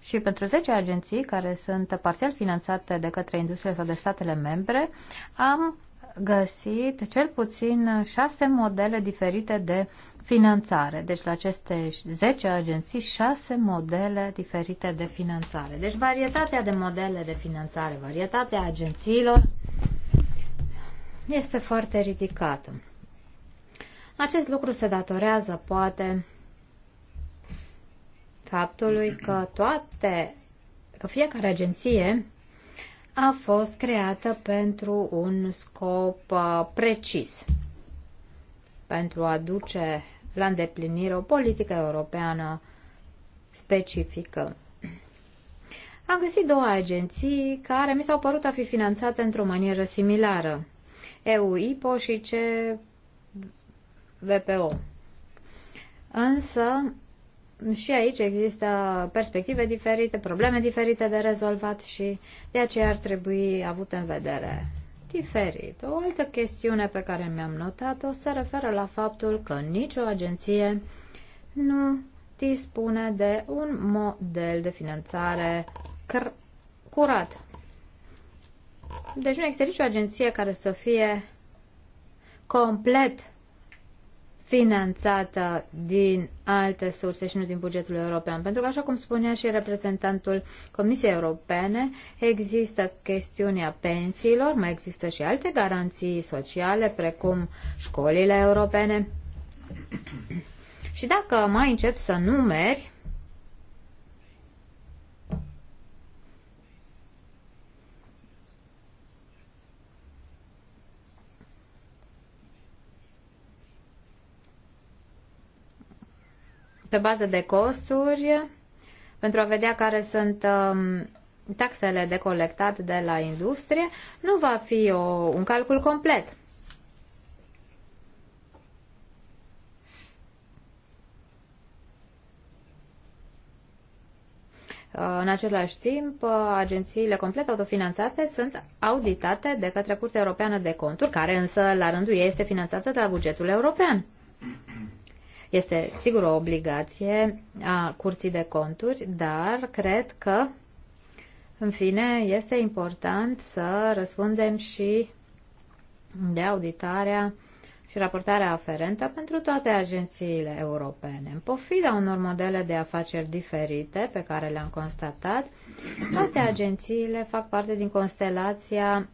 și pentru 10 agenții care sunt parțial finanțate de către industrie sau de statele membre, am găsit cel puțin 6 modele diferite de finanțare. Deci la aceste 10 agenții, 6 modele diferite de finanțare. Deci varietatea de modele de finanțare, varietatea agențiilor este foarte ridicată. Acest lucru se datorează, poate, faptului că toate, că fiecare agenție a fost creată pentru un scop uh, precis, pentru a duce la îndeplinire o politică europeană specifică. Am găsit două agenții care mi s-au părut a fi finanțate într-o manieră similară, EUIPO și CVPO. Însă, și aici există perspective diferite, probleme diferite de rezolvat și de aceea ar trebui avut în vedere diferit. O altă chestiune pe care mi-am notat-o se referă la faptul că nicio agenție nu dispune de un model de finanțare curat. Deci nu există nicio agenție care să fie complet finanțată din alte surse și nu din bugetul european. Pentru că, așa cum spunea și reprezentantul Comisiei Europene, există chestiunea pensiilor, mai există și alte garanții sociale, precum școlile europene. și dacă mai încep să numeri, pe bază de costuri pentru a vedea care sunt um, taxele de colectat de la industrie, nu va fi o, un calcul complet. Uh, în același timp, uh, agențiile complet autofinanțate sunt auditate de către Curtea Europeană de Conturi, care însă, la rândul ei, este finanțată de la bugetul european. Este sigur o obligație a curții de conturi, dar cred că, în fine, este important să răspundem și de auditarea și raportarea aferentă pentru toate agențiile europene. În pofida unor modele de afaceri diferite pe care le-am constatat, toate agențiile fac parte din constelația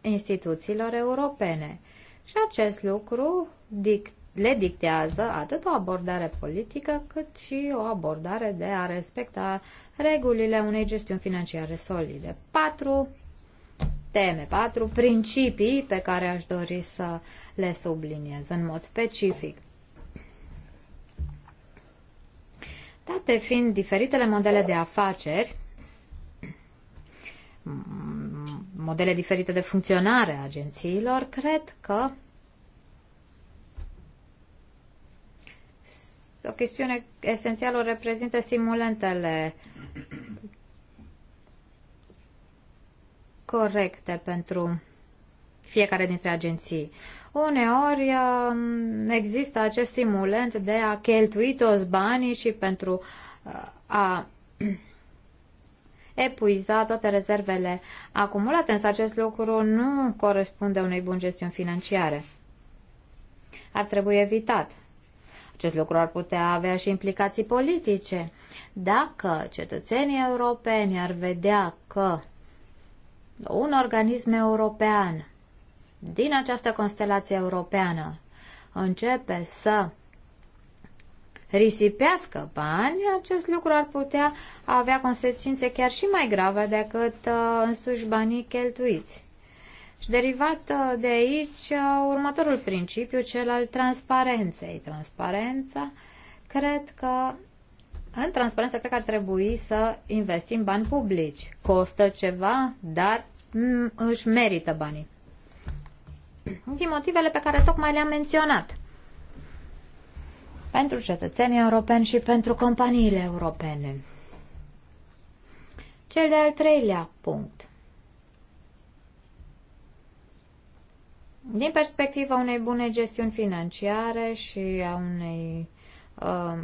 instituțiilor europene. Și acest lucru dic- le dictează atât o abordare politică cât și o abordare de a respecta regulile unei gestiuni financiare solide. Patru teme, patru principii pe care aș dori să le subliniez în mod specific. Date fiind diferitele modele de afaceri, modele diferite de funcționare a agențiilor, cred că o chestiune esențială o reprezintă stimulentele corecte pentru fiecare dintre agenții. Uneori um, există acest stimulent de a cheltui toți banii și pentru uh, a (clears throat) epuiza toate rezervele acumulate, însă acest lucru nu corespunde unei bun gestiuni financiare. Ar trebui evitat. Acest lucru ar putea avea și implicații politice. Dacă cetățenii europeni ar vedea că un organism european din această constelație europeană începe să risipească bani, acest lucru ar putea avea consecințe chiar și mai grave decât uh, însuși banii cheltuiți. Și derivat uh, de aici uh, următorul principiu, cel al transparenței. Transparența, cred că în transparență cred că ar trebui să investim bani publici. Costă ceva, dar mm, își merită banii. Din motivele pe care tocmai le-am menționat. Pentru cetățenii europeni și pentru companiile europene. Cel de-al treilea punct. Din perspectiva unei bune gestiuni financiare și a unei uh,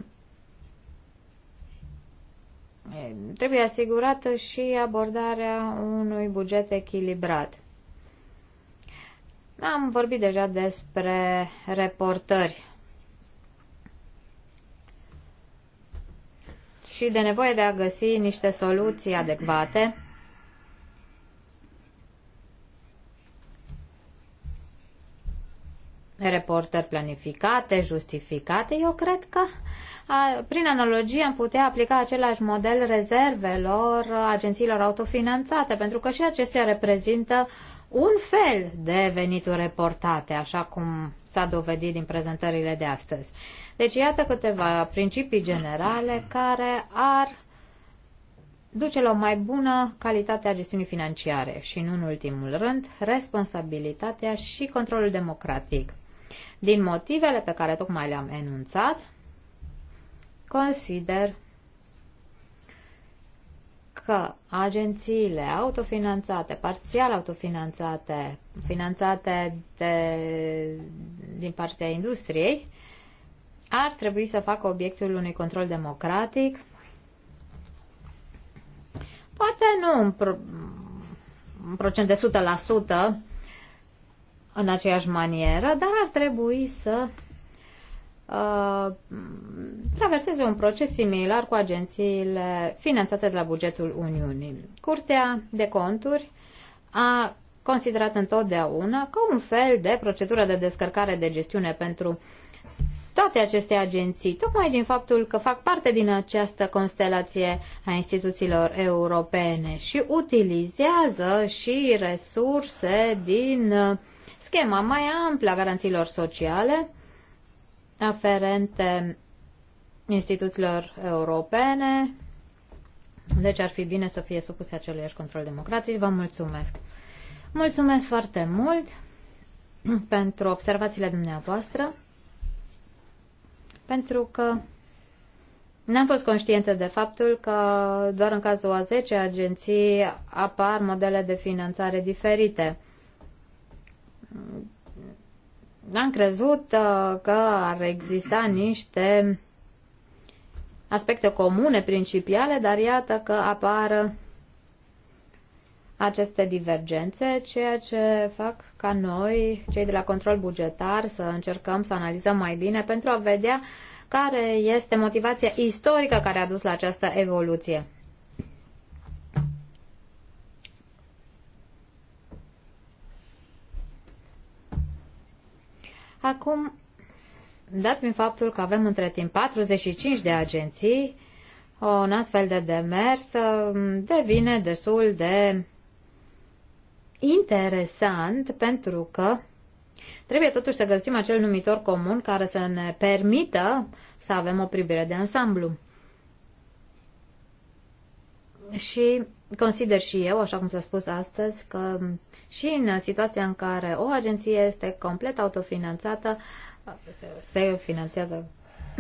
trebuie asigurată și abordarea unui buget echilibrat. Am vorbit deja despre reportări și de nevoie de a găsi niște soluții adecvate reporter planificate, justificate, eu cred că a, prin analogie am putea aplica același model rezervelor agențiilor autofinanțate, pentru că și acestea reprezintă un fel de venituri reportate, așa cum s-a dovedit din prezentările de astăzi. Deci iată câteva principii generale care ar duce la o mai bună calitate a gestiunii financiare și, nu în ultimul rând, responsabilitatea și controlul democratic. Din motivele pe care tocmai le-am enunțat, consider că agențiile autofinanțate, parțial autofinanțate, finanțate de, din partea industriei, ar trebui să facă obiectul unui control democratic. Poate nu un, pro, un procent de în aceeași manieră, dar ar trebui să uh, traverseze un proces similar cu agențiile finanțate de la bugetul Uniunii. Curtea de conturi a considerat întotdeauna ca un fel de procedură de descărcare de gestiune pentru toate aceste agenții, tocmai din faptul că fac parte din această constelație a instituțiilor europene și utilizează și resurse din uh, schema mai amplă a garanțiilor sociale aferente instituțiilor europene. Deci ar fi bine să fie supuse aceluiași control democratic. Vă mulțumesc! Mulțumesc foarte mult pentru observațiile dumneavoastră, pentru că N-am fost conștientă de faptul că doar în cazul a 10 agenții apar modele de finanțare diferite am crezut uh, că ar exista niște aspecte comune, principiale, dar iată că apar aceste divergențe, ceea ce fac ca noi, cei de la control bugetar, să încercăm să analizăm mai bine pentru a vedea care este motivația istorică care a dus la această evoluție. Acum, dat fiind faptul că avem între timp 45 de agenții, un astfel de demers um, devine destul de interesant pentru că trebuie totuși să găsim acel numitor comun care să ne permită să avem o privire de ansamblu. Și consider și eu, așa cum s-a spus astăzi, că și în situația în care o agenție este complet autofinanțată, se finanțează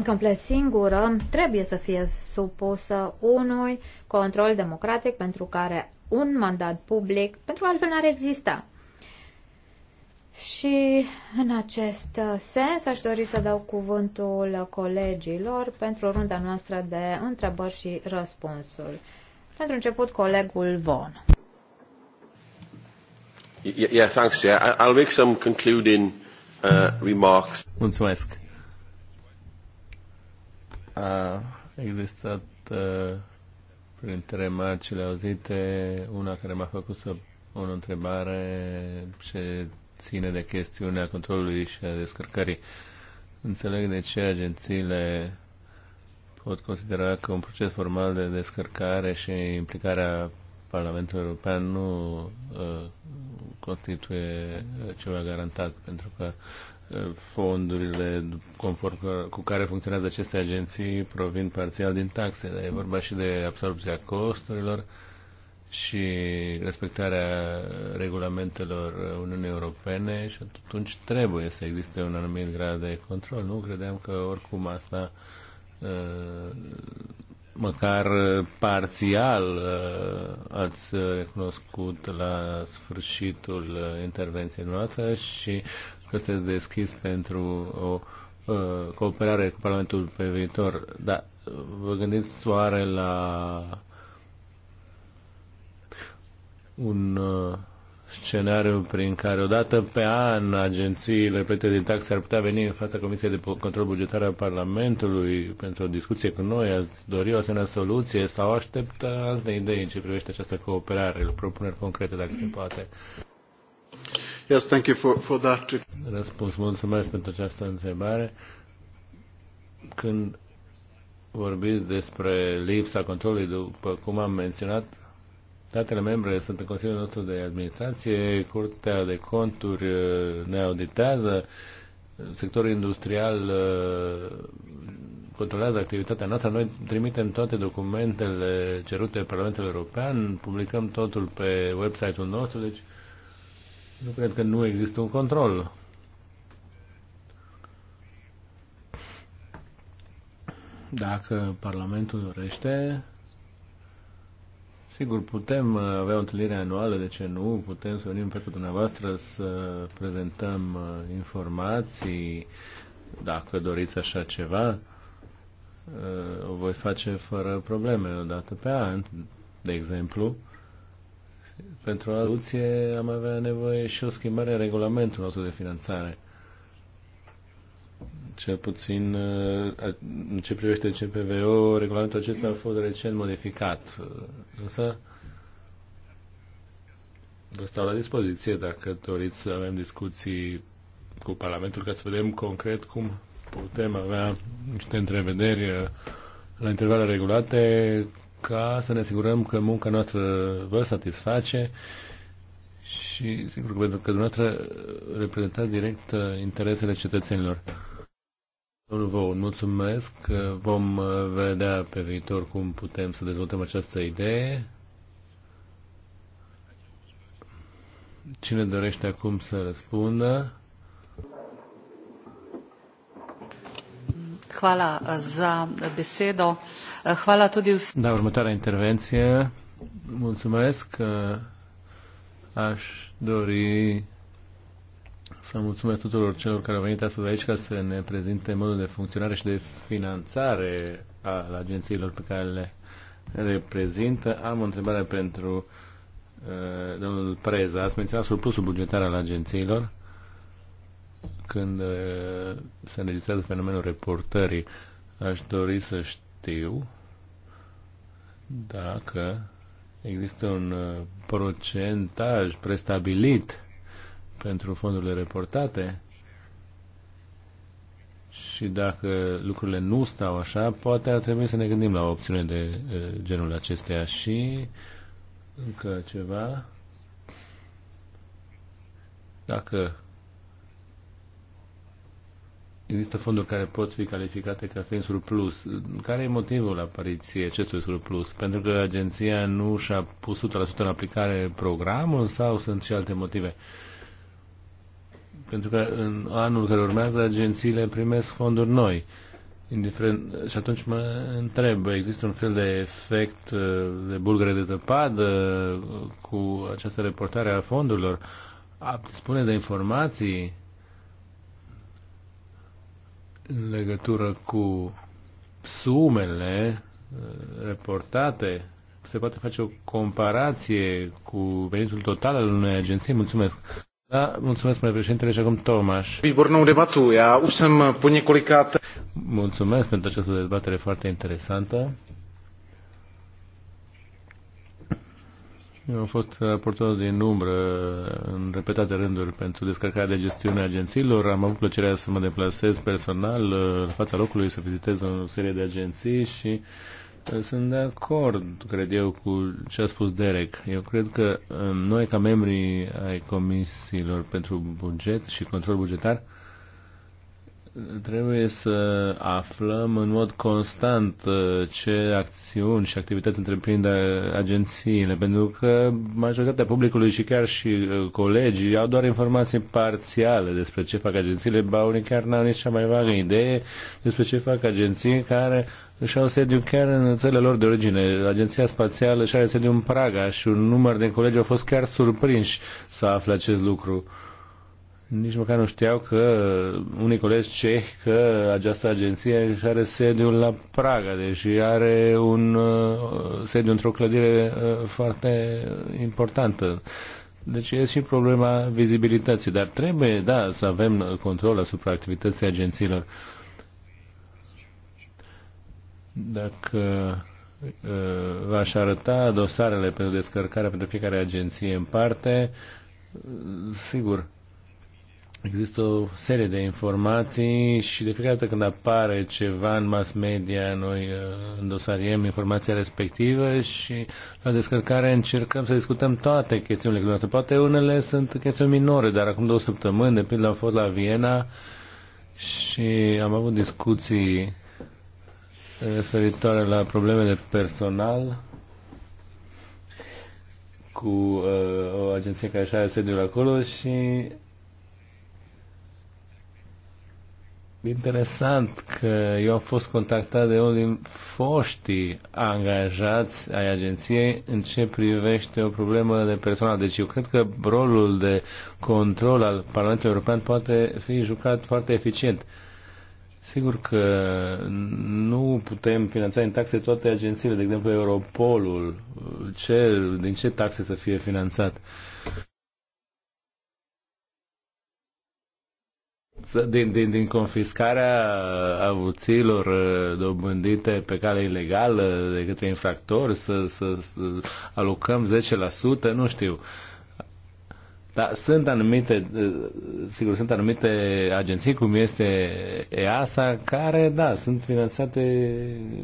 complet singură, trebuie să fie supusă unui control democratic pentru care un mandat public, pentru altfel n-ar exista. Și în acest sens aș dori să dau cuvântul colegilor pentru runda noastră de întrebări și răspunsuri. Pentru început, colegul Von. Yeah, thanks, yeah. I'll make some concluding uh, remarks. Mulțumesc. A existat uh, printre marcile auzite una care m-a făcut să o întrebare ce ține de chestiunea controlului și a descărcării. Înțeleg de ce agențiile pot considera că un proces formal de descărcare și implicarea Parlamentului European nu uh, constituie uh, ceva garantat, pentru că uh, fondurile conform cu care funcționează aceste agenții provin parțial din taxe, dar e vorba și de absorbția costurilor și respectarea regulamentelor Uniunii Europene și atunci trebuie să existe un anumit grad de control. Nu credeam că oricum asta uh, Uh, măcar uh, parțial uh, ați recunoscut la sfârșitul intervenției noastre și că sunteți deschis pentru o cooperare cu Parlamentul pe viitor. Dar vă gândiți soare la un scenariu prin care odată pe an agențiile plătite din taxe ar putea veni în fața Comisiei de Control Bugetar al Parlamentului pentru o discuție cu noi? Ați dori o asemenea soluție sau aștept alte idei în ce privește această cooperare, propuneri concrete dacă se poate? Yes, thank you for, for that. Răspuns, mulțumesc pentru această întrebare. Când vorbiți despre lipsa controlului, după cum am menționat, Statele membre sunt în Consiliul nostru de administrație, Curtea de Conturi uh, ne auditează, sectorul industrial uh, controlează activitatea noastră, noi trimitem toate documentele cerute Parlamentul European, publicăm totul pe website-ul nostru, deci nu cred că nu există un control. Dacă Parlamentul dorește, Sigur, putem uh, avea o întâlnire anuală, de ce nu? Putem să venim în fața dumneavoastră să prezentăm uh, informații, dacă doriți așa ceva. Uh, o voi face fără probleme, o dată pe an, de exemplu. Pentru o am avea nevoie și o schimbare a regulamentului nostru de finanțare. Cel puțin uh, în ce privește CPVO, regulamentul acesta a fost recent modificat. Uh, însă vă stau la dispoziție dacă doriți să avem discuții cu Parlamentul ca să vedem concret cum putem avea niște întrevederi uh, la intervale regulate ca să ne asigurăm că munca noastră vă satisface și sigur că pentru că dumneavoastră reprezentați direct interesele cetățenilor. Domnul vă mulțumesc. Vom uh, vedea pe viitor cum putem să dezvoltăm această idee. Cine dorește acum să răspundă? Hvala uh, za uh, besedo. Hvala tudi vsem. Da, următoarea intervenție. Mulțumesc. Aș dori să mulțumesc tuturor celor care au venit astăzi aici ca să ne prezinte modul de funcționare și de finanțare al agențiilor pe care le reprezintă. Am o întrebare pentru uh, domnul Preza. Ați menționat surplusul bugetar al agențiilor când uh, se înregistrează fenomenul reportării. Aș dori să știu dacă există un uh, procentaj prestabilit pentru fondurile reportate și dacă lucrurile nu stau așa, poate ar trebui să ne gândim la o opțiune de genul acesteia și încă ceva. Dacă există fonduri care pot fi calificate ca fiind surplus. Care e motivul apariției acestui surplus? Pentru că agenția nu și-a pus 100% în aplicare programul sau sunt și alte motive? Uh, pentru că în anul care urmează agențiile primesc fonduri noi. Indiferent, și atunci mă întreb, există un fel de efect uh, de bulgăre de zăpadă uh, cu această reportare a fondurilor? A spune de informații în legătură cu sumele uh, reportate? Se poate face o comparație cu venitul total al unei agenții? Mulțumesc! Da, mulțumesc, domnule președintele, și deci acum Tomaș. Výbornou debatu. Já už jsem po několikát... Mulțumesc pentru această dezbatere foarte interesantă. Eu am fost raportat din umbră în repetate rânduri pentru descărcarea de gestiune a agențiilor. Am avut plăcerea să mă deplasez personal la uh, fața locului, să vizitez o serie de agenții și uh, Eh, sunt de acord, cred eu, cu ce a spus Derek. Eu cred că eh, noi, ca membri ai comisiilor pentru buget și control bugetar, trebuie să aflăm în mod constant uh, ce acțiuni și activități întreprind agențiile, pentru că majoritatea publicului și chiar și uh, colegii au doar informații parțiale despre ce fac agențiile, ba unii chiar n-au nici cea mai vagă idee despre ce fac agenții care și au sediu chiar în țările lor de origine. Agenția Spațială și are sediu în Praga și un număr de colegi au fost chiar surprinși să afle acest lucru nici măcar nu știau că unii colegi cehi că această agenție își are sediul la Praga, deși are un uh, sediu într-o clădire uh, foarte importantă. Deci e și problema vizibilității, dar trebuie, da, să avem control asupra activității agențiilor. Dacă uh, v-aș arăta dosarele pentru descărcare pentru fiecare agenție în parte, sigur, Există o serie de informații și de fiecare dată când apare ceva în mass media, noi uh, îndosariem informația respectivă și la descărcare încercăm să discutăm toate chestiunile Poate unele sunt chestiuni minore, dar acum două săptămâni, de pildă, am fost la Viena și am avut discuții uh, referitoare la probleme de personal cu uh, o agenție care așa are sediul acolo și interesant că eu am fost contactat de unul din foștii angajați ai agenției în ce privește o problemă de personal. Deci eu cred că rolul de control al Parlamentului European poate fi jucat foarte eficient. Sigur că nu putem finanța în taxe toate agențiile, de exemplu Europolul, ce, din ce taxe să fie finanțat? din, din, din confiscarea avuțiilor uh, dobândite pe cale ilegală de către infractori să, să, să alocăm 10%, nu știu. Dar sunt anumite, uh, sigur, sunt anumite agenții, cum este EASA, care, da, sunt finanțate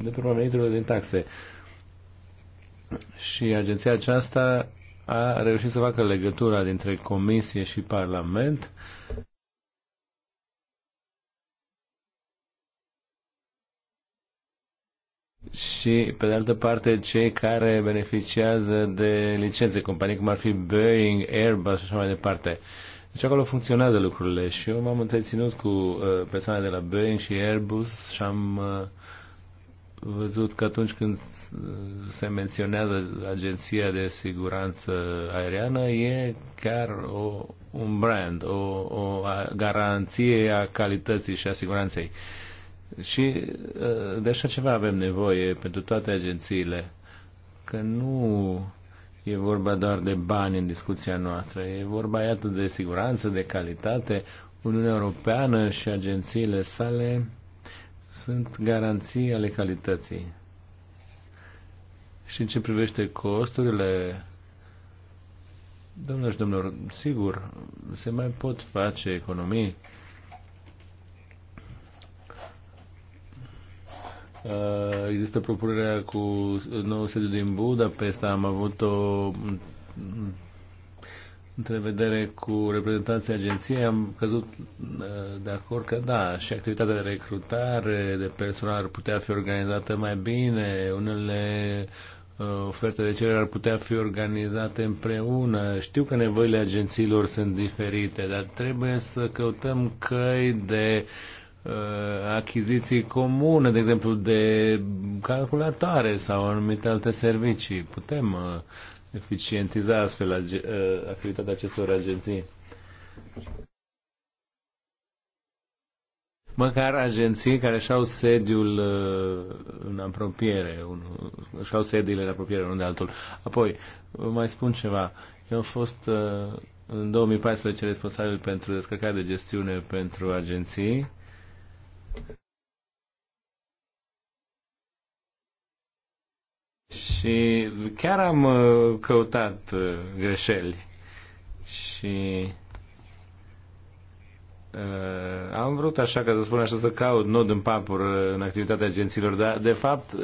de pe urmă din taxe. Și agenția aceasta a reușit să facă legătura dintre Comisie și Parlament și, pe de altă parte, cei care beneficiază de licențe, companii cum ar fi Boeing, Airbus și așa mai departe. Deci acolo funcționează lucrurile și eu m-am întreținut cu uh, persoane de la Boeing și Airbus și am uh, văzut că atunci când uh, se menționează agenția de siguranță aeriană, e chiar o, un brand, o, o garanție a calității și a siguranței. Uh, și uh, de așa ceva avem nevoie pentru toate agențiile, că nu e vorba doar de bani în discuția noastră, e vorba, iată, de siguranță, de calitate. Uniunea Europeană și agențiile sale sunt garanții ale calității. Și în ce privește costurile, domnilor și domnilor, sigur, se mai pot face economii, Uh, există propunerea cu nou sediu din Budapesta. Am avut o întrevedere cu reprezentanții agenției. Am căzut uh, de acord că da, și activitatea de recrutare de personal ar putea fi organizată mai bine. Unele uh, oferte de cerere ar putea fi organizate împreună. Știu că nevoile agențiilor sunt diferite, dar trebuie să căutăm căi de uh, Uh, achiziții comune, de exemplu, de calculatoare sau anumite alte servicii. Putem uh, eficientiza astfel uh, activitatea acestor agenții. Măcar agenții care și-au sediul în apropiere, și-au sediile în apropiere unul de altul. Apoi, mai spun ceva. Eu am fost în 2014 responsabil pentru descărcarea de gestiune pentru agenții Și chiar am uh, căutat uh, greșeli și uh, am vrut așa ca să spun așa să caut nod în papur uh, în activitatea agențiilor, dar de fapt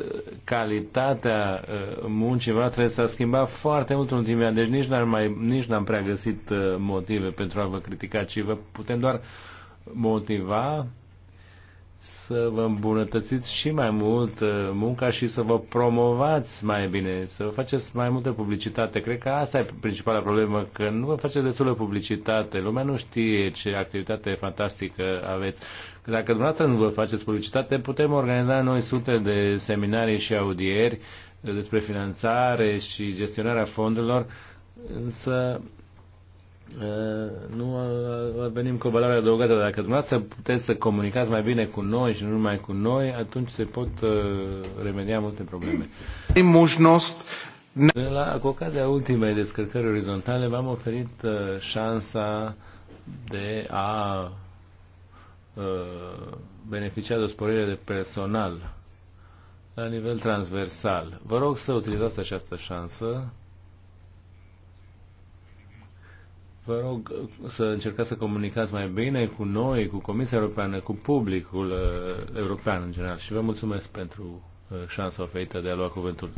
calitatea muncii muncii trebuie s-a schimbat foarte mult în ultimii ani, deci nici n-am, mai, nici n-am prea găsit motive pentru a vă critica, ci vă putem doar motiva să vă îmbunătățiți și mai mult uh, munca și să vă promovați mai bine, să vă faceți mai multă publicitate. Cred că asta e principala problemă, că nu vă faceți destul de publicitate. Lumea nu știe ce activitate fantastică aveți. Că dacă dumneavoastră nu vă faceți publicitate, putem organiza noi sute de seminarii și audieri despre finanțare și gestionarea fondurilor, însă nu venim cu o valoare adăugată. Dacă dumneavoastră puteți să comunicați mai bine cu noi și nu numai cu noi, atunci se pot remedia multe probleme. la, cu ocazia ultimei descărcări orizontale v-am oferit șansa de a beneficia de o sporire de personal la nivel transversal. Vă rog să utilizați această șansă Vă rog să încercați să comunicați mai bine cu noi, cu Comisia Europeană, cu publicul uh, european în general și vă mulțumesc pentru uh, șansa oferită de a lua cuvântul.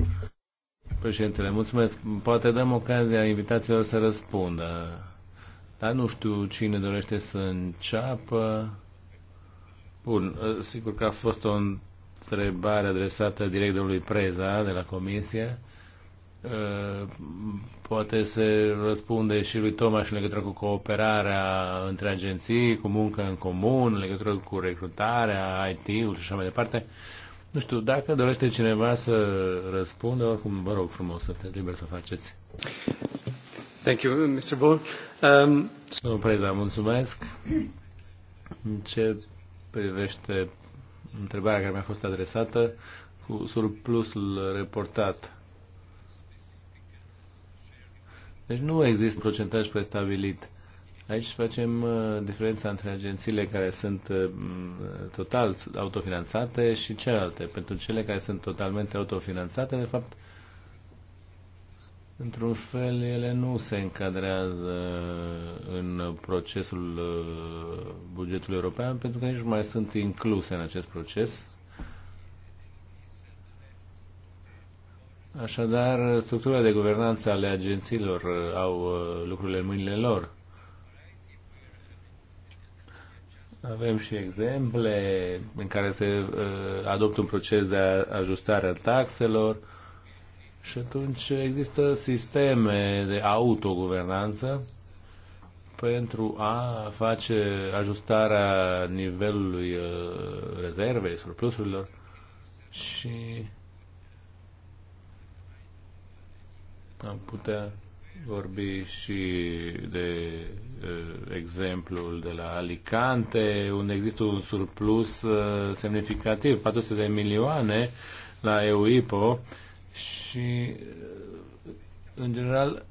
Președintele, mulțumesc. Poate dăm ocazia invitațiilor să răspundă. Dar nu știu cine dorește să înceapă. Bun, uh, sigur că a fost o întrebare adresată direct domnului Preza de la Comisie. Eh, poate se răspunde și lui Tomaș în legătură cu cooperarea între agenții, cu muncă în comun, în legătură cu recrutarea, IT-ul și așa mai departe. Nu știu, dacă dorește cineva să răspundă, oricum vă rog frumos să te liber să faceți. Thank you, Mr. Ball. Um... Domnul Preda, mulțumesc. În ce privește întrebarea care mi-a fost adresată cu surplusul reportat Deci nu există procentaj prestabilit. Aici facem uh, diferența între agențiile care sunt uh, total autofinanțate și celelalte. Pentru cele care sunt totalmente autofinanțate, de fapt, într-un fel, ele nu se încadrează în procesul uh, bugetului european pentru că nici nu mai sunt incluse în acest proces Așadar, structura de guvernanță ale agențiilor uh, au uh, lucrurile în mâinile lor. Avem și exemple în care se uh, adoptă un proces de ajustare a taxelor și atunci există sisteme de autoguvernanță pentru a face ajustarea nivelului rezervei, surplusurilor și Am putea vorbi și de uh, exemplul de la Alicante, unde există un surplus uh, semnificativ, 400 de milioane la EUIPO și, uh, în general,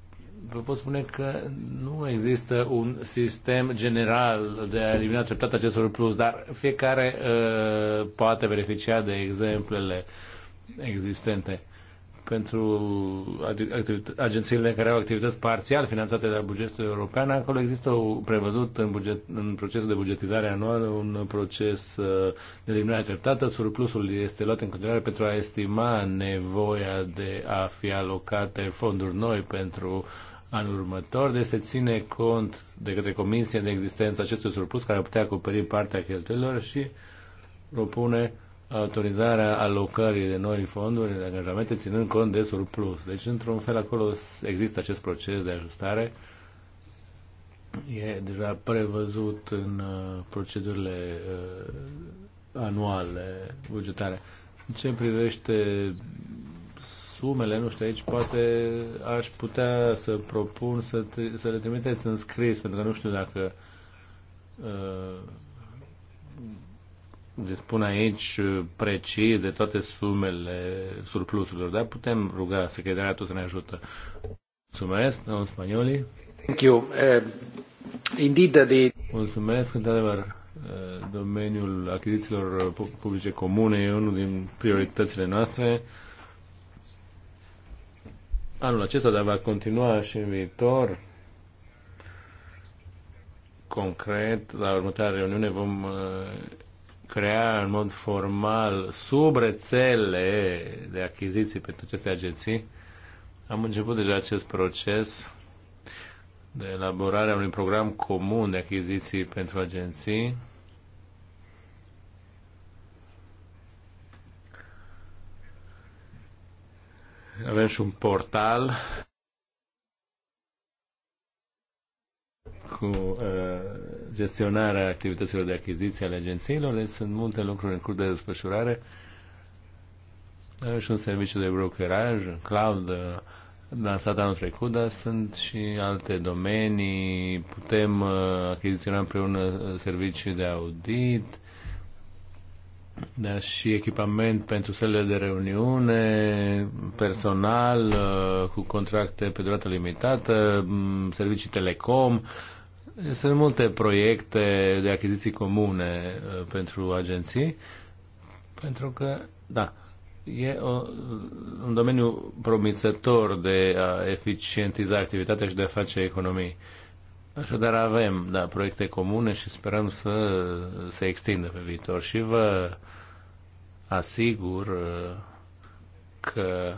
vă pot spune că nu există un sistem general de a elimina treptat acest surplus, dar fiecare uh, poate beneficia de exemplele existente. Uh, pentru agențiile care au activități parțial finanțate de la bugetul european, acolo există o, prevăzut în, buget, în procesul de bugetizare anual un proces uh, de eliminare treptată. Surplusul este luat în continuare pentru a estima nevoia de a fi alocate fonduri noi pentru anul următor, de deci se ține cont de către Comisie de existență acestui surplus care ar putea acoperi partea cheltuielor și propune uh, autorizarea alocării de noi fonduri, de angajamente, ținând cont de surplus. Deci, într-un fel, acolo există acest proces de ajustare. E deja prevăzut în uh, procedurile uh, anuale bugetare. În ce privește sumele, nu știu, aici poate aș putea să propun să, să le trimiteți în scris, pentru că nu știu dacă uh, de spun aici uh, precis de toate sumele surplusurilor, dar putem ruga secretariatul să ne ajută. Mulțumesc, domnul Spanioli. Thank you. Uh, indeed, the... Mulțumesc, într-adevăr. Eh, domeniul achizițiilor eh, publice comune e unul din prioritățile noastre. Anul acesta, dar va continua și în viitor concret, la următoarea reuniune vom crea în mod formal sub rețele de achiziții pentru aceste agenții. Am început deja acest proces de elaborare a unui program comun de achiziții pentru agenții. Avem și un portal cu uh, gestionarea activităților de achiziție ale agențiilor, deci sunt multe lucruri în curs de desfășurare. Avem și un serviciu de brokeraj, cloud, uh, lansat anul trecut, dar sunt și alte domenii. Putem uh, achiziționa împreună uh, servicii de audit, dar și echipament pentru sălile de reuniune, personal uh, cu contracte pe durată limitată, mm, servicii telecom, sunt multe proiecte de achiziții comune uh, pentru agenții, pentru că, da, e o, un domeniu promițător de a eficientiza activitatea și de a face economii. Așadar avem, da, proiecte comune și sperăm să se extindă pe viitor și vă asigur uh, că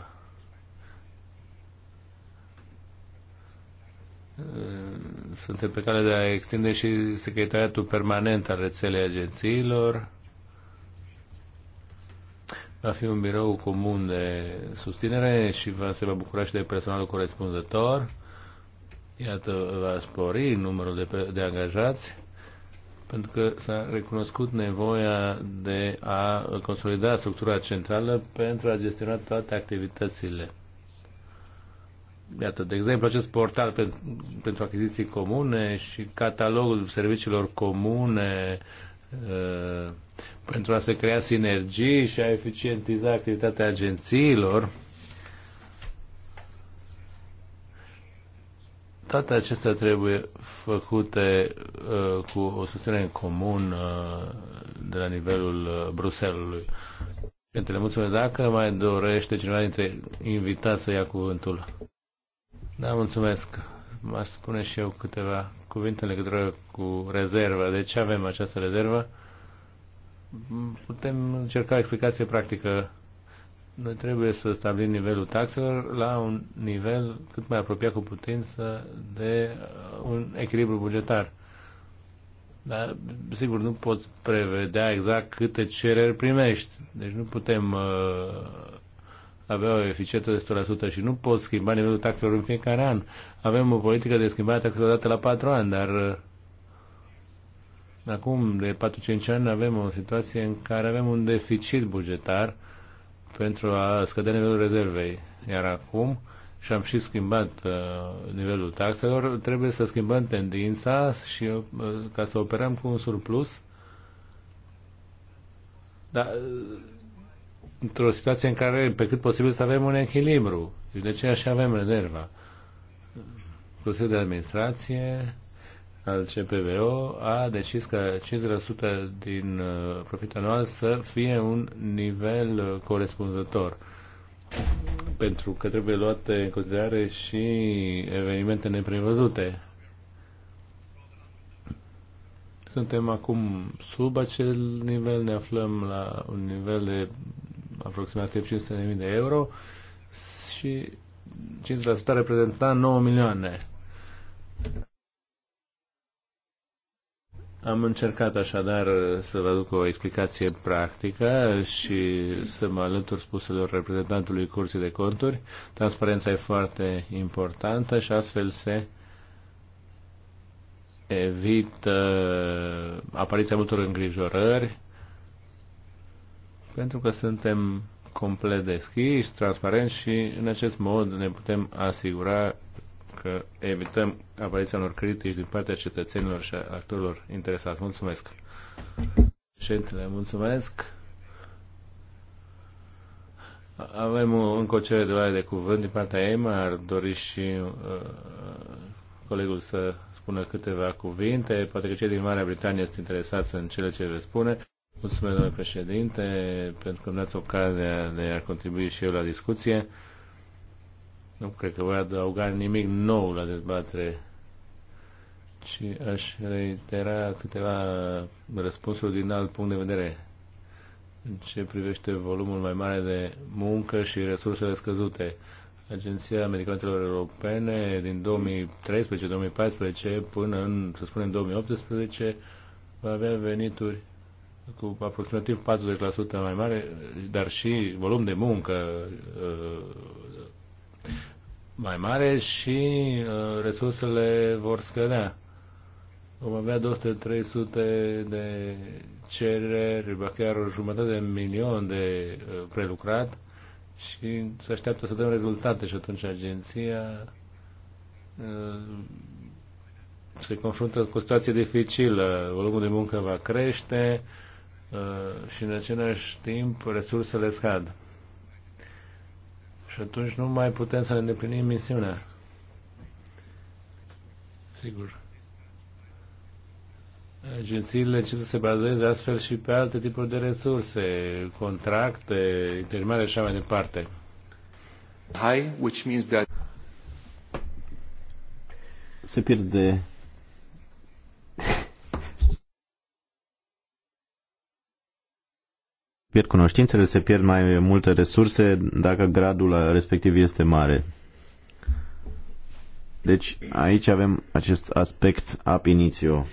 Uh, suntem pe cale de a extinde și secretariatul permanent al rețelei agențiilor. Va fi un birou comun de susținere și va se va bucura și de personalul corespunzător. Iată, va spori numărul de, de angajați pentru că s-a recunoscut nevoia de a consolida structura centrală pentru a gestiona toate activitățile Iată, de exemplu, acest portal pentru, pentru achiziții comune și catalogul serviciilor comune uh, pentru a se crea sinergii și a eficientiza activitatea agențiilor. Toate acestea trebuie făcute uh, cu o susținere comună comun uh, de la nivelul uh, Bruselului. Între mulțumesc. Dacă mai dorește cineva dintre invitați să ia cuvântul. Da, mulțumesc. M-aș spune și eu câteva cuvinte legătură cu rezerva. De ce avem această rezervă? Putem încerca explicație practică. Noi trebuie să stabilim nivelul taxelor la un nivel cât mai apropiat cu putință de uh, un echilibru bugetar. Dar, sigur, nu poți prevedea exact câte cereri primești. Deci nu putem uh, avea o eficiență de 100% și nu pot schimba nivelul taxelor în fiecare an. Avem o politică de schimbare a taxelor odată la 4 ani, dar uh, acum de 4-5 ani avem o situație în care avem un deficit bugetar pentru a scădea nivelul rezervei. Iar acum, și am și schimbat uh, nivelul taxelor, trebuie să schimbăm tendința și uh, ca să operăm cu un surplus. Dar uh, într-o situație în care, pe cât posibil, să avem un echilibru. Deci de aceea și avem rezerva. Consiliul de Administrație al CPVO a decis că 50% din uh, profit anual să fie un nivel uh, corespunzător pentru că trebuie luate în considerare și evenimente neprevăzute. Suntem acum sub acel nivel, ne aflăm la un nivel de aproximativ 500.000 de euro și 5% reprezenta 9 milioane. Am încercat așadar să vă aduc o explicație practică și să mă alătur spuselor reprezentantului Curții de Conturi. Transparența e foarte importantă și astfel se evită apariția multor îngrijorări pentru că suntem complet deschiși, transparenți și în acest mod ne putem asigura că evităm apariția unor critici din partea cetățenilor și actorilor interesați. Mulțumesc! Președintele, mulțumesc! Avem un încă o cerere de luare de cuvânt din partea ei, Ar dori și uh, colegul să spună câteva cuvinte. Poate că cei din Marea Britanie sunt interesați în cele ce le spune. Mulțumesc, domnule președinte, pentru că îmi dați ocazia de a contribui și eu la discuție. Nu cred că voi adăuga nimic nou la dezbatere, ci aș reitera câteva răspunsuri din alt punct de vedere în ce privește volumul mai mare de muncă și resursele scăzute. Agenția Medicamentelor Europene din 2013-2014 până în, să spunem, 2018 va avea venituri cu aproximativ 40% mai mare, dar și volum de muncă uh, mai mare și uh, resursele vor scădea. Vom avea 200-300 de cereri, ba chiar o jumătate de milion de uh, prelucrat și se așteaptă să dăm rezultate și atunci agenția se confruntă cu o situație dificilă. Volumul de muncă va crește, Uh, și în același timp resursele scad. Și atunci nu mai putem să ne îndeplinim misiunea. Sigur. Agențiile încep să se bazeze astfel și pe alte tipuri de resurse, contracte, intermare și așa mai departe. High, which means that se pierde pierd cunoștințele, se pierd mai multe resurse dacă gradul respectiv este mare. Deci aici avem acest aspect ab initio.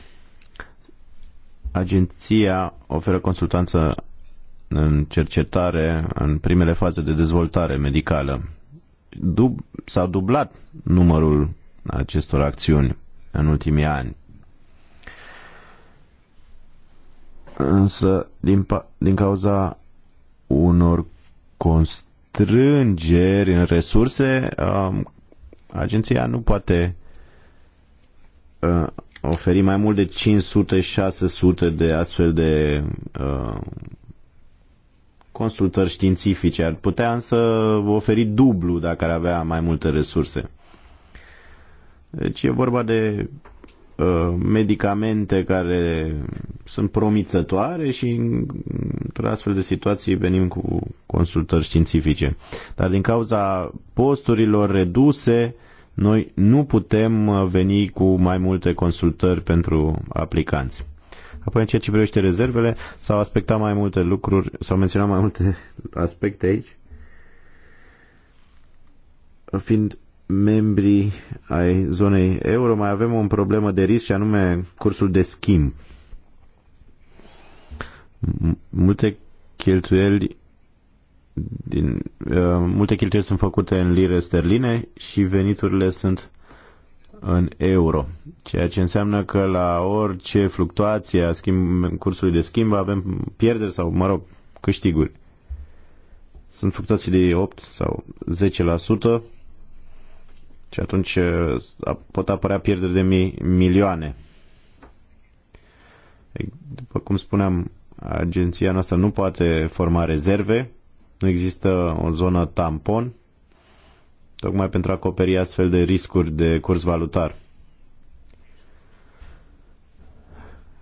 Agenția oferă consultanță în cercetare în primele faze de dezvoltare medicală. Dub, s-a dublat numărul acestor acțiuni în ultimii ani. însă din, din cauza unor constrângeri în resurse, um, agenția nu poate uh, oferi mai mult de 500-600 de astfel de uh, consultări științifice. Ar putea însă oferi dublu dacă ar avea mai multe resurse. Deci e vorba de Uh, medicamente care sunt promițătoare și într-o astfel de situații venim cu consultări științifice. Dar din cauza posturilor reduse, noi nu putem uh, veni cu mai multe consultări pentru aplicanți. Apoi, în ceea ce privește rezervele, s-au aspectat mai multe lucruri, s-au menționat mai multe (laughs) aspecte aici, fiind membrii ai zonei euro mai avem o problemă de risc și anume cursul de schimb. Multe cheltuieli din, uh, multe cheltuieli sunt făcute în lire sterline și veniturile sunt în euro, ceea ce înseamnă că la orice fluctuație a schimb, cursului de schimb avem pierderi sau, mă rog, câștiguri. Sunt fluctuații de 8 sau și atunci pot apărea pierderi de mii, milioane. După cum spuneam, agenția noastră nu poate forma rezerve, nu există o zonă tampon, tocmai pentru a acoperi astfel de riscuri de curs valutar.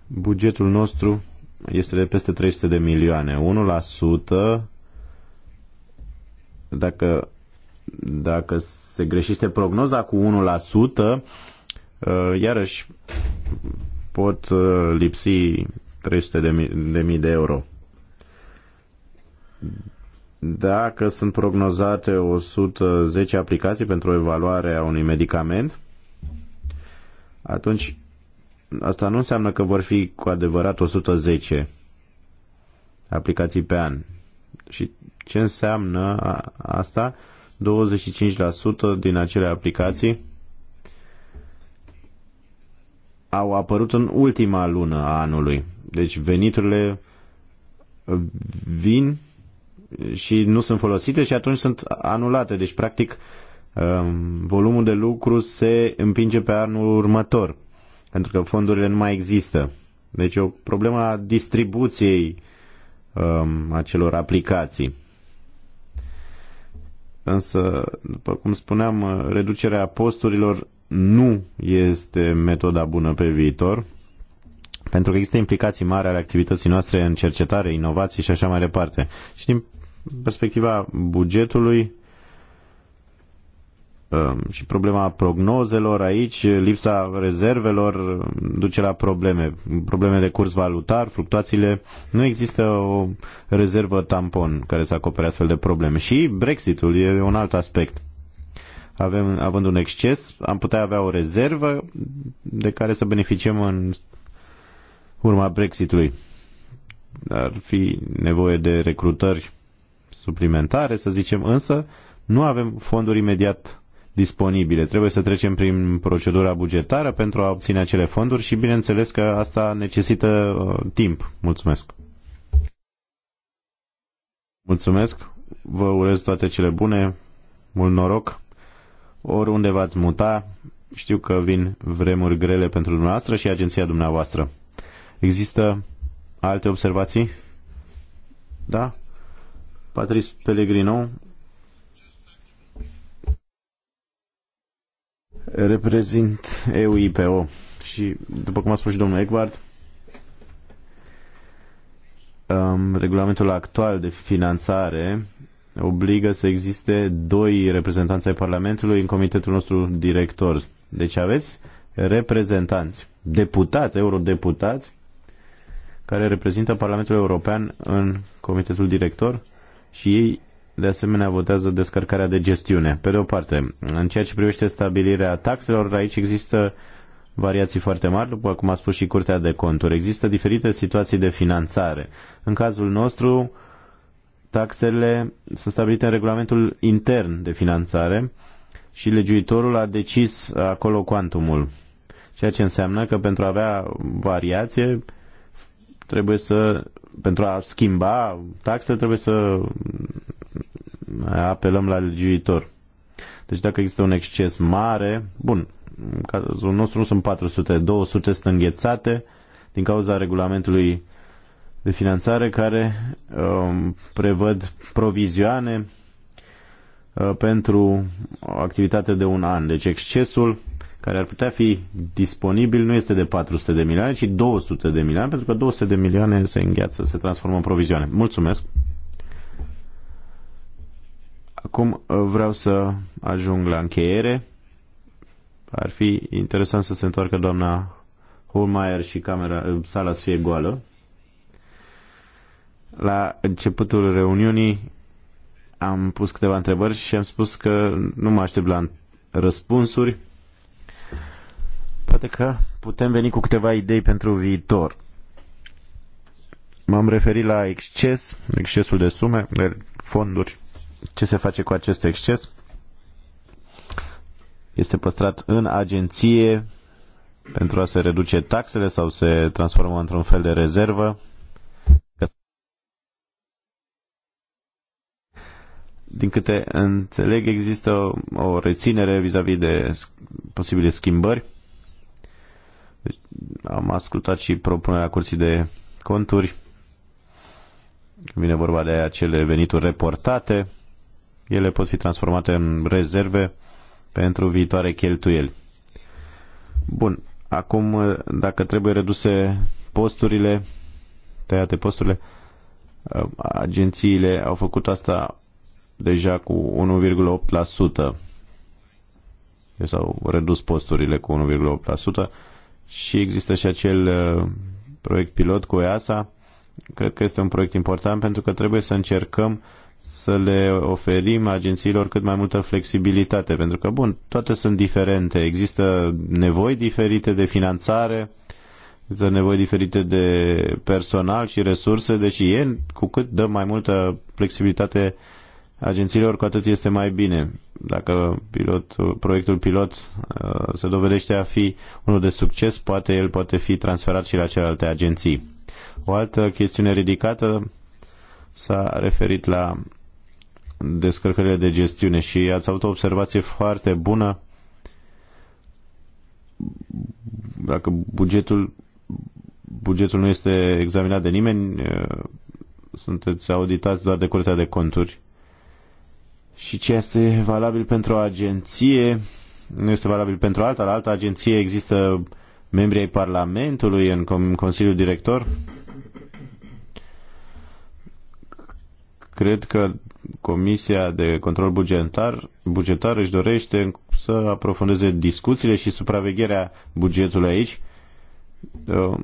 Bugetul nostru este de peste 300 de milioane. 1% dacă dacă se greșește prognoza cu 1%, uh, iarăși pot uh, lipsi 300 de mii, de mii de euro. Dacă sunt prognozate 110 aplicații pentru evaluarea unui medicament, atunci asta nu înseamnă că vor fi cu adevărat 110 aplicații pe an. Și ce înseamnă asta? 25% din acele aplicații au apărut în ultima lună a anului. Deci veniturile vin și nu sunt folosite și atunci sunt anulate. Deci, practic, um, volumul de lucru se împinge pe anul următor, pentru că fondurile nu mai există. Deci e o problemă a distribuției um, acelor aplicații. Însă, după cum spuneam, reducerea posturilor nu este metoda bună pe viitor, pentru că există implicații mari ale activității noastre în cercetare, inovații și așa mai departe. Și din perspectiva bugetului, Ehm, și problema prognozelor aici, lipsa rezervelor ehm, duce la probleme, probleme de curs valutar, fluctuațiile. Nu există o rezervă tampon care să acopere astfel de probleme. Și Brexitul e un alt aspect. Avem, având un exces, am putea avea o rezervă de care să beneficiem în urma Brexitului. Ar fi nevoie de recrutări suplimentare, să zicem, însă nu avem fonduri imediat disponibile. Trebuie să trecem prin procedura bugetară pentru a obține acele fonduri și bineînțeles că asta necesită uh, timp. Mulțumesc! Mulțumesc! Vă urez toate cele bune, mult noroc! Oriunde v-ați muta, știu că vin vremuri grele pentru dumneavoastră și agenția dumneavoastră. Există alte observații? Da? Patrice Pellegrino reprezint EUIPO și, după cum a spus și domnul Egward um, regulamentul actual de finanțare obligă să existe doi reprezentanți ai Parlamentului în comitetul nostru director. Deci aveți reprezentanți, deputați, eurodeputați, care reprezintă Parlamentul European în comitetul director și ei de asemenea votează descărcarea de gestiune. Pe de o parte, în ceea ce privește stabilirea taxelor, aici există variații foarte mari, după cum a spus și Curtea de Conturi. Există diferite situații de finanțare. În cazul nostru, taxele sunt stabilite în regulamentul intern de finanțare și legiuitorul a decis acolo cuantumul. Ceea ce înseamnă că pentru a avea variație, trebuie să, pentru a schimba taxe, trebuie să apelăm la legiuitor. Deci dacă există un exces mare, bun, în cazul nostru nu sunt 400, 200 sunt înghețate din cauza regulamentului de finanțare care um, prevăd provizioane uh, pentru o activitate de un an. Deci excesul care ar putea fi disponibil nu este de 400 de milioane, ci 200 de milioane, pentru că 200 de milioane se îngheață, se transformă în provizioane. Mulțumesc! Acum uh, vreau să ajung la încheiere. Ar fi interesant să se întoarcă doamna Holmeier și camera, uh, sala să fie goală. La începutul reuniunii am pus câteva întrebări și am spus că nu mă aștept la răspunsuri poate că putem veni cu câteva idei pentru viitor. M-am referit la exces, excesul de sume, de fonduri. Ce se face cu acest exces? Este păstrat în agenție pentru a se reduce taxele sau se transformă într-un fel de rezervă? din câte înțeleg, există o reținere vis-a-vis -vis de posibile schimbări. Am ascultat și propunerea Curții de Conturi. Când vine vorba de acele venituri reportate, ele pot fi transformate în rezerve pentru viitoare cheltuieli. Bun, acum dacă trebuie reduse posturile, tăiate posturile, agențiile au făcut asta deja cu 1,8%. Deci s-au redus posturile cu 1,8% și există și acel uh, proiect pilot cu EASA. Cred că este un proiect important pentru că trebuie să încercăm să le oferim agențiilor cât mai multă flexibilitate, pentru că, bun, toate sunt diferente, există nevoi diferite de finanțare, există nevoi diferite de personal și resurse, deci e, cu cât dăm mai multă flexibilitate agențiilor, cu atât este mai bine. Dacă pilotul, proiectul pilot uh, se dovedește a fi unul de succes, poate el poate fi transferat și la celelalte agenții. O altă chestiune ridicată s-a referit la descărcările de gestiune și ați avut o observație foarte bună dacă bugetul bugetul nu este examinat de nimeni uh, sunteți auditați doar de Curtea de Conturi și ce este valabil pentru o agenție nu este valabil pentru alta. La alta agenție există membrii ai Parlamentului în Consiliul Director. Cred că Comisia de Control Bugetar, bugetar își dorește să aprofundeze discuțiile și supravegherea bugetului aici. Um,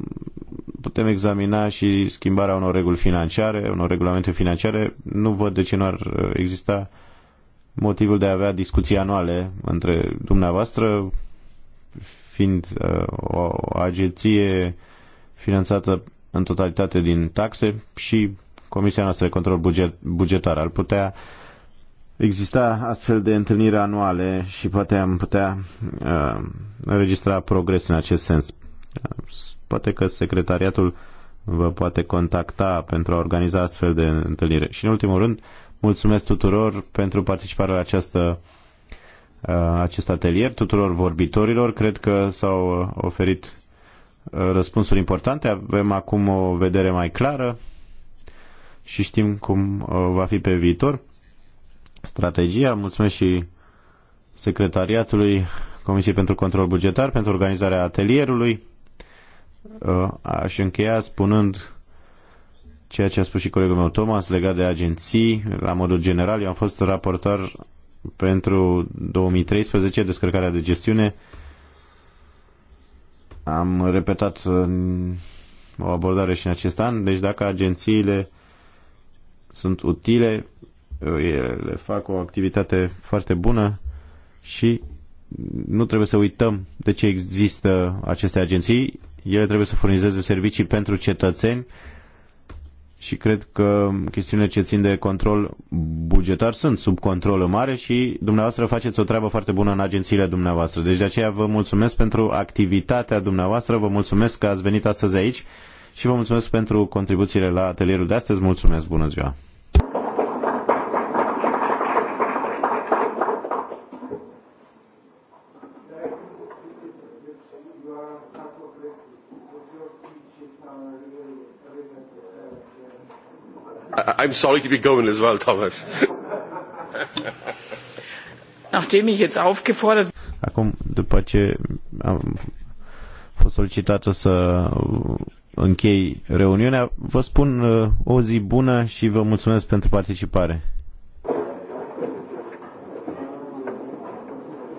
putem examina și schimbarea unor reguli financiare, unor regulamente financiare. Nu văd de ce nu ar uh, exista motivul de a avea discuții anuale între dumneavoastră, fiind uh, o, o agenție finanțată în totalitate din taxe și Comisia noastră de control buget, bugetar. Ar putea exista astfel de întâlniri anuale și poate am putea uh, progres în acest sens. Uh, poate că secretariatul vă poate contacta pentru a organiza astfel de întâlnire. Și în ultimul rând, uh, Mulțumesc tuturor pentru participarea la această, uh, acest atelier, tuturor vorbitorilor. Cred că s-au uh, oferit uh, răspunsuri importante. Avem acum o vedere mai clară și știm cum va fi pe viitor strategia. Mulțumesc și secretariatului Comisiei pentru Control Bugetar pentru organizarea atelierului. Aș încheia spunând ceea ce a spus și colegul meu Thomas legat de agenții, la modul general, eu am fost raportor pentru 2013, descărcarea de gestiune. Am repetat uh, o abordare și în acest an, deci dacă agențiile sunt utile, uh, le fac o activitate foarte bună și nu trebuie să uităm de ce există aceste agenții. Ele trebuie să furnizeze servicii pentru cetățeni și cred că chestiunile ce țin de control bugetar sunt sub control mare și dumneavoastră faceți o treabă foarte bună în agențiile dumneavoastră. Deci de aceea vă mulțumesc pentru activitatea dumneavoastră, vă mulțumesc că ați venit astăzi aici și vă mulțumesc pentru contribuțiile la atelierul de astăzi. Mulțumesc, bună ziua! I'm sorry to be going as well, Thomas. Nachdem ich jetzt aufgefordert Acum, după ce am fost solicitată să închei reuniunea, vă spun uh, o zi bună și vă mulțumesc pentru participare.